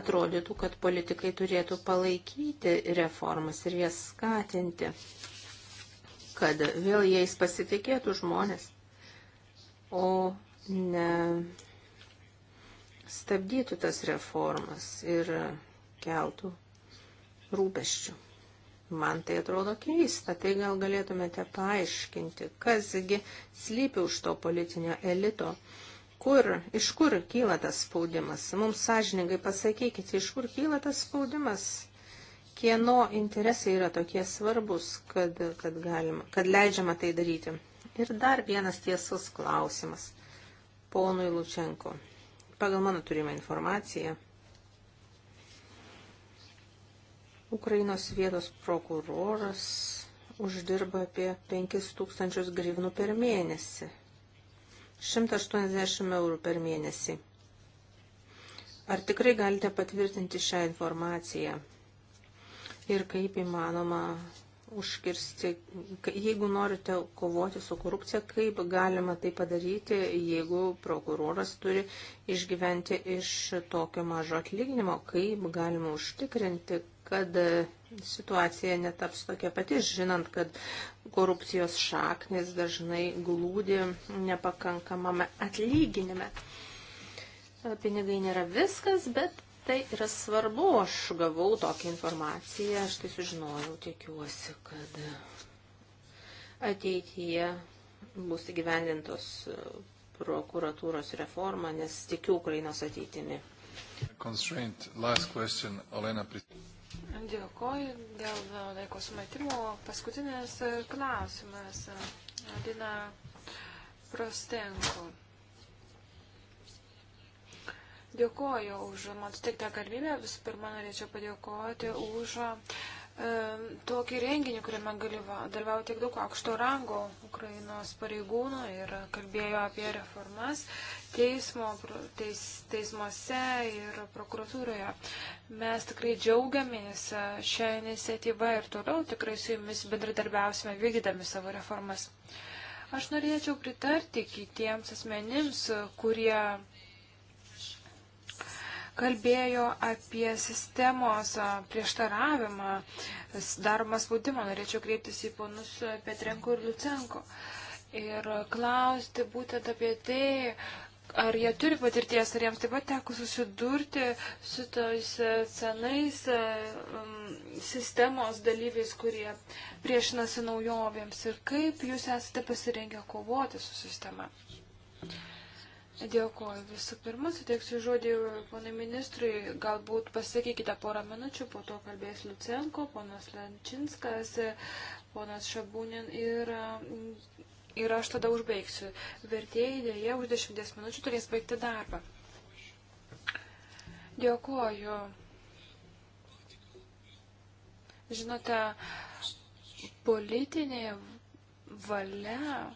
atrodytų, kad politikai turėtų palaikyti reformas ir jas skatinti, kad vėl jais pasitikėtų žmonės, o ne stabdytų tas reformas ir keltų rūpeščių. Man tai atrodo keista, tai gal galėtumėte paaiškinti, kasgi slypi už to politinio elito, kur, iš kur kyla tas spaudimas. Mums sąžiningai pasakykite, iš kur kyla tas spaudimas, kieno interesai yra tokie svarbus, kad, kad, galima, kad leidžiama tai daryti. Ir dar vienas tiesus klausimas ponui Lučenko. Pagal mano turimą informaciją Ukrainos vietos prokuroras uždirba apie 5000 grivnų per mėnesį. 180 eurų per mėnesį. Ar tikrai galite patvirtinti šią informaciją? Ir kaip įmanoma užkirsti, jeigu norite kovoti su korupcija, kaip galima tai padaryti, jeigu prokuroras turi išgyventi iš tokio mažo atlyginimo, kaip galima užtikrinti, kad situacija netaps tokia pati, žinant, kad korupcijos šaknis dažnai glūdi nepakankamame atlyginime. Pinigai nėra viskas, bet tai yra svarbu. Aš gavau tokią informaciją, aš tai sužinojau, tikiuosi, kad ateityje bus įgyvendintos prokuratūros reforma, nes tikiu Ukrainos ateitimi. Question, Dėkoju dėl laiko sumetimo. Paskutinis e, klausimas. E, Alina Prostenko. Dėkoju už man suteiktą galimybę. Visų pirma, norėčiau padėkoti už e, tokį renginį, kuriame dalyvavo tiek daug aukšto rango Ukrainos pareigūnų ir kalbėjo apie reformas teismo, teis, teismuose ir prokuratūroje. Mes tikrai džiaugiamės šią iniciatyvą ir toliau tikrai su jumis bendradarbiausime vykdydami savo reformas. Aš norėčiau pritarti kitiems asmenims, kurie kalbėjo apie sistemos prieštaravimą, daromą spaudimą. Norėčiau kreiptis į ponus Petrenko ir Lucenko ir klausti būtent apie tai, ar jie turi patirties, ar jiems taip pat teko susidurti su tais senais um, sistemos dalyviais, kurie priešinasi naujovėms ir kaip jūs esate pasirengę kovoti su sistema. Thank you. Dėkuoju. Visų pirma, suteiksiu žodį ponai ministrui. Galbūt pasakykite porą minučių, po to kalbės Lucenko, ponas Lenčinskas, ponas Šabūnin ir, ir aš tada užbaigsiu. Vertėjai dėje už dešimties minučių turės baigti darbą. Dėkuoju. Žinote, politinė valia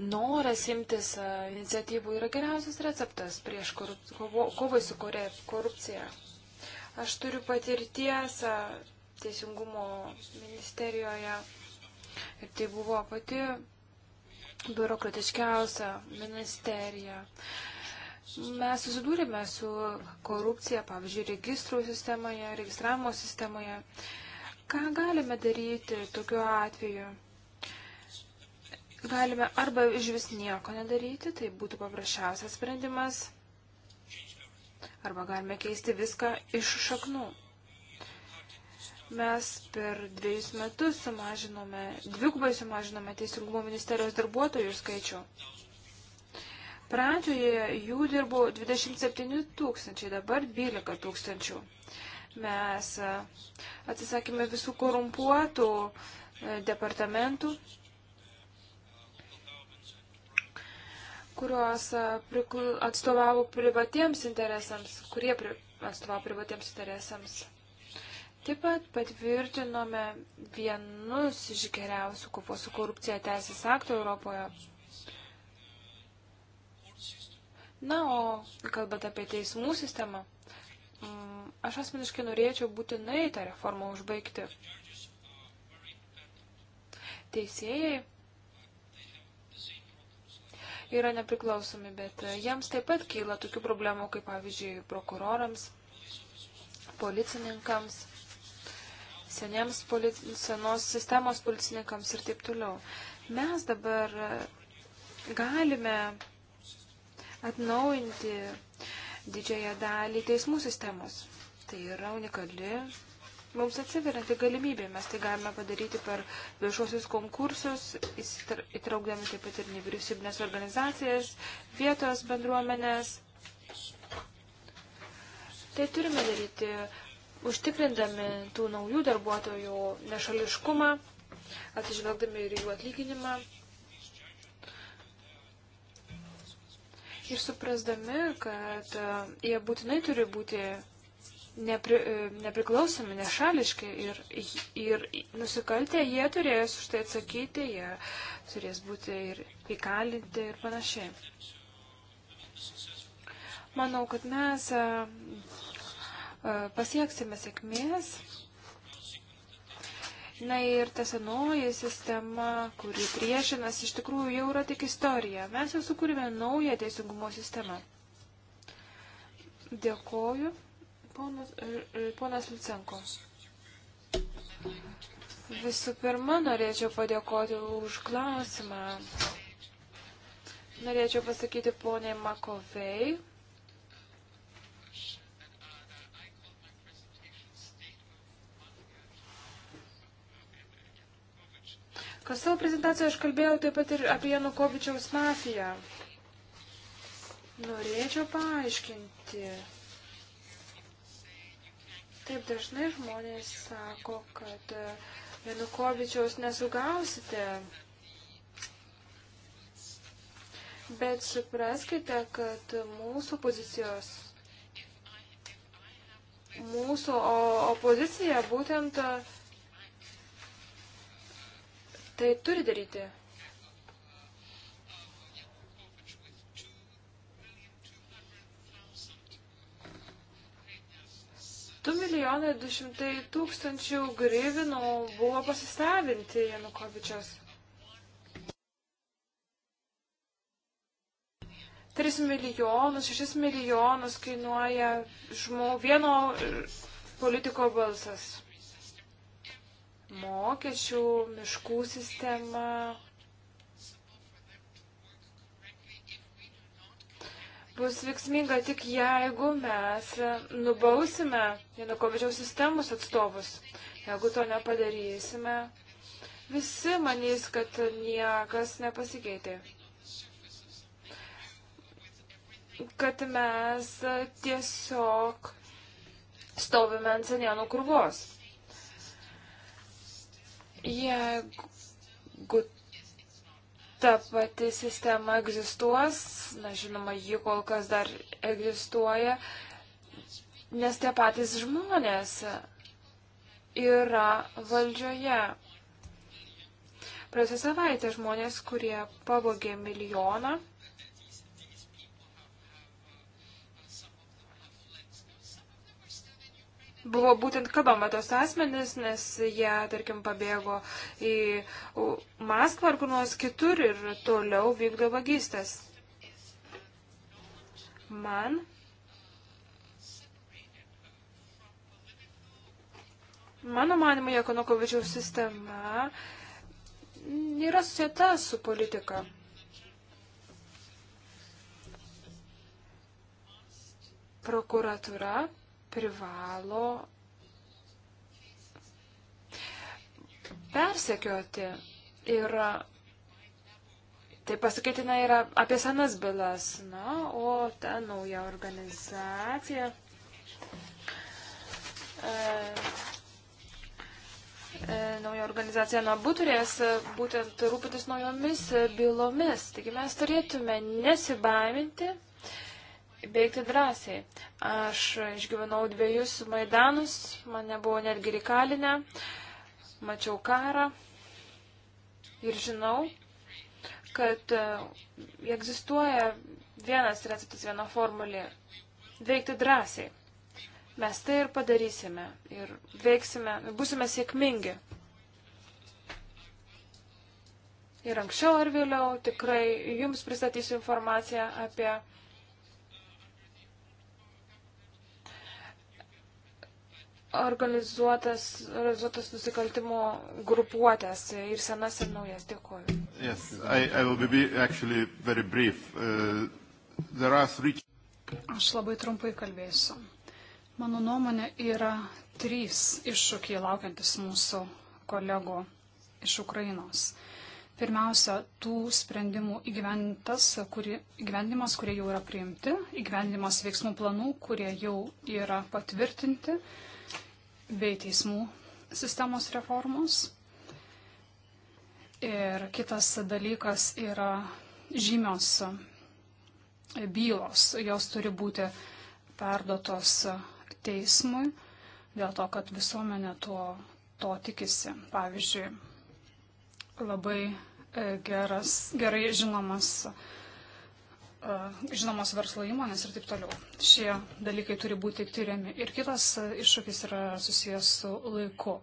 noras imtis e, iniciatyvų yra geriausias receptas prieš korup... kovai su korupcija. Aš turiu patirties e, teisingumo ministerijoje ir tai buvo pati biurokratiškiausia ministerija. Mes susidūrėme su korupcija, pavyzdžiui, registrų sistemoje, registravimo sistemoje. Ką galime daryti tokiu atveju? Galime arba iš vis nieko nedaryti, tai būtų paprasčiausias sprendimas, arba galime keisti viską iš šaknų. Mes per dviejus metus sumažinome, dvigubai sumažinome Teisingumo ministerijos darbuotojų skaičių. Pradžioje jų dirbo 27 tūkstančiai, dabar 12 tūkstančių. Mes e, atsisakėme visų korumpuotų e, departamentų, kurios e, atstovavo privatiems interesams, kurie pri, atstovavo privatiems interesams. Taip pat patvirtinome vienus iš geriausių kovos su korupcija teisės aktų Europoje. Na, o kalbant apie teismų sistemą, mm, aš asmeniškai norėčiau būtinai tą reformą užbaigti. Teisėjai yra nepriklausomi, bet e, jiems taip pat kyla tokių problemų, kaip pavyzdžiui, prokurorams, policininkams, seniems polici... senos sistemos policininkams ir taip toliau. Mes dabar e, galime atnaujinti didžiąją dalį teismų sistemos. Tai yra unikali Mums atsiveria tai galimybė, mes tai galime padaryti per viešuosius konkursus, įtraukdami taip pat ir nevyriausybinės organizacijas, vietos bendruomenės. Tai turime daryti, užtikrindami tų naujų darbuotojų nešališkumą, atsižvelgdami ir jų atlyginimą. Ir suprasdami, kad e, jie būtinai turi būti nepri, e, nepriklausomi, nešališki ir, ir nusikaltę jie turės už tai atsakyti, jie turės būti ir įkalinti ir panašiai. Manau, kad mes e, e, pasieksime sėkmės. Na ir ta senoji sistema, kuri priešinasi, iš tikrųjų jau yra tik istorija. Mes jau sukūrėme naują teisingumo sistemą. Dėkoju. Ponas, e, e, ponas Lucenko. Visų pirma, norėčiau padėkoti už klausimą. Norėčiau pasakyti poniai Makovei, Kad savo prezentacijoje aš kalbėjau taip pat ir apie Janukovičiaus mafiją. Norėčiau paaiškinti, Taip dažnai žmonės sako, kad e, Janukovičiaus nesugausite. Bet supraskite, kad mūsų pozicijos, mūsų opozicija būtent e, tai turi daryti. 2 milijonai 200 tūkstančių grivinų buvo pasisavinti Janukovičios. 3 milijonus, 6 milijonus kainuoja žmogų vieno politiko balsas. Mokesčių, miškų sistema, bus veiksminga tik jeigu mes nubausime Janukovičiaus sistemos atstovus. Jeigu to nepadarysime, visi manys, kad niekas nepasikeitė. Kad mes tiesiog stovime ant senienų kurvos. Jeigu ta pati sistema egzistuos, na žinoma, ji kol kas dar egzistuoja, nes tie patys žmonės yra valdžioje. Praėjusią savaitę žmonės, kurie pavogė milijoną, buvo būtent kalbama tos asmenys, nes jie, tarkim, pabėgo į Maskvą ar kur nors kitur ir toliau vykdo vagystės. Man Mano manimo, Jakonokovičiaus sistema yra susieta su politika. Prokuratura privalo persekioti ir tai pasakytina yra apie senas bylas, na, o ta nauja organizacija. E, e nauja organizacija NABU turės būtent rūpintis naujomis bylomis. Taigi mes turėtume nesibaiminti veikti drąsiai. Aš išgyvenau dviejus Maidanus, mane buvo netgi reikalinę, mačiau karą ir žinau, kad e, egzistuoja vienas receptas, viena formulė - veikti drąsiai. Mes tai ir padarysime ir veiksime, būsime sėkmingi. Ir anksčiau ar vėliau tikrai jums pristatysiu informaciją apie organizuotas, organizuotas nusikaltimo grupuotės ir senas ir naujas. Dėkuoju. Yes, I, I will be actually very brief. Uh, there are three... Aš labai trumpai kalbėsiu. Mano nuomonė yra trys iššūkiai laukiantis mūsų kolegų iš Ukrainos. Pirmiausia, tų sprendimų kuri, įgyvendimas, kurie jau yra priimti, įgyvendimas veiksmų planų, kurie jau yra patvirtinti. Uh, bei teismų sistemos reformos. Ir kitas dalykas yra žymios bylos. Jos turi būti perdotos teismui dėl to, kad visuomenė tuo, to tikisi. Pavyzdžiui, labai geras, gerai žinomas žinomos verslo įmonės ir taip toliau. Šie dalykai turi būti tyriami. Ir kitas iššūkis yra susijęs su laiku.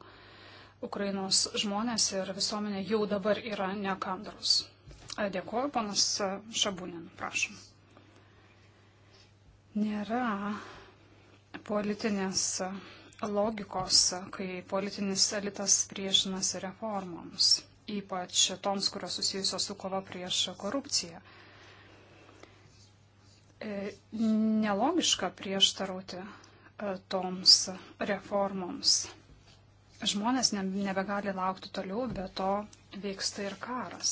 Ukrainos žmonės ir visuomenė jau dabar yra nekandrus. Dėkuoju, panas Šabūnin, prašom. Nėra politinės logikos, kai politinis elitas priešinasi reformoms, ypač toms, kurios susijusios su kova prieš korupciją. E, nelogiška prieštarauti e, toms reformoms. Žmonės nebegali laukti toliau, be to vyksta ir karas.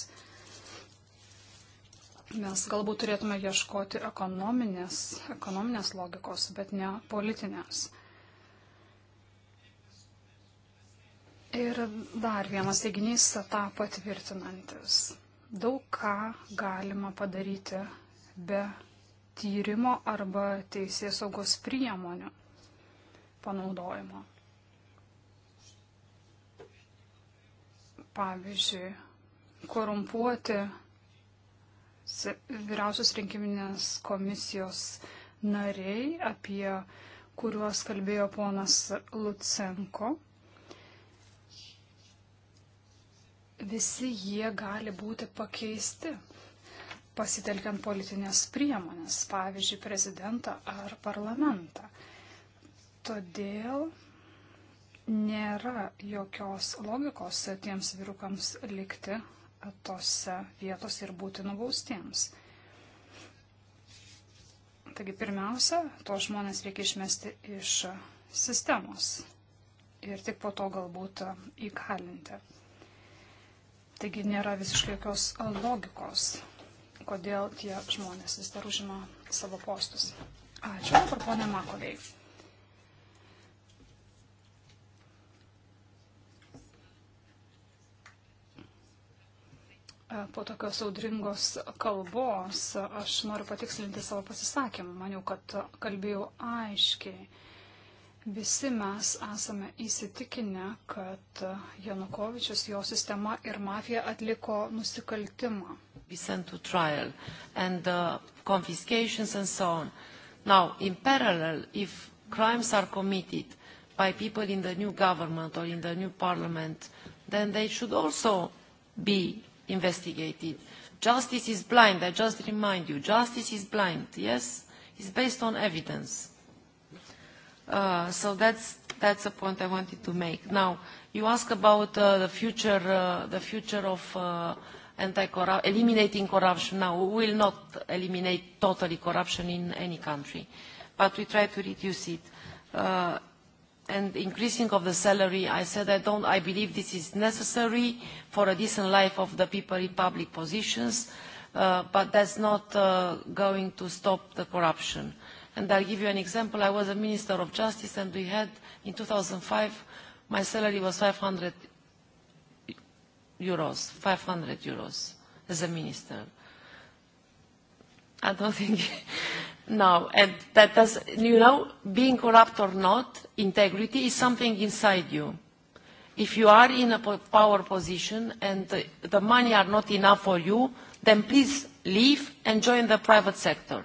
Mes galbūt turėtume ieškoti ekonominės, ekonominės logikos, bet ne politinės. Ir dar vienas teiginys tą patvirtinantis. Daug ką galima padaryti be tyrimo arba teisės saugos priemonių panaudojimo. Pavyzdžiui, korumpuoti vyriausios rinkiminės komisijos nariai, apie kuriuos kalbėjo ponas Lucenko. Visi jie gali būti pakeisti pasitelkiant politinės priemonės, pavyzdžiui, prezidentą ar parlamentą. Todėl nėra jokios logikos tiems vyrukams likti tose vietose ir būti nubaustiems. Taigi pirmiausia, tuos žmonės reikia išmesti iš sistemos ir tik po to galbūt įkalinti. Taigi nėra visiškai jokios logikos kodėl tie žmonės vis dar užima savo postus. Ačiū, dabar ponė Makovei. E, po tokios audringos kalbos aš noriu patikslinti savo pasisakymą. Maniau, kad kalbėjau aiškiai. Visi mes esame įsitikinę, kad Janukovičius, jo sistema ir mafija atliko nusikaltimą. And, uh, and so on. Now, in parallel, if crimes are committed by people in the new government or in the new parliament, then they should also be investigated. Justice is blind, I just remind you, justice is blind, yes? It's based on evidence Uh, so that's that's a point I wanted to make. Now, you ask about uh, the future, uh, the future of uh, anti-corruption, eliminating corruption. Now, we will not eliminate totally corruption in any country, but we try to reduce it. Uh, and increasing of the salary, I said I don't, I believe this is necessary for a decent life of the people in public positions, uh, but that's not uh, going to stop the corruption. Uh, And I'll give you an example. I was a Minister of Justice and we had, in 2005, my salary was 500 euros, 500 euros as a minister. I don't think, no, and that does, you know, being corrupt or not, integrity is something inside you. If you are in a power position and the, the money are not enough for you, then please leave and join the private sector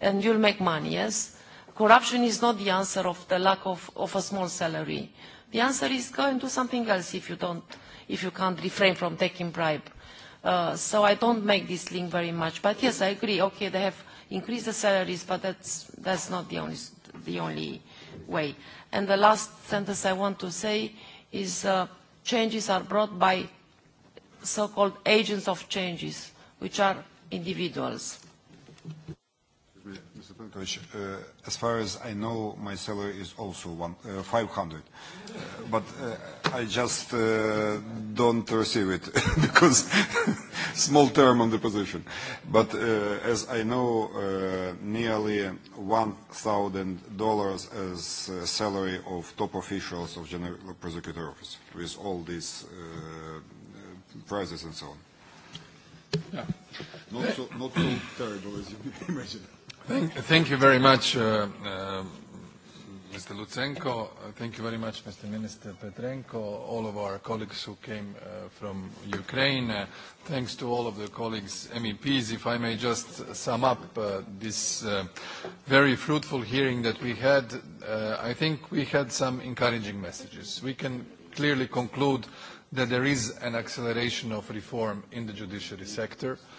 and you'll make money, yes? Corruption is not the answer of the lack of, of a small salary. The answer is go and do something else if you, don't, if you can't refrain from taking bribe. Uh, so I don't make this link very much. But yes, I agree. Okay, they have increased the salaries, but that's, that's not the only, the only way. And the last sentence I want to say is uh, changes are brought by so-called agents of changes, which are individuals. Mr. Plenkovich, uh, as far as I know, my salary is also one, uh, 500. Uh, but uh, I just uh, don't receive it because small term on the position. But uh, as I know, uh, nearly $1,000 as uh, salary of top officials of General Prosecutor Office with all these uh, prizes and so on. Yeah. Not so, not so terrible as you imagine. Thank, thank you very much, uh, uh, Mr. Lutsenko. Thank you very much, Mr. Minister Petrenko, all of our colleagues who came uh, from Ukraine. Uh, thanks to all of the colleagues, MEPs. If I may just sum up uh, this uh, very fruitful hearing that we had, uh, I think we had some encouraging messages. We can clearly conclude that there is an acceleration of reform in the judiciary sector. Uh,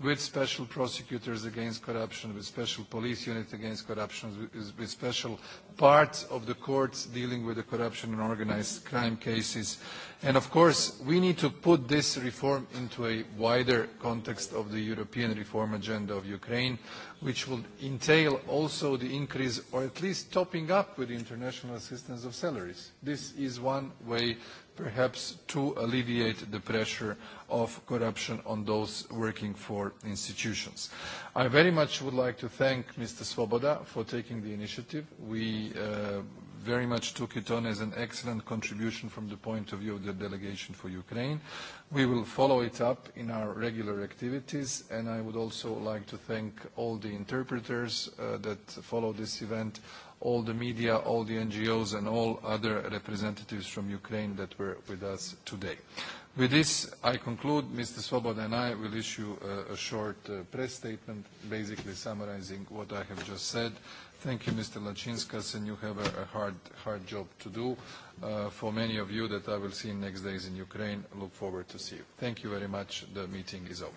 with special prosecutors against corruption, with special police unit against corruption, with, with special parts of the courts dealing with the corruption and organized crime cases. And of course, we need to put this reform into a wider context of the European reform agenda of Ukraine, which will entail also the increase or at least topping up with international assistance of salaries. This is one way perhaps to alleviate the pressure of corruption on those working for institutions. I very much would like to thank Mr. Svoboda for taking the initiative. We uh, very much took it on as an excellent contribution from the point of view of the delegation for Ukraine. We will follow it up in our regular activities, and I would also like to thank all the interpreters uh, that follow this event, all the media, all the NGOs, and all other representatives from Ukraine that were with us today. With this, I conclude. Mr. Svoboda and I will issue a, a short uh, press statement, basically summarizing what I have just said. Thank you, Mr. Lachinskas, and you have a, a hard, hard job to do. Uh, for many of you that I will see in next days in Ukraine, look forward to see you. Thank you very much. The meeting is over.